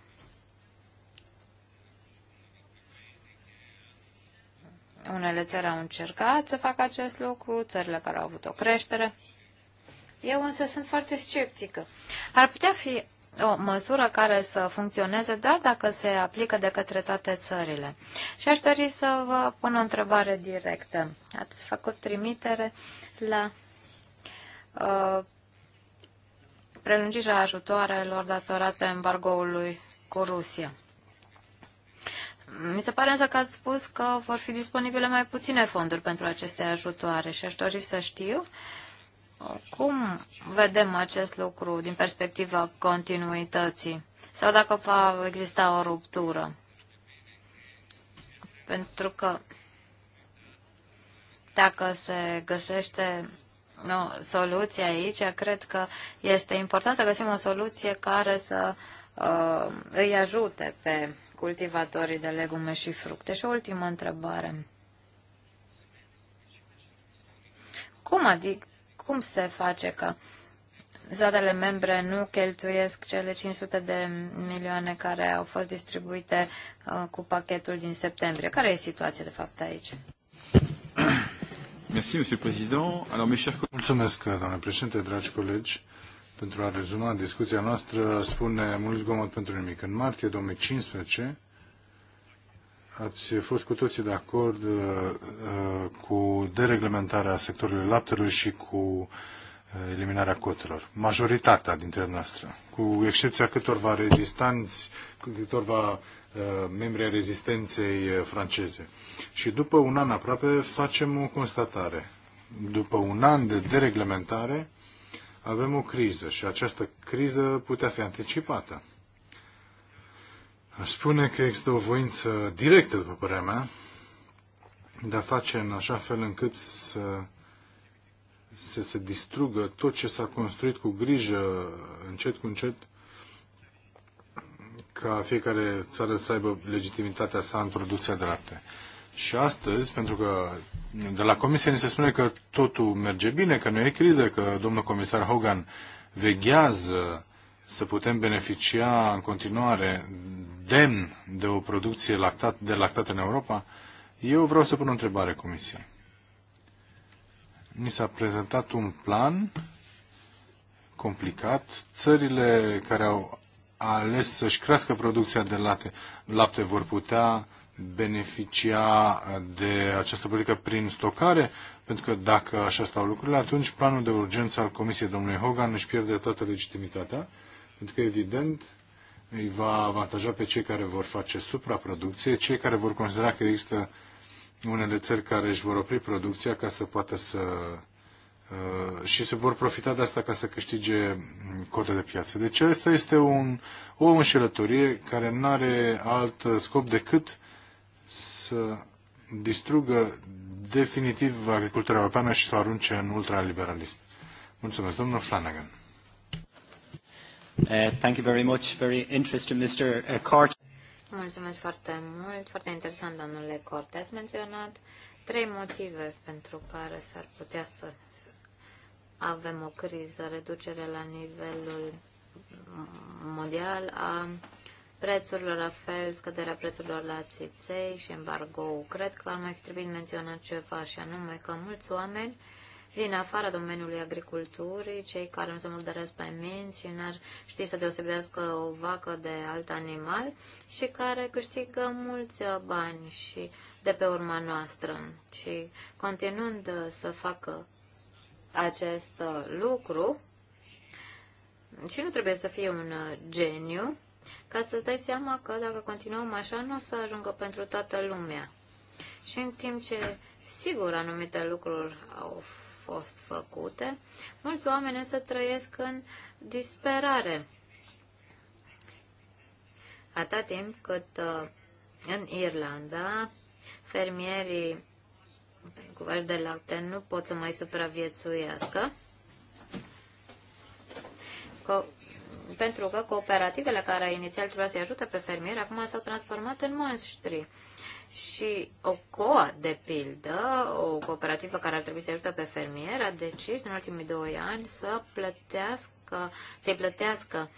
Unele țări au încercat să facă acest lucru, țările care au avut o creștere. Eu însă sunt foarte sceptică. Ar putea fi o măsură care să funcționeze doar dacă se aplică de către toate țările. Și aș dori să vă pun o întrebare directă. Ați făcut trimitere la Uh, prelungirea ajutoarelor datorate embargoului cu Rusia. Mi se pare însă că ați spus că vor fi disponibile mai puține fonduri pentru aceste ajutoare și aș dori să știu cum vedem acest lucru din perspectiva continuității sau dacă va exista o ruptură. Pentru că dacă se găsește no, soluție aici. Cred că este important să găsim o soluție care să uh, îi ajute pe cultivatorii de legume și fructe. Și o ultimă întrebare. Cum, adic, cum se face că zadele membre nu cheltuiesc cele 500 de milioane care au fost distribuite uh, cu pachetul din septembrie? Care e situația, de fapt, aici? Mulțumesc, domnule președinte, dragi colegi. Pentru a rezuma discuția noastră, spune mult zgomot pentru nimic. În martie 2015 ați fost cu toții de acord uh, uh cu dereglementarea sectorului laptelui și cu uh, eliminarea cotelor. Majoritatea dintre noastre, cu excepția câtorva rezistanți, câtorva Uh, membri ai rezistenței uh, franceze. Și după un an aproape facem o constatare. După un an de dereglementare avem o criză și această criză putea fi anticipată. Aș spune că există o voință directă, după părerea mea, de a face în așa fel încât să să se distrugă tot ce s-a construit cu grijă, încet cu încet, ca fiecare țară să aibă legitimitatea sa în producția de lapte. Și astăzi, pentru că de la Comisie ni se spune că totul merge bine, că nu e criză, că domnul comisar Hogan veghează să putem beneficia în continuare demn de o producție lactat, de lactate în Europa, eu vreau să pun o întrebare Comisiei. Mi s-a prezentat un plan complicat. Țările care au a ales să-și crească producția de lapte, lapte vor putea beneficia de această politică prin stocare? Pentru că dacă așa stau lucrurile, atunci planul de urgență al Comisiei domnului Hogan își pierde toată legitimitatea, pentru că, evident, îi va avantaja pe cei care vor face supraproducție, cei care vor considera că există unele țări care își vor opri producția ca să poată să Uh, și se vor profita de asta ca să câștige mm, cote de piață. Deci asta este un, o înșelătorie care nu are alt uh, scop decât să distrugă definitiv agricultura europeană și să o arunce în ultraliberalism. Mulțumesc, domnul Flanagan. Uh, thank you very much. Very interesting, Mr. Uh, Cort. Mulțumesc foarte mult. Foarte interesant, domnule Cort. Ați menționat trei motive pentru care s-ar putea să avem o criză, reducere la nivelul mondial a prețurilor, la fel scăderea prețurilor la țiței și embargo. Cred că ar mai fi trebuit menționat ceva și anume că mulți oameni din afara domeniului agriculturii, cei care nu se murdăresc pe minți și n-ar ști să deosebească o vacă de alt animal și care câștigă mulți bani și de pe urma noastră. Și continuând să facă acest uh, lucru și nu trebuie să fie un uh, geniu ca să-ți dai seama că dacă continuăm așa nu o să ajungă pentru toată lumea. Și în timp ce, sigur, anumite lucruri au fost făcute, mulți oameni să trăiesc în disperare. Atâta timp cât uh, în Irlanda fermierii cu verde de lapte nu pot să mai supraviețuiască. Co- pentru că cooperativele care inițial trebuia să-i ajute pe fermieri acum s-au transformat în monștri. Și o COA, de pildă, o cooperativă care ar trebui să ajute pe fermier, a decis în ultimii doi ani să plătească, să-i plătească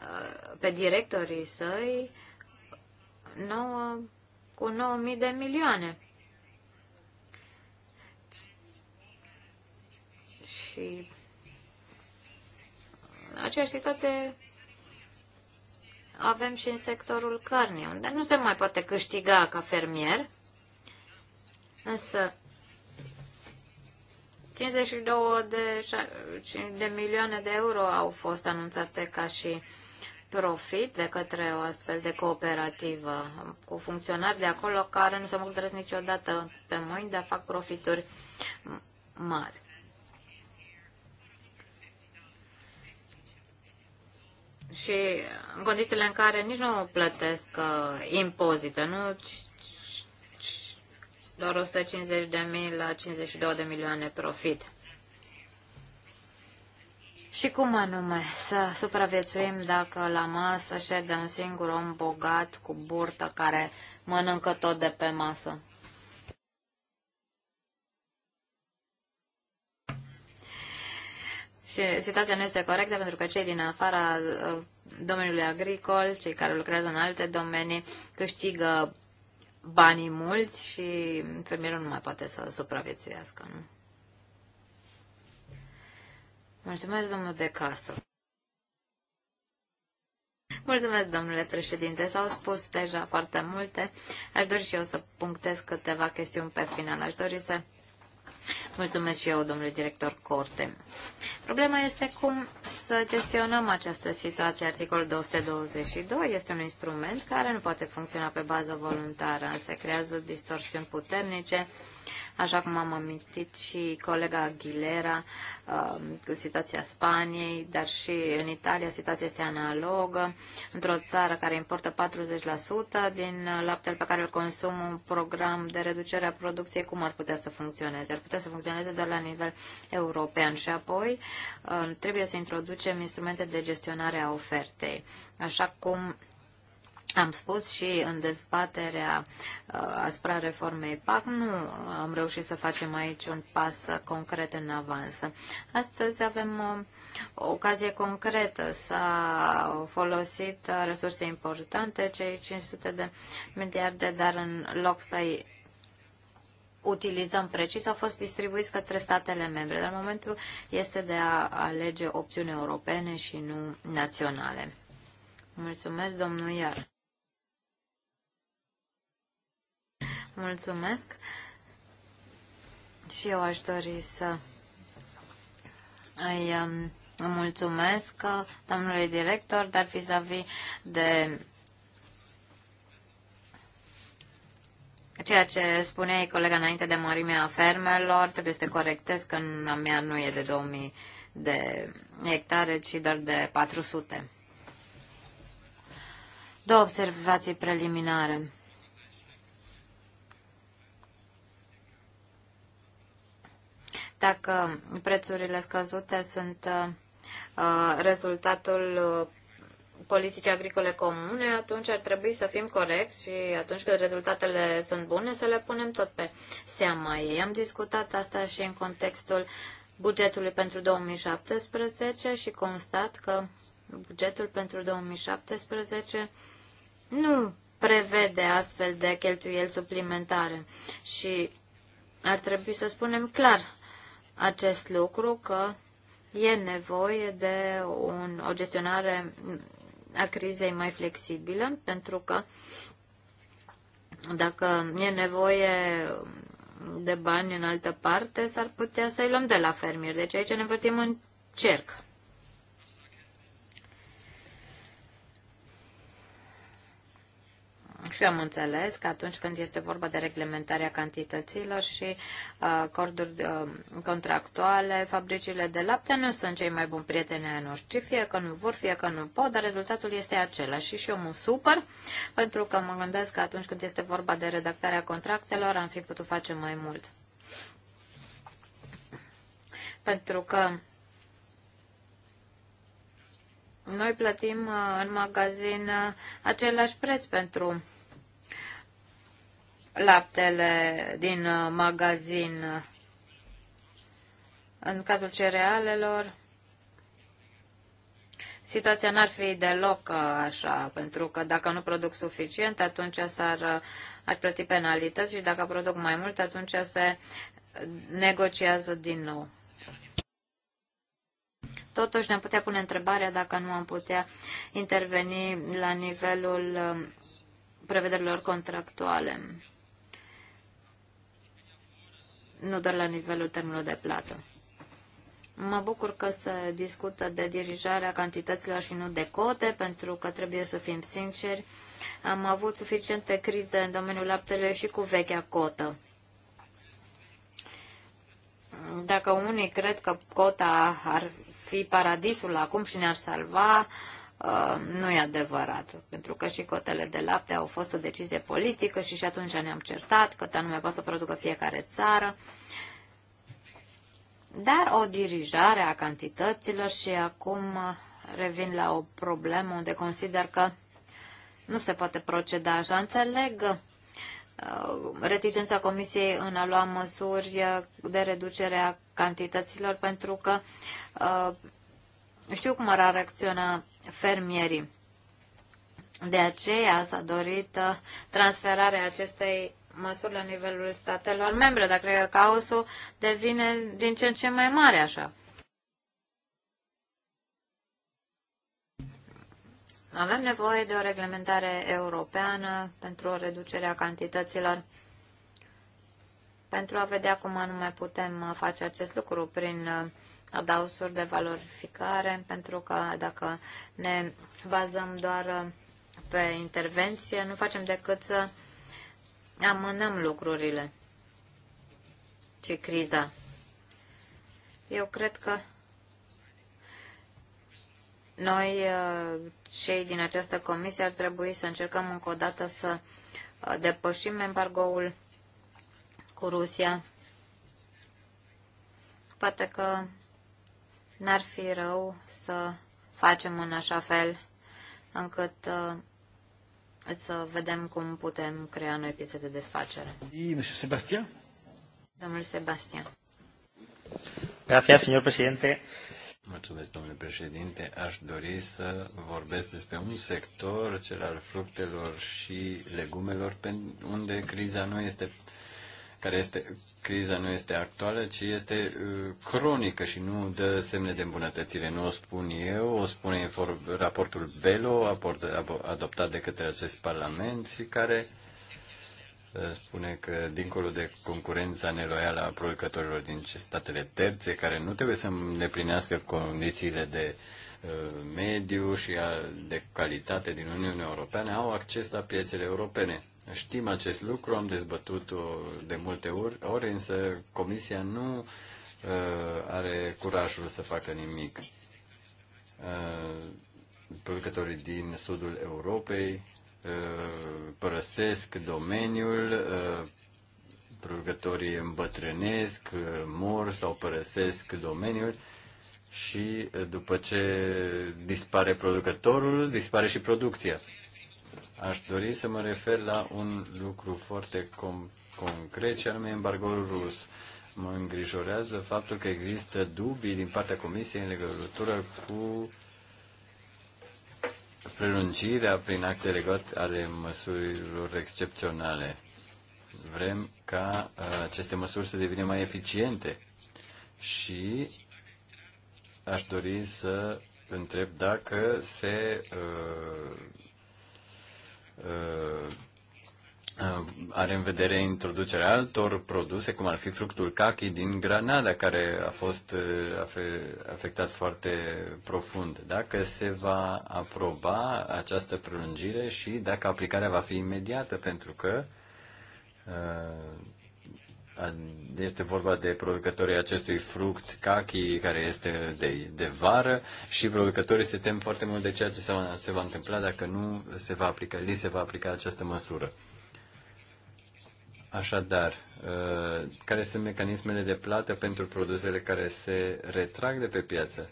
uh, pe directorii săi 9, cu 9.000 de milioane. și aceeași situație avem și în sectorul cărnii, unde nu se mai poate câștiga ca fermier, însă 52 de, de milioane de euro au fost anunțate ca și profit de către o astfel de cooperativă cu funcționari de acolo care nu se mă niciodată pe mâini, dar fac profituri mari. și în condițiile în care nici nu plătesc uh, impozite, nu doar 150 de mii la 52 de milioane profit. Și cum anume să supraviețuim dacă la masă șede un singur om bogat cu burtă care mănâncă tot de pe masă? Și situația nu este corectă pentru că cei din afara uh, domeniului agricol, cei care lucrează în alte domenii, câștigă banii mulți și fermierul nu mai poate să supraviețuiască. Nu? Mulțumesc, domnul De Castro. Mulțumesc, domnule președinte. S-au spus deja foarte multe. Aș dori și eu să punctez câteva chestiuni pe final. Aș dori să Mulțumesc și eu, domnule director Corte. Problema este cum să gestionăm această situație. Articolul 222 este un instrument care nu poate funcționa pe bază voluntară, însă creează distorsiuni puternice Așa cum am amintit și colega Aguilera um, cu situația Spaniei, dar și în Italia situația este analogă. Într-o țară care importă 40% din laptele pe care îl consum, un program de reducere a producției, cum ar putea să funcționeze? Ar putea să funcționeze doar la nivel european și apoi um, trebuie să introducem instrumente de gestionare a ofertei. Așa cum am spus și în dezbaterea uh, asupra reformei PAC, nu am reușit să facem aici un pas concret în avans. Astăzi avem uh, o ocazie concretă. S-au folosit uh, resurse importante, cei 500 de miliarde, dar în loc să-i utilizăm precis, au fost distribuiți către statele membre. Dar momentul este de a alege opțiuni europene și nu naționale. Mulțumesc, domnul Iar. Mulțumesc. Și eu aș dori să îi um, mulțumesc domnului director, dar vis-a-vis -vis de ceea ce spuneai colega înainte de mărimea fermelor, trebuie să te corectez că în a mea nu e de 2000 de hectare, ci doar de 400. Două observații preliminare. Dacă prețurile scăzute sunt uh, rezultatul uh, politicii agricole comune, atunci ar trebui să fim corecți și atunci când rezultatele sunt bune, să le punem tot pe seama ei. Am discutat asta și în contextul bugetului pentru 2017 și constat că bugetul pentru 2017 nu prevede astfel de cheltuieli suplimentare și ar trebui să spunem clar acest lucru, că e nevoie de un, o gestionare a crizei mai flexibilă, pentru că dacă e nevoie de bani în altă parte, s-ar putea să-i luăm de la fermier. Deci aici ne învârtim în cerc. Și am înțeles că atunci când este vorba de reglementarea cantităților și acorduri uh, uh, contractuale, fabricile de lapte nu sunt cei mai buni prieteni ai noștri, fie că nu vor, fie că nu pot, dar rezultatul este același. Și eu mă supăr, pentru că mă gândesc că atunci când este vorba de redactarea contractelor, am fi putut face mai mult. Pentru că noi plătim uh, în magazin uh, același preț pentru laptele din uh, magazin. În cazul cerealelor, situația n-ar fi deloc așa, pentru că dacă nu produc suficient, atunci s-ar ar plăti penalități și dacă produc mai mult, atunci se negociază din nou. Totuși ne putea pune întrebarea dacă nu am putea interveni la nivelul um, prevederilor contractuale, nu doar la nivelul termenului de plată. Mă bucur că se discută de dirijarea cantităților și nu de cote, pentru că trebuie să fim sinceri. Am avut suficiente crize în domeniul laptelui și cu vechea cotă. Dacă unii cred că cota ar fi paradisul acum și ne-ar salva, uh, nu e adevărat. Pentru că și cotele de lapte au fost o decizie politică și și atunci ne-am certat că nu mai poate să producă fiecare țară. Dar o dirijare a cantităților și acum revin la o problemă unde consider că nu se poate proceda așa. Înțeleg Uh, reticența Comisiei în a lua măsuri de reducere a cantităților, pentru că uh, știu cum ar reacționa fermierii. De aceea s-a dorit uh, transferarea acestei măsuri la nivelul statelor membre, dar cred că caosul devine din ce în ce mai mare așa. Avem nevoie de o reglementare europeană pentru o reducere a cantităților, pentru a vedea cum anume putem face acest lucru prin uh, adausuri de valorificare, pentru că dacă ne bazăm doar uh, pe intervenție, nu facem decât să amânăm lucrurile, Ce criza. Eu cred că noi, uh, cei din această comisie, ar trebui să încercăm încă o dată să uh, depășim embargoul cu Rusia. Poate că n-ar fi rău să facem în așa fel încât uh, să vedem cum putem crea noi piețe de desfacere. Sebastian? Domnul Sebastian. Gracias, señor presidente. Mulțumesc, domnule președinte. Aș dori să vorbesc despre un sector, cel al fructelor și legumelor, unde criza nu este care este criza nu este actuală, ci este uh, cronică și nu dă semne de îmbunătățire. Nu o spun eu, o spune raportul Belo, adoptat de către acest Parlament și care spune că, dincolo de concurența neloială a producătorilor din statele terțe, care nu trebuie să îndeplinească condițiile de uh, mediu și de calitate din Uniunea Europeană, au acces la piețele europene. Știm acest lucru, am dezbătut-o de multe ori, ori însă Comisia nu uh, are curajul să facă nimic. Uh, producătorii din sudul Europei părăsesc domeniul, producătorii îmbătrânesc, mor sau părăsesc domeniul și după ce dispare producătorul, dispare și producția. Aș dori să mă refer la un lucru foarte com- concret și anume embargoul rus. Mă îngrijorează faptul că există dubii din partea Comisiei în legătură cu uh, prelungirea prin acte legate ale măsurilor excepționale. Vrem ca uh, aceste măsuri să devină mai eficiente și aș dori să întreb dacă se uh, uh, Uh, are în vedere introducerea altor produse, cum ar fi fructul cachi din Granada, care a fost uh, afectat foarte profund. Dacă se va aproba această prelungire și dacă aplicarea va fi imediată, pentru că uh, este vorba de producătorii acestui fruct cachi care este de, de vară și producătorii se tem foarte mult de ceea ce se va, se va întâmpla dacă nu se va aplica, li se va aplica această măsură. Așadar, uh, care sunt mecanismele de plată pentru produsele care se retrag de pe piață?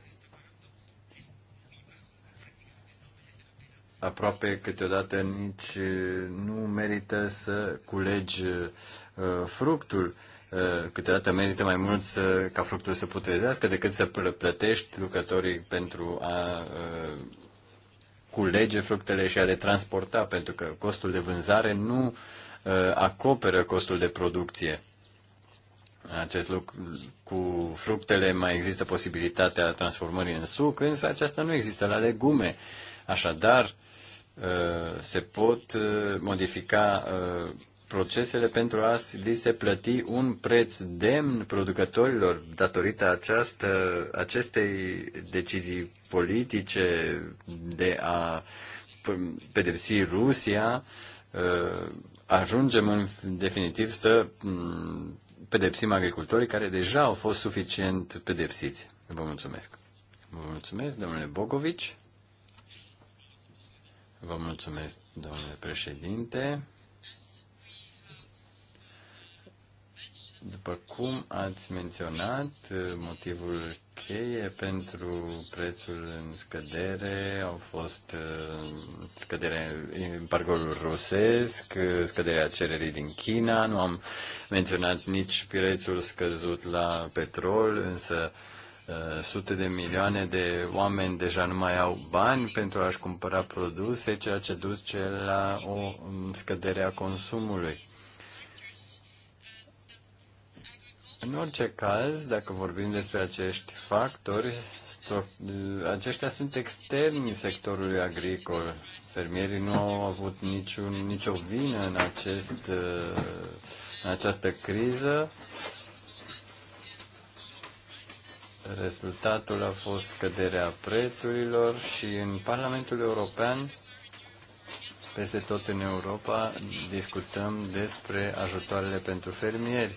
Aproape câteodată nici uh, nu merită să culegi uh, fructul. Câteodată merită mai mult să, ca fructul să putrezească decât să plătești lucrătorii pentru a culege fructele și a le transporta, pentru că costul de vânzare nu uh, Uh, acoperă costul de producție. Acest lucru cu fructele mai există posibilitatea transformării în suc, însă aceasta nu există la legume. Așadar, uh, se pot uh, modifica procesele pentru a li se plăti un preț demn producătorilor datorită această, acestei decizii politice de a pedepsi Rusia ajungem în definitiv să mm, pedepsim agricultorii care deja au fost suficient pedepsiți. Vă mulțumesc. Vă mulțumesc, domnule Bogovici. Vă mulțumesc, domnule președinte. După cum ați menționat, motivul cheie pentru prețul în scădere au fost uh, scăderea embargoul rusesc, uh, scăderea cererii din China, nu am menționat nici prețul scăzut la petrol, însă uh, sute de milioane de oameni deja nu mai au bani pentru a-și cumpăra produse, ceea ce duce la o um, scădere a consumului În orice caz, dacă vorbim despre acești factori, aceștia sunt externi sectorului agricol. Fermierii nu au avut niciun, nicio vină în, acest, în această criză. Rezultatul a fost căderea prețurilor și în Parlamentul European, peste tot în Europa, discutăm despre ajutoarele pentru fermieri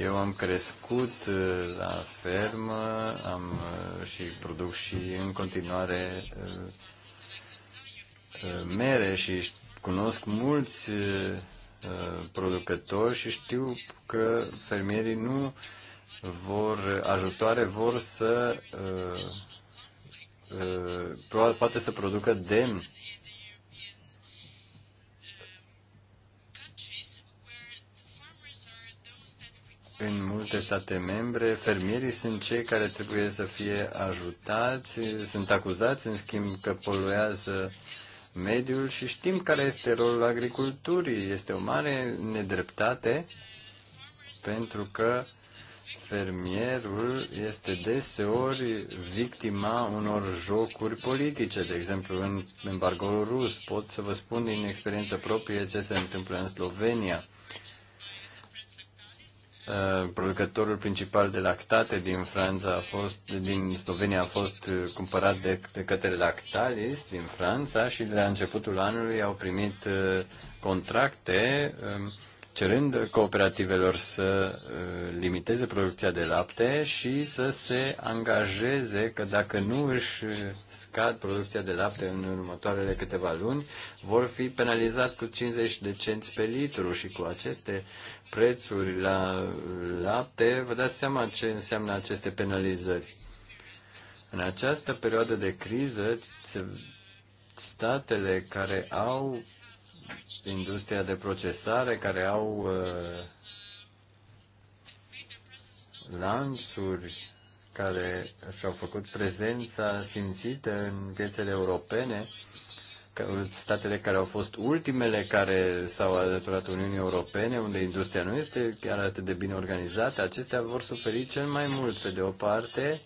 eu am crescut uh, la fermă am, uh, și produc și în continuare uh, mere și cunosc mulți producători și știu că fermierii nu vor ajutoare, vor să poate să producă demn în multe state membre, fermierii sunt cei care trebuie să fie ajutați, sunt acuzați, în schimb, că poluează mediul și știm care este rolul agriculturii. Este o mare nedreptate pentru că fermierul este deseori victima unor jocuri politice. De exemplu, în embargoul rus, pot să vă spun din experiență proprie ce se întâmplă în Slovenia Uh, producătorul principal de lactate din Franța a fost, din Slovenia a fost uh, cumpărat de, de către Lactalis din Franța și de la începutul anului au primit uh, contracte um, cerând cooperativelor să limiteze producția de lapte și să se angajeze că dacă nu își scad producția de lapte în următoarele câteva luni, vor fi penalizați cu 50 de cenți pe litru și cu aceste prețuri la lapte, vă dați seama ce înseamnă aceste penalizări. În această perioadă de criză, statele care au industria de procesare, care au uh, lanțuri care și-au făcut prezența simțită în piețele europene, statele care au fost ultimele care s-au alăturat Uniunii Europene, unde industria nu este chiar atât de bine organizată, acestea vor suferi cel mai mult. Pe de o parte,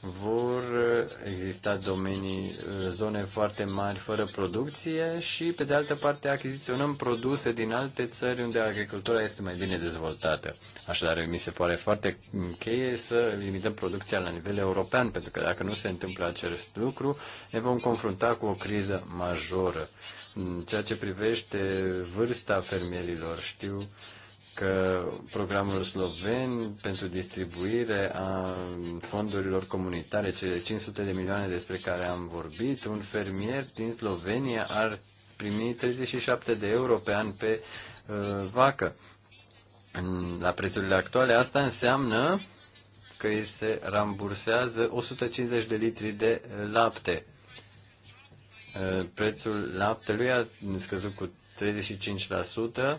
vor eh, exista domenii, eh, zone foarte mari fără producție și, pe de altă parte, achiziționăm produse din alte țări unde agricultura este mai bine dezvoltată. Așadar, mi se pare foarte cheie să limităm producția la nivel european, pentru că dacă nu se întâmplă acest lucru, ne vom confrunta cu o criză majoră. În ceea ce privește vârsta fermierilor, știu că programul sloven pentru distribuire a fondurilor comunitare, cele 500 de milioane despre care am vorbit, un fermier din Slovenia ar primi 37 de euro pe an pe uh, vacă. În, la prețurile actuale, asta înseamnă că îi se rambursează 150 de litri de lapte. Uh, prețul laptelui a scăzut cu 35%,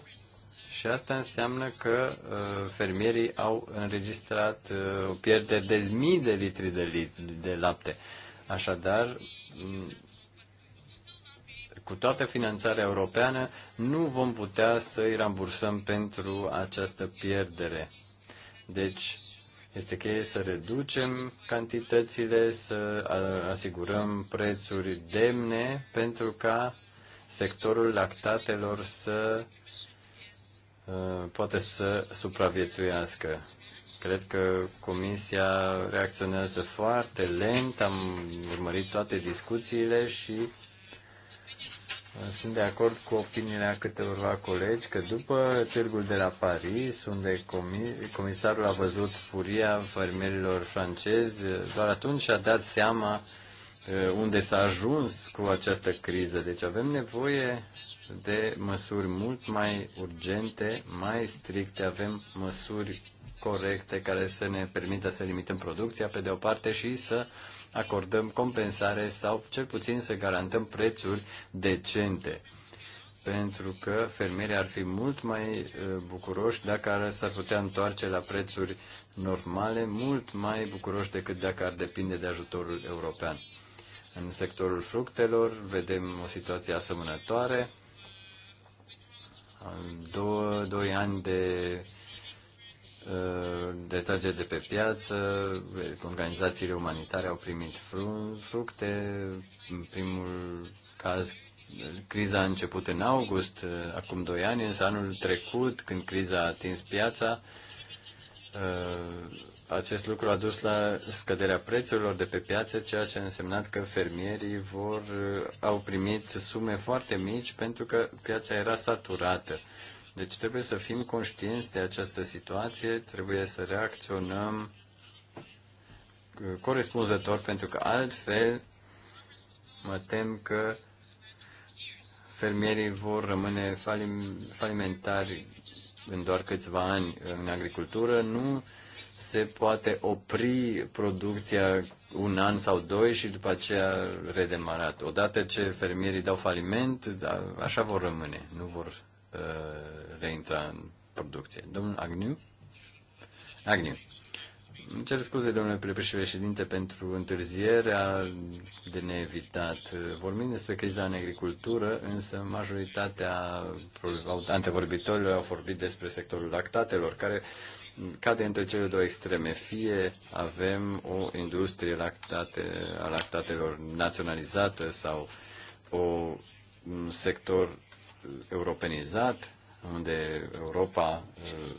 și asta înseamnă că uh, fermierii au înregistrat uh, pierderi de mii de litri de, lit- de lapte. Așadar, mm, cu toată finanțarea europeană, nu vom putea să îi rambursăm pentru această pierdere. Deci, este cheie să reducem cantitățile, să asigurăm prețuri demne pentru ca sectorul lactatelor să Uh, poate să supraviețuiască. Cred că Comisia reacționează foarte lent, am urmărit toate discuțiile și uh, sunt de acord cu opiniile a câteva colegi că după târgul de la Paris, unde comisarul a văzut furia fermierilor francezi, doar atunci a dat seama uh, unde s-a ajuns cu această criză. Deci avem nevoie de măsuri mult mai urgente, mai stricte, avem măsuri corecte care să ne permită să limităm producția pe de o parte și să acordăm compensare sau cel puțin să garantăm prețuri decente. Pentru că fermierii ar fi mult mai bucuroși dacă s-ar putea întoarce la prețuri normale, mult mai bucuroși decât dacă ar depinde de ajutorul european. În sectorul fructelor vedem o situație asemănătoare două, doi ani de uh, trage de pe piață, organizațiile umanitare au primit fructe, în primul caz criza a început în august, uh, acum doi ani, însă anul trecut, când criza a atins piața, uh, acest lucru a dus la scăderea prețurilor de pe piață, ceea ce a însemnat că fermierii vor, uh, au primit sume foarte mici pentru că piața era saturată. Deci trebuie să fim conștienți de această situație, trebuie să reacționăm uh, corespunzător, pentru că altfel mă tem că fermierii vor rămâne falim, falimentari în doar câțiva ani în agricultură. Nu se poate opri producția un an sau doi și după aceea redemarat. Odată ce fermierii dau faliment, da, așa vor rămâne, nu vor uh, reintra în producție. Domnul Agniu? Agniu. Îmi cer scuze, domnule președinte, pentru întârzierea de neevitat. Vorbim despre criza în agricultură, însă majoritatea antevorbitorilor au vorbit despre sectorul lactatelor, care uh, cade între cele două extreme. Fie avem o industrie lactate, a lactatelor naționalizată sau o, un sector europenizat, unde Europa uh,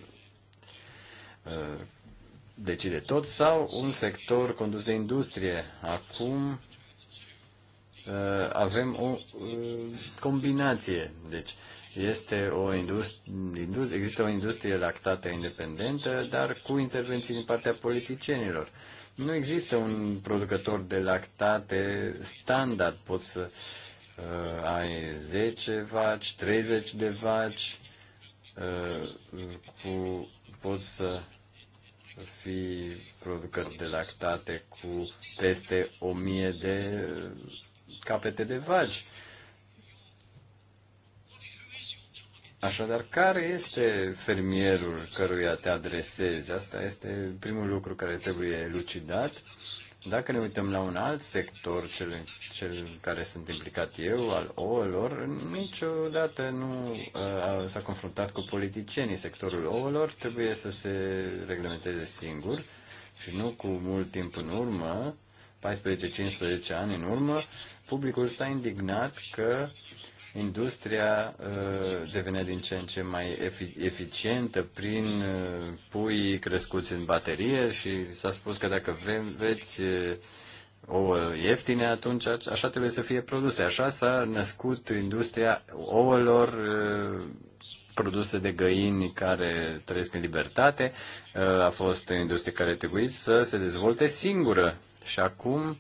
uh, decide tot, sau un sector condus de industrie. Acum uh, avem o combinație. Deci, este o industrie, există o industrie lactată independentă, dar cu intervenții din partea politicienilor. Nu există un producător de lactate standard. Poți să uh, ai 10 vaci, 30 de vaci, uh, cu, poți să fi producător de lactate cu peste 1000 de capete de vaci. Uh, Așadar, care este fermierul căruia te adresezi? Asta este primul lucru care trebuie lucidat. Dacă ne uităm la un alt sector, cel, cel care sunt implicat eu, al ouălor, niciodată nu uh, s-a confruntat cu politicienii. Sectorul ouălor trebuie să se reglementeze singur și nu cu mult timp în urmă, 14-15 ani în urmă, publicul s-a indignat că Industria uh, devine din ce în ce mai eficientă prin uh, pui crescuți în baterie și s-a spus că dacă veți uh, ouă ieftine, atunci așa trebuie să fie produse. Așa s-a născut industria ouălor produse de găini care trăiesc în libertate. A fost o industrie care trebuie să se dezvolte singură. Și acum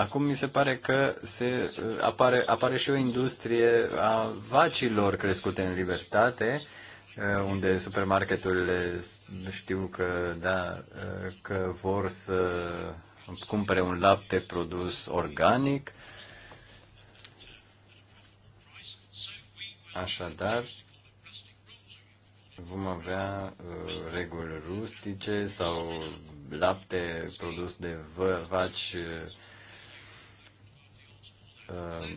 Acum mi se pare că se uh, apare, apare și o industrie a vacilor crescute în libertate, uh, unde supermarketurile știu că, da, uh, că vor să cumpere un lapte produs organic. Așadar, vom avea uh, reguli rustice sau lapte produs de vaci Uh,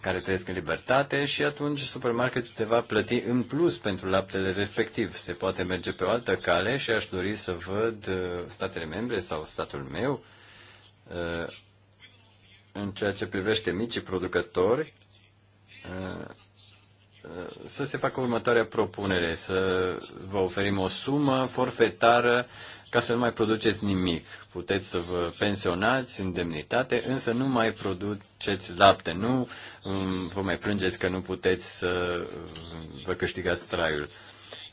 care trăiesc în libertate și atunci supermarketul te va plăti în plus pentru laptele respectiv. Se poate merge pe o altă cale și aș dori să văd uh, statele membre sau statul meu uh, în ceea ce privește micii producători să se facă următoarea propunere, să vă oferim o sumă forfetară ca să nu mai produceți nimic. Puteți să vă pensionați în demnitate, însă nu mai produceți lapte, nu um, vă mai plângeți că nu puteți să um, vă câștigați traiul.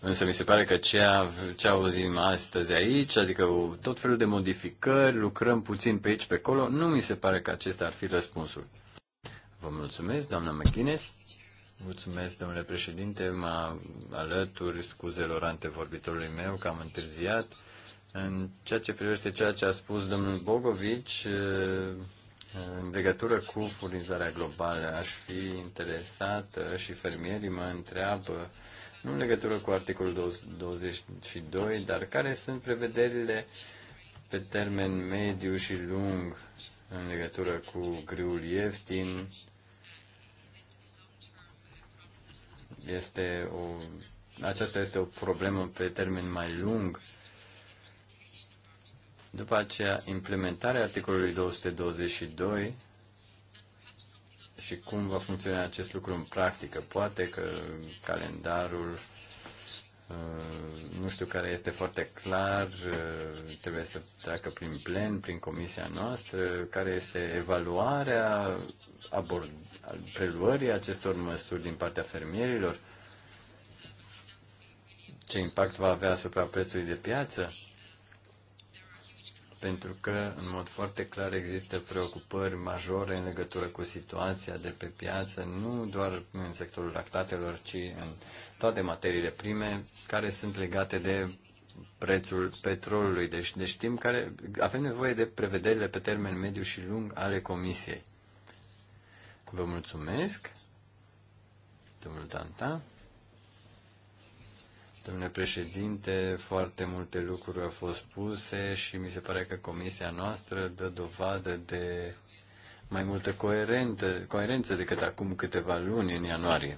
Însă mi se pare că ceea ce auzim astăzi aici, adică tot felul de modificări, lucrăm puțin pe aici, pe acolo, nu mi se pare că acesta ar fi răspunsul. Vă mulțumesc, doamna McGuinness. Mulțumesc, domnule președinte. Mă alături scuzelor antevorbitorului meu că am întârziat. În ceea ce privește ceea ce a spus domnul Bogovici, în legătură cu furnizarea globală, aș fi interesată și fermierii mă întreabă, nu în legătură cu articolul 22, dar care sunt prevederile pe termen mediu și lung în legătură cu griul ieftin. Este o, aceasta este o problemă pe termen mai lung după aceea, implementarea articolului 222 și cum va funcționa acest lucru în practică. Poate că calendarul uh, nu știu care este foarte clar, uh, trebuie să treacă prin plen, prin comisia noastră, care este evaluarea abord, preluării acestor măsuri din partea fermierilor, ce impact va avea asupra prețului de piață pentru că, în mod foarte clar, există preocupări majore în legătură cu situația de pe piață, nu doar în sectorul lactatelor, ci în toate materiile prime care sunt legate de prețul petrolului. Deci, deci știm care, avem nevoie de prevederile pe termen mediu și lung ale Comisiei. Vă mulțumesc, domnul Tanta. Domnule președinte, foarte multe lucruri au fost spuse și mi se pare că comisia noastră dă dovadă de mai multă coerentă, coerență decât acum câteva luni în ianuarie.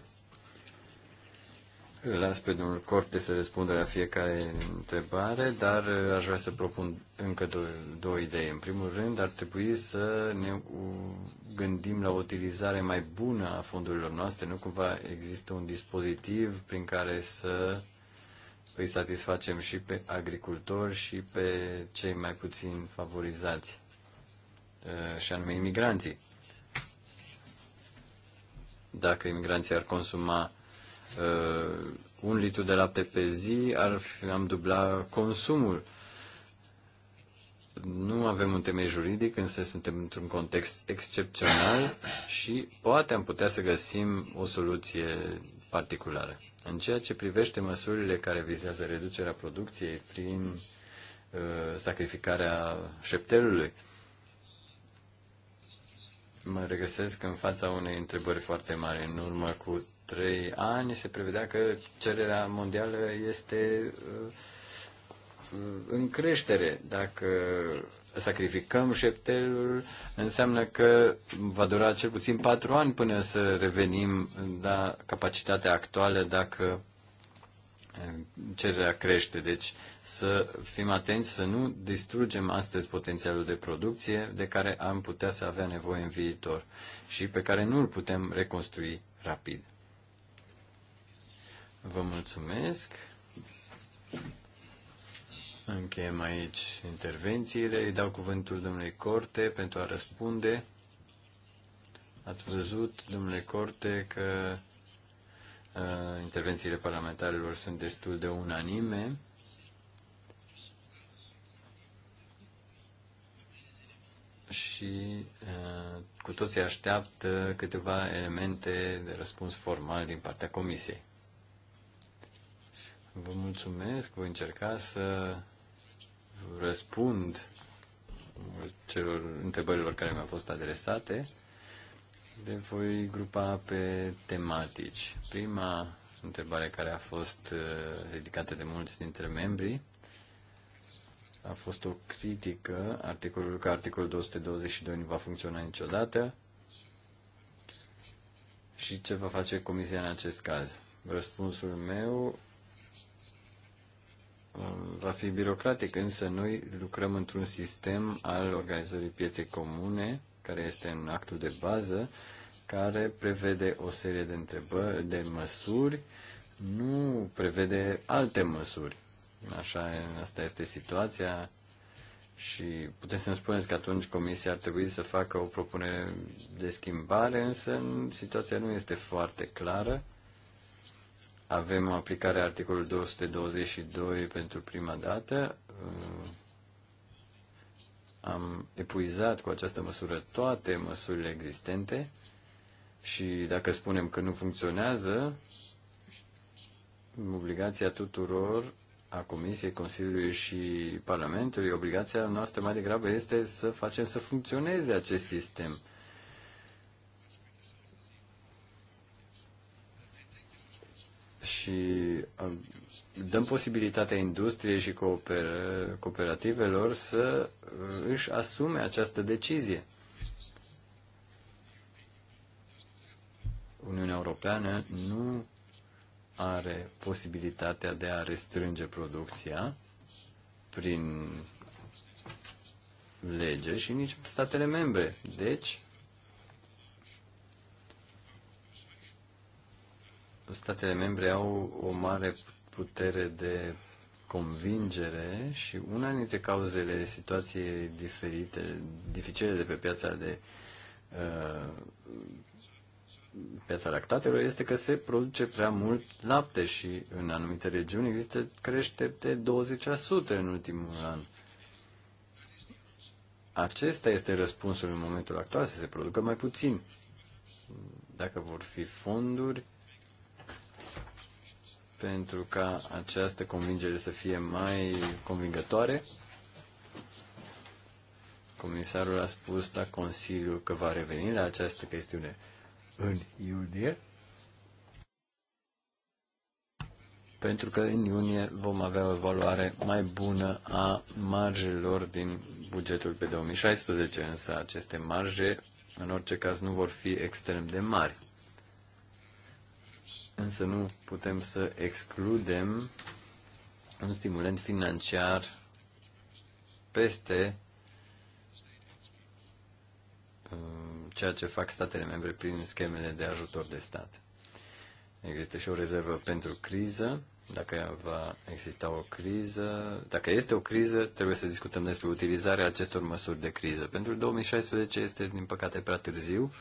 Îl las pe domnul Corte să răspundă la fiecare întrebare, dar aș vrea să propun încă două, două idei. În primul rând, ar trebui să ne gândim la o utilizare mai bună a fondurilor noastre. Nu cumva există un dispozitiv prin care să îi satisfacem și pe agricultori și pe cei mai puțin favorizați, uh, și anume imigranții. Dacă imigranții ar consuma uh, un litru de lapte pe zi, ar fi, am dubla consumul. Nu avem un temei juridic, însă suntem într-un context excepțional și poate am putea să găsim o soluție particulară. În ceea ce privește măsurile care vizează reducerea producției prin uh, sacrificarea șeptelului, mă regăsesc în fața unei întrebări foarte mari. În urmă cu trei ani se prevedea că cererea mondială este uh, uh în creștere. Dacă sacrificăm șeptelul, înseamnă că va dura cel puțin patru ani până să revenim la capacitatea actuală dacă eh, cererea crește. Deci să fim atenți să nu distrugem astăzi potențialul de producție de care am putea să avea nevoie în viitor și pe care nu îl putem reconstrui rapid. Vă mulțumesc. Încheiem aici intervențiile. Îi dau cuvântul domnului Corte pentru a răspunde. Ați văzut, domnule Corte, că uh, intervențiile parlamentarilor sunt destul de unanime. și uh, cu toții așteaptă câteva elemente de răspuns formal din partea comisiei. Vă mulțumesc, voi încerca să răspund celor întrebărilor care mi-au fost adresate, le voi grupa pe tematici. Prima întrebare care a fost uh, ridicată de mulți dintre membrii a fost o critică articolul că articolul 222 nu va funcționa niciodată și ce va face comisia în acest caz. Răspunsul meu va fi birocratic, însă noi lucrăm într-un sistem al organizării pieței comune, care este în actul de bază, care prevede o serie de întrebări, de măsuri, nu prevede alte măsuri. Așa, asta este situația și puteți să-mi spuneți că atunci comisia ar trebui să facă o propunere de schimbare, însă situația nu este foarte clară avem o aplicare a articolului 222 pentru prima dată. Uh, am epuizat cu această măsură toate măsurile existente și dacă spunem că nu funcționează, obligația tuturor a Comisiei, Consiliului și Parlamentului, obligația noastră mai degrabă este să facem să funcționeze acest sistem. și dăm posibilitatea industriei și cooper, cooperativelor să uh, își asume această decizie. Uniunea Europeană nu are posibilitatea de a restrânge producția prin lege și nici statele membre. Deci, statele membre au o mare putere de convingere și una dintre cauzele situației diferite, dificile de pe piața de uh, piața lactatelor este că se produce prea mult lapte și în anumite regiuni există crește de 20% în ultimul an. Acesta este răspunsul în momentul actual, să se producă mai puțin. Dacă vor fi fonduri, pentru ca această convingere să fie mai convingătoare. Comisarul a spus la Consiliu că va reveni la această chestiune în iunie. Pentru că în iunie vom avea o evaluare mai bună a marjelor din bugetul pe 2016, însă aceste marje, în orice caz, nu vor fi extrem de mari însă nu putem să excludem un stimulent financiar peste uh, ceea ce fac statele membre prin schemele de ajutor de stat. Există și o rezervă pentru criză. Dacă va exista o criză, dacă este o criză, trebuie să discutăm despre utilizarea acestor măsuri de criză. Pentru 2016 este, din păcate, prea târziu,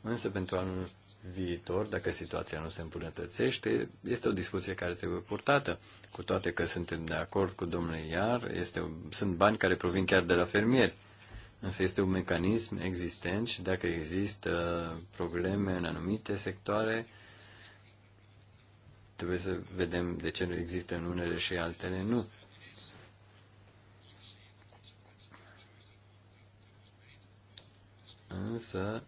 însă pentru anul viitor, dacă situația nu se îmbunătățește, este o discuție care trebuie purtată. Cu toate că suntem de acord cu domnul Iar, este, sunt bani care provin chiar de la fermieri. Însă este un mecanism existent și dacă există probleme în anumite sectoare, trebuie să vedem de ce nu există în unele și altele nu. Însă,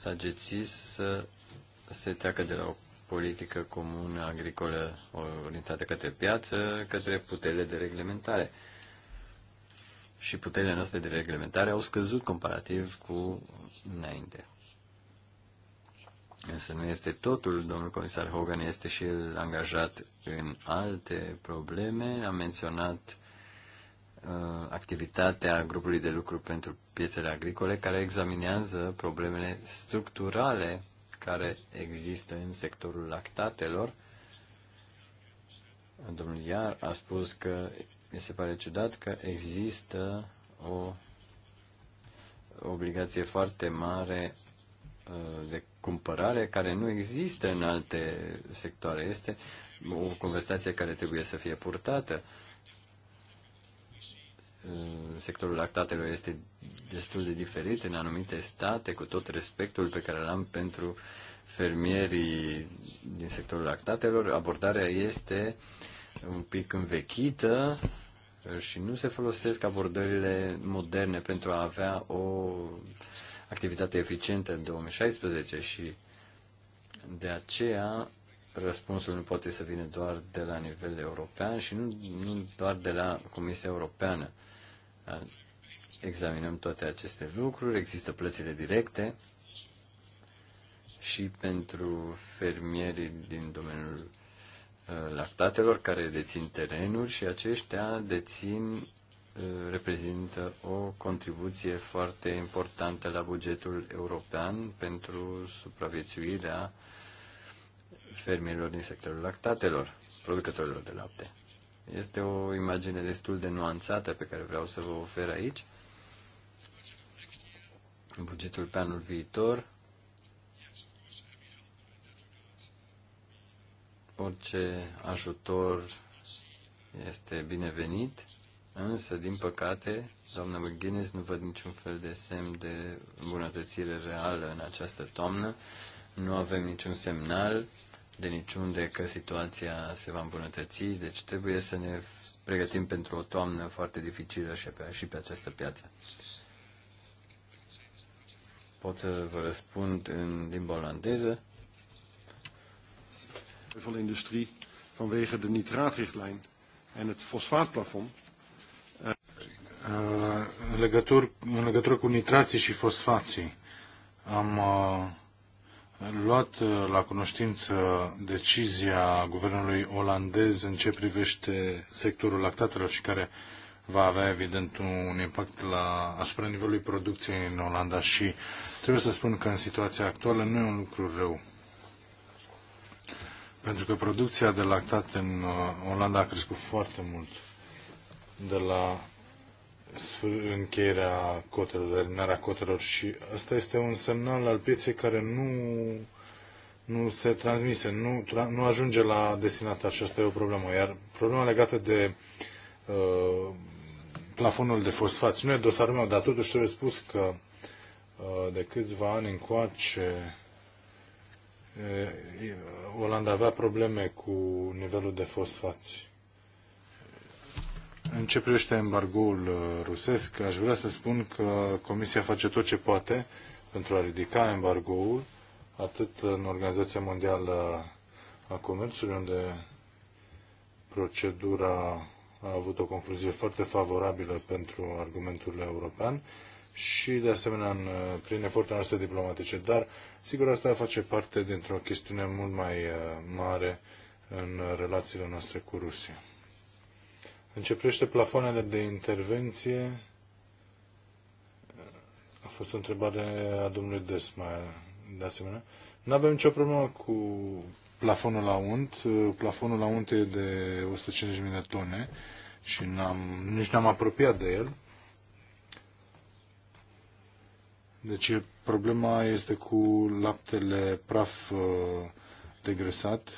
Sagețis să se treacă de la o politică comună agricolă orientată către piață, către puterile de reglementare. Și puterile noastre de reglementare au scăzut comparativ cu înainte. Însă nu este totul. Domnul comisar Hogan este și el angajat în alte probleme. a menționat Uh, activitatea grupului de lucru pentru piețele agricole care examinează problemele structurale care există în sectorul lactatelor. Domnul Iar a spus că mi se pare ciudat că există o obligație foarte mare uh, de cumpărare care nu există în alte sectoare. Este o conversație care trebuie să fie purtată. Uh, sectorul lactatelor este destul de diferit în anumite state, cu tot respectul pe care l-am pentru fermierii din sectorul lactatelor, abordarea este un pic învechită și nu se folosesc abordările moderne pentru a avea o activitate eficientă în 2016 și de aceea răspunsul nu poate să vină doar de la nivel european și nu, nu doar de la Comisia Europeană examinăm toate aceste lucruri, există plățile directe și pentru fermierii din domeniul lactatelor care dețin terenuri și aceștia dețin reprezintă o contribuție foarte importantă la bugetul european pentru supraviețuirea fermierilor din sectorul lactatelor, producătorilor de lapte. Este o imagine destul de nuanțată pe care vreau să vă ofer aici. Bugetul pe anul viitor. Orice ajutor este binevenit, însă, din păcate, doamna McGuinness nu văd niciun fel de semn de îmbunătățire reală în această toamnă. Nu avem niciun semnal de niciunde că situația se va îmbunătăți, deci trebuie să ne pregătim pentru o toamnă foarte dificilă și pe, și pe această piață. Pot să vă răspund în limba olandeză. Van industrie, vanwege de nitraatrichtlijn en het fosfaatplafond. Eh, în legătură cu nitrații și fosfații, am uh, luat uh, la cunoștință decizia guvernului olandez în ce privește sectorul lactatelor și care va avea evident un impact la, asupra nivelului producției în Olanda și trebuie să spun că în situația actuală nu e un lucru rău. Pentru că producția de lactate în uh, Olanda a crescut foarte mult de la încheierea cotelor, eliminarea cotelor și asta este un semnal al pieței care nu, nu se transmise, nu, nu ajunge la și asta e o problemă. Iar problema legată de uh, plafonul de fosfați nu e dosarul meu, dar totuși trebuie spus că uh, de câțiva ani încoace uh, Olanda avea probleme cu nivelul de fosfați în ce privește embargoul uh, rusesc, aș vrea să spun că Comisia face tot ce poate pentru a ridica embargoul, atât în Organizația Mondială a Comerțului, unde procedura a avut o concluzie foarte favorabilă pentru argumentul european și, de asemenea, în, uh, prin eforturile noastre diplomatice. Dar, sigur, asta face parte dintr-o chestiune mult mai uh, mare în relațiile noastre cu Rusia. Începește plafoanele de intervenție. A fost o întrebare a domnului Desmaia, de asemenea. Nu avem nicio problemă cu plafonul la unt. Plafonul la unt e de 150.000 de tone și n-am, nici n-am apropiat de el. Deci problema este cu laptele praf uh, degresat,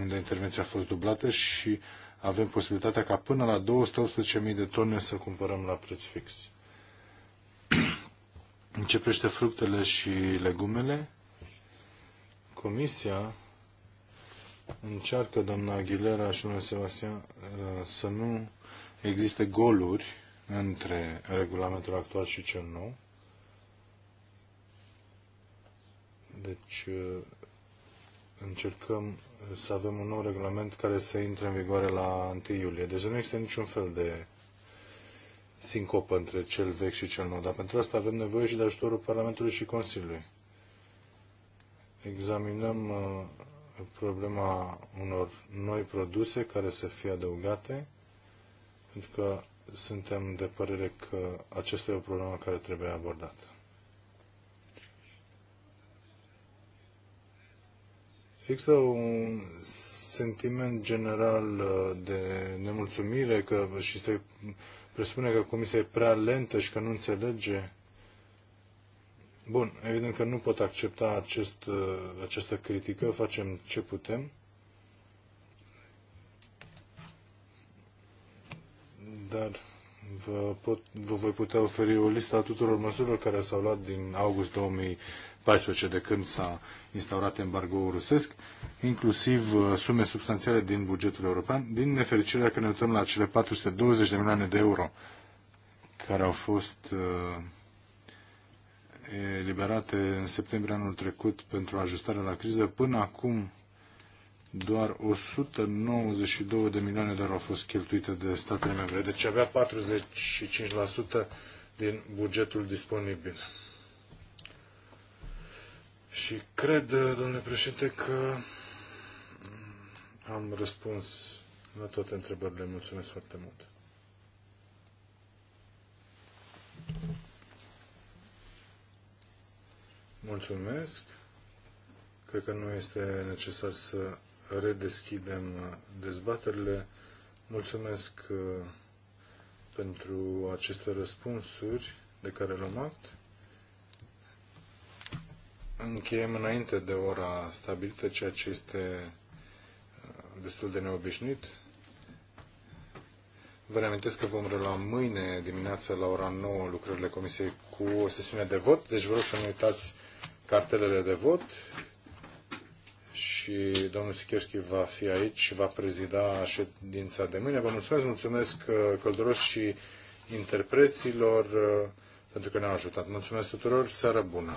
unde intervenția a fost dublată și avem posibilitatea ca până la 218.000 de tone să cumpărăm la preț fix. Începește fructele și legumele. Comisia încearcă, doamna Aguilera și domnul Sebastian, uh, să nu existe goluri între regulamentul actual și cel nou. Deci uh, încercăm să avem un nou regulament care să intre în vigoare la 1 iulie. Deci nu există niciun fel de sincopă între cel vechi și cel nou, dar pentru asta avem nevoie și de ajutorul Parlamentului și Consiliului. Examinăm uh, problema unor noi produse care să fie adăugate, pentru că suntem de părere că acesta e o problemă care trebuie abordată. Există un sentiment general uh, de nemulțumire că, și se presupune că Comisia e prea lentă și că nu înțelege. Bun, evident că nu pot accepta acest, uh, această critică, facem ce putem. Dar vă, pot, vă voi putea oferi o listă a tuturor măsurilor care s-au luat din august 2000 2014, de când s-a instaurat embargoul rusesc, inclusiv uh, sume substanțiale din bugetul european. Din nefericire, dacă ne uităm la cele 420 de milioane de euro care au fost uh, eliberate în septembrie anul trecut pentru ajustarea la criză, până acum doar 192 de milioane de euro au fost cheltuite de statele membre, deci avea 45% din bugetul disponibil. Și cred, domnule președinte, că am răspuns la toate întrebările. Mulțumesc foarte mult. Mulțumesc. Cred că nu este necesar să redeschidem dezbaterile. Mulțumesc uh, pentru aceste răspunsuri de care l-am act încheiem înainte de ora stabilită, ceea ce este uh, destul de neobișnuit. Vă reamintesc că vom relua mâine dimineața la ora 9 lucrările Comisiei cu o sesiune de vot, deci vă rog să nu uitați cartelele de vot și domnul Sicherski va fi aici și va prezida ședința de mâine. Vă mulțumesc, mulțumesc uh, călduros și interpreților uh, pentru că ne-au ajutat. Mulțumesc tuturor, seară bună!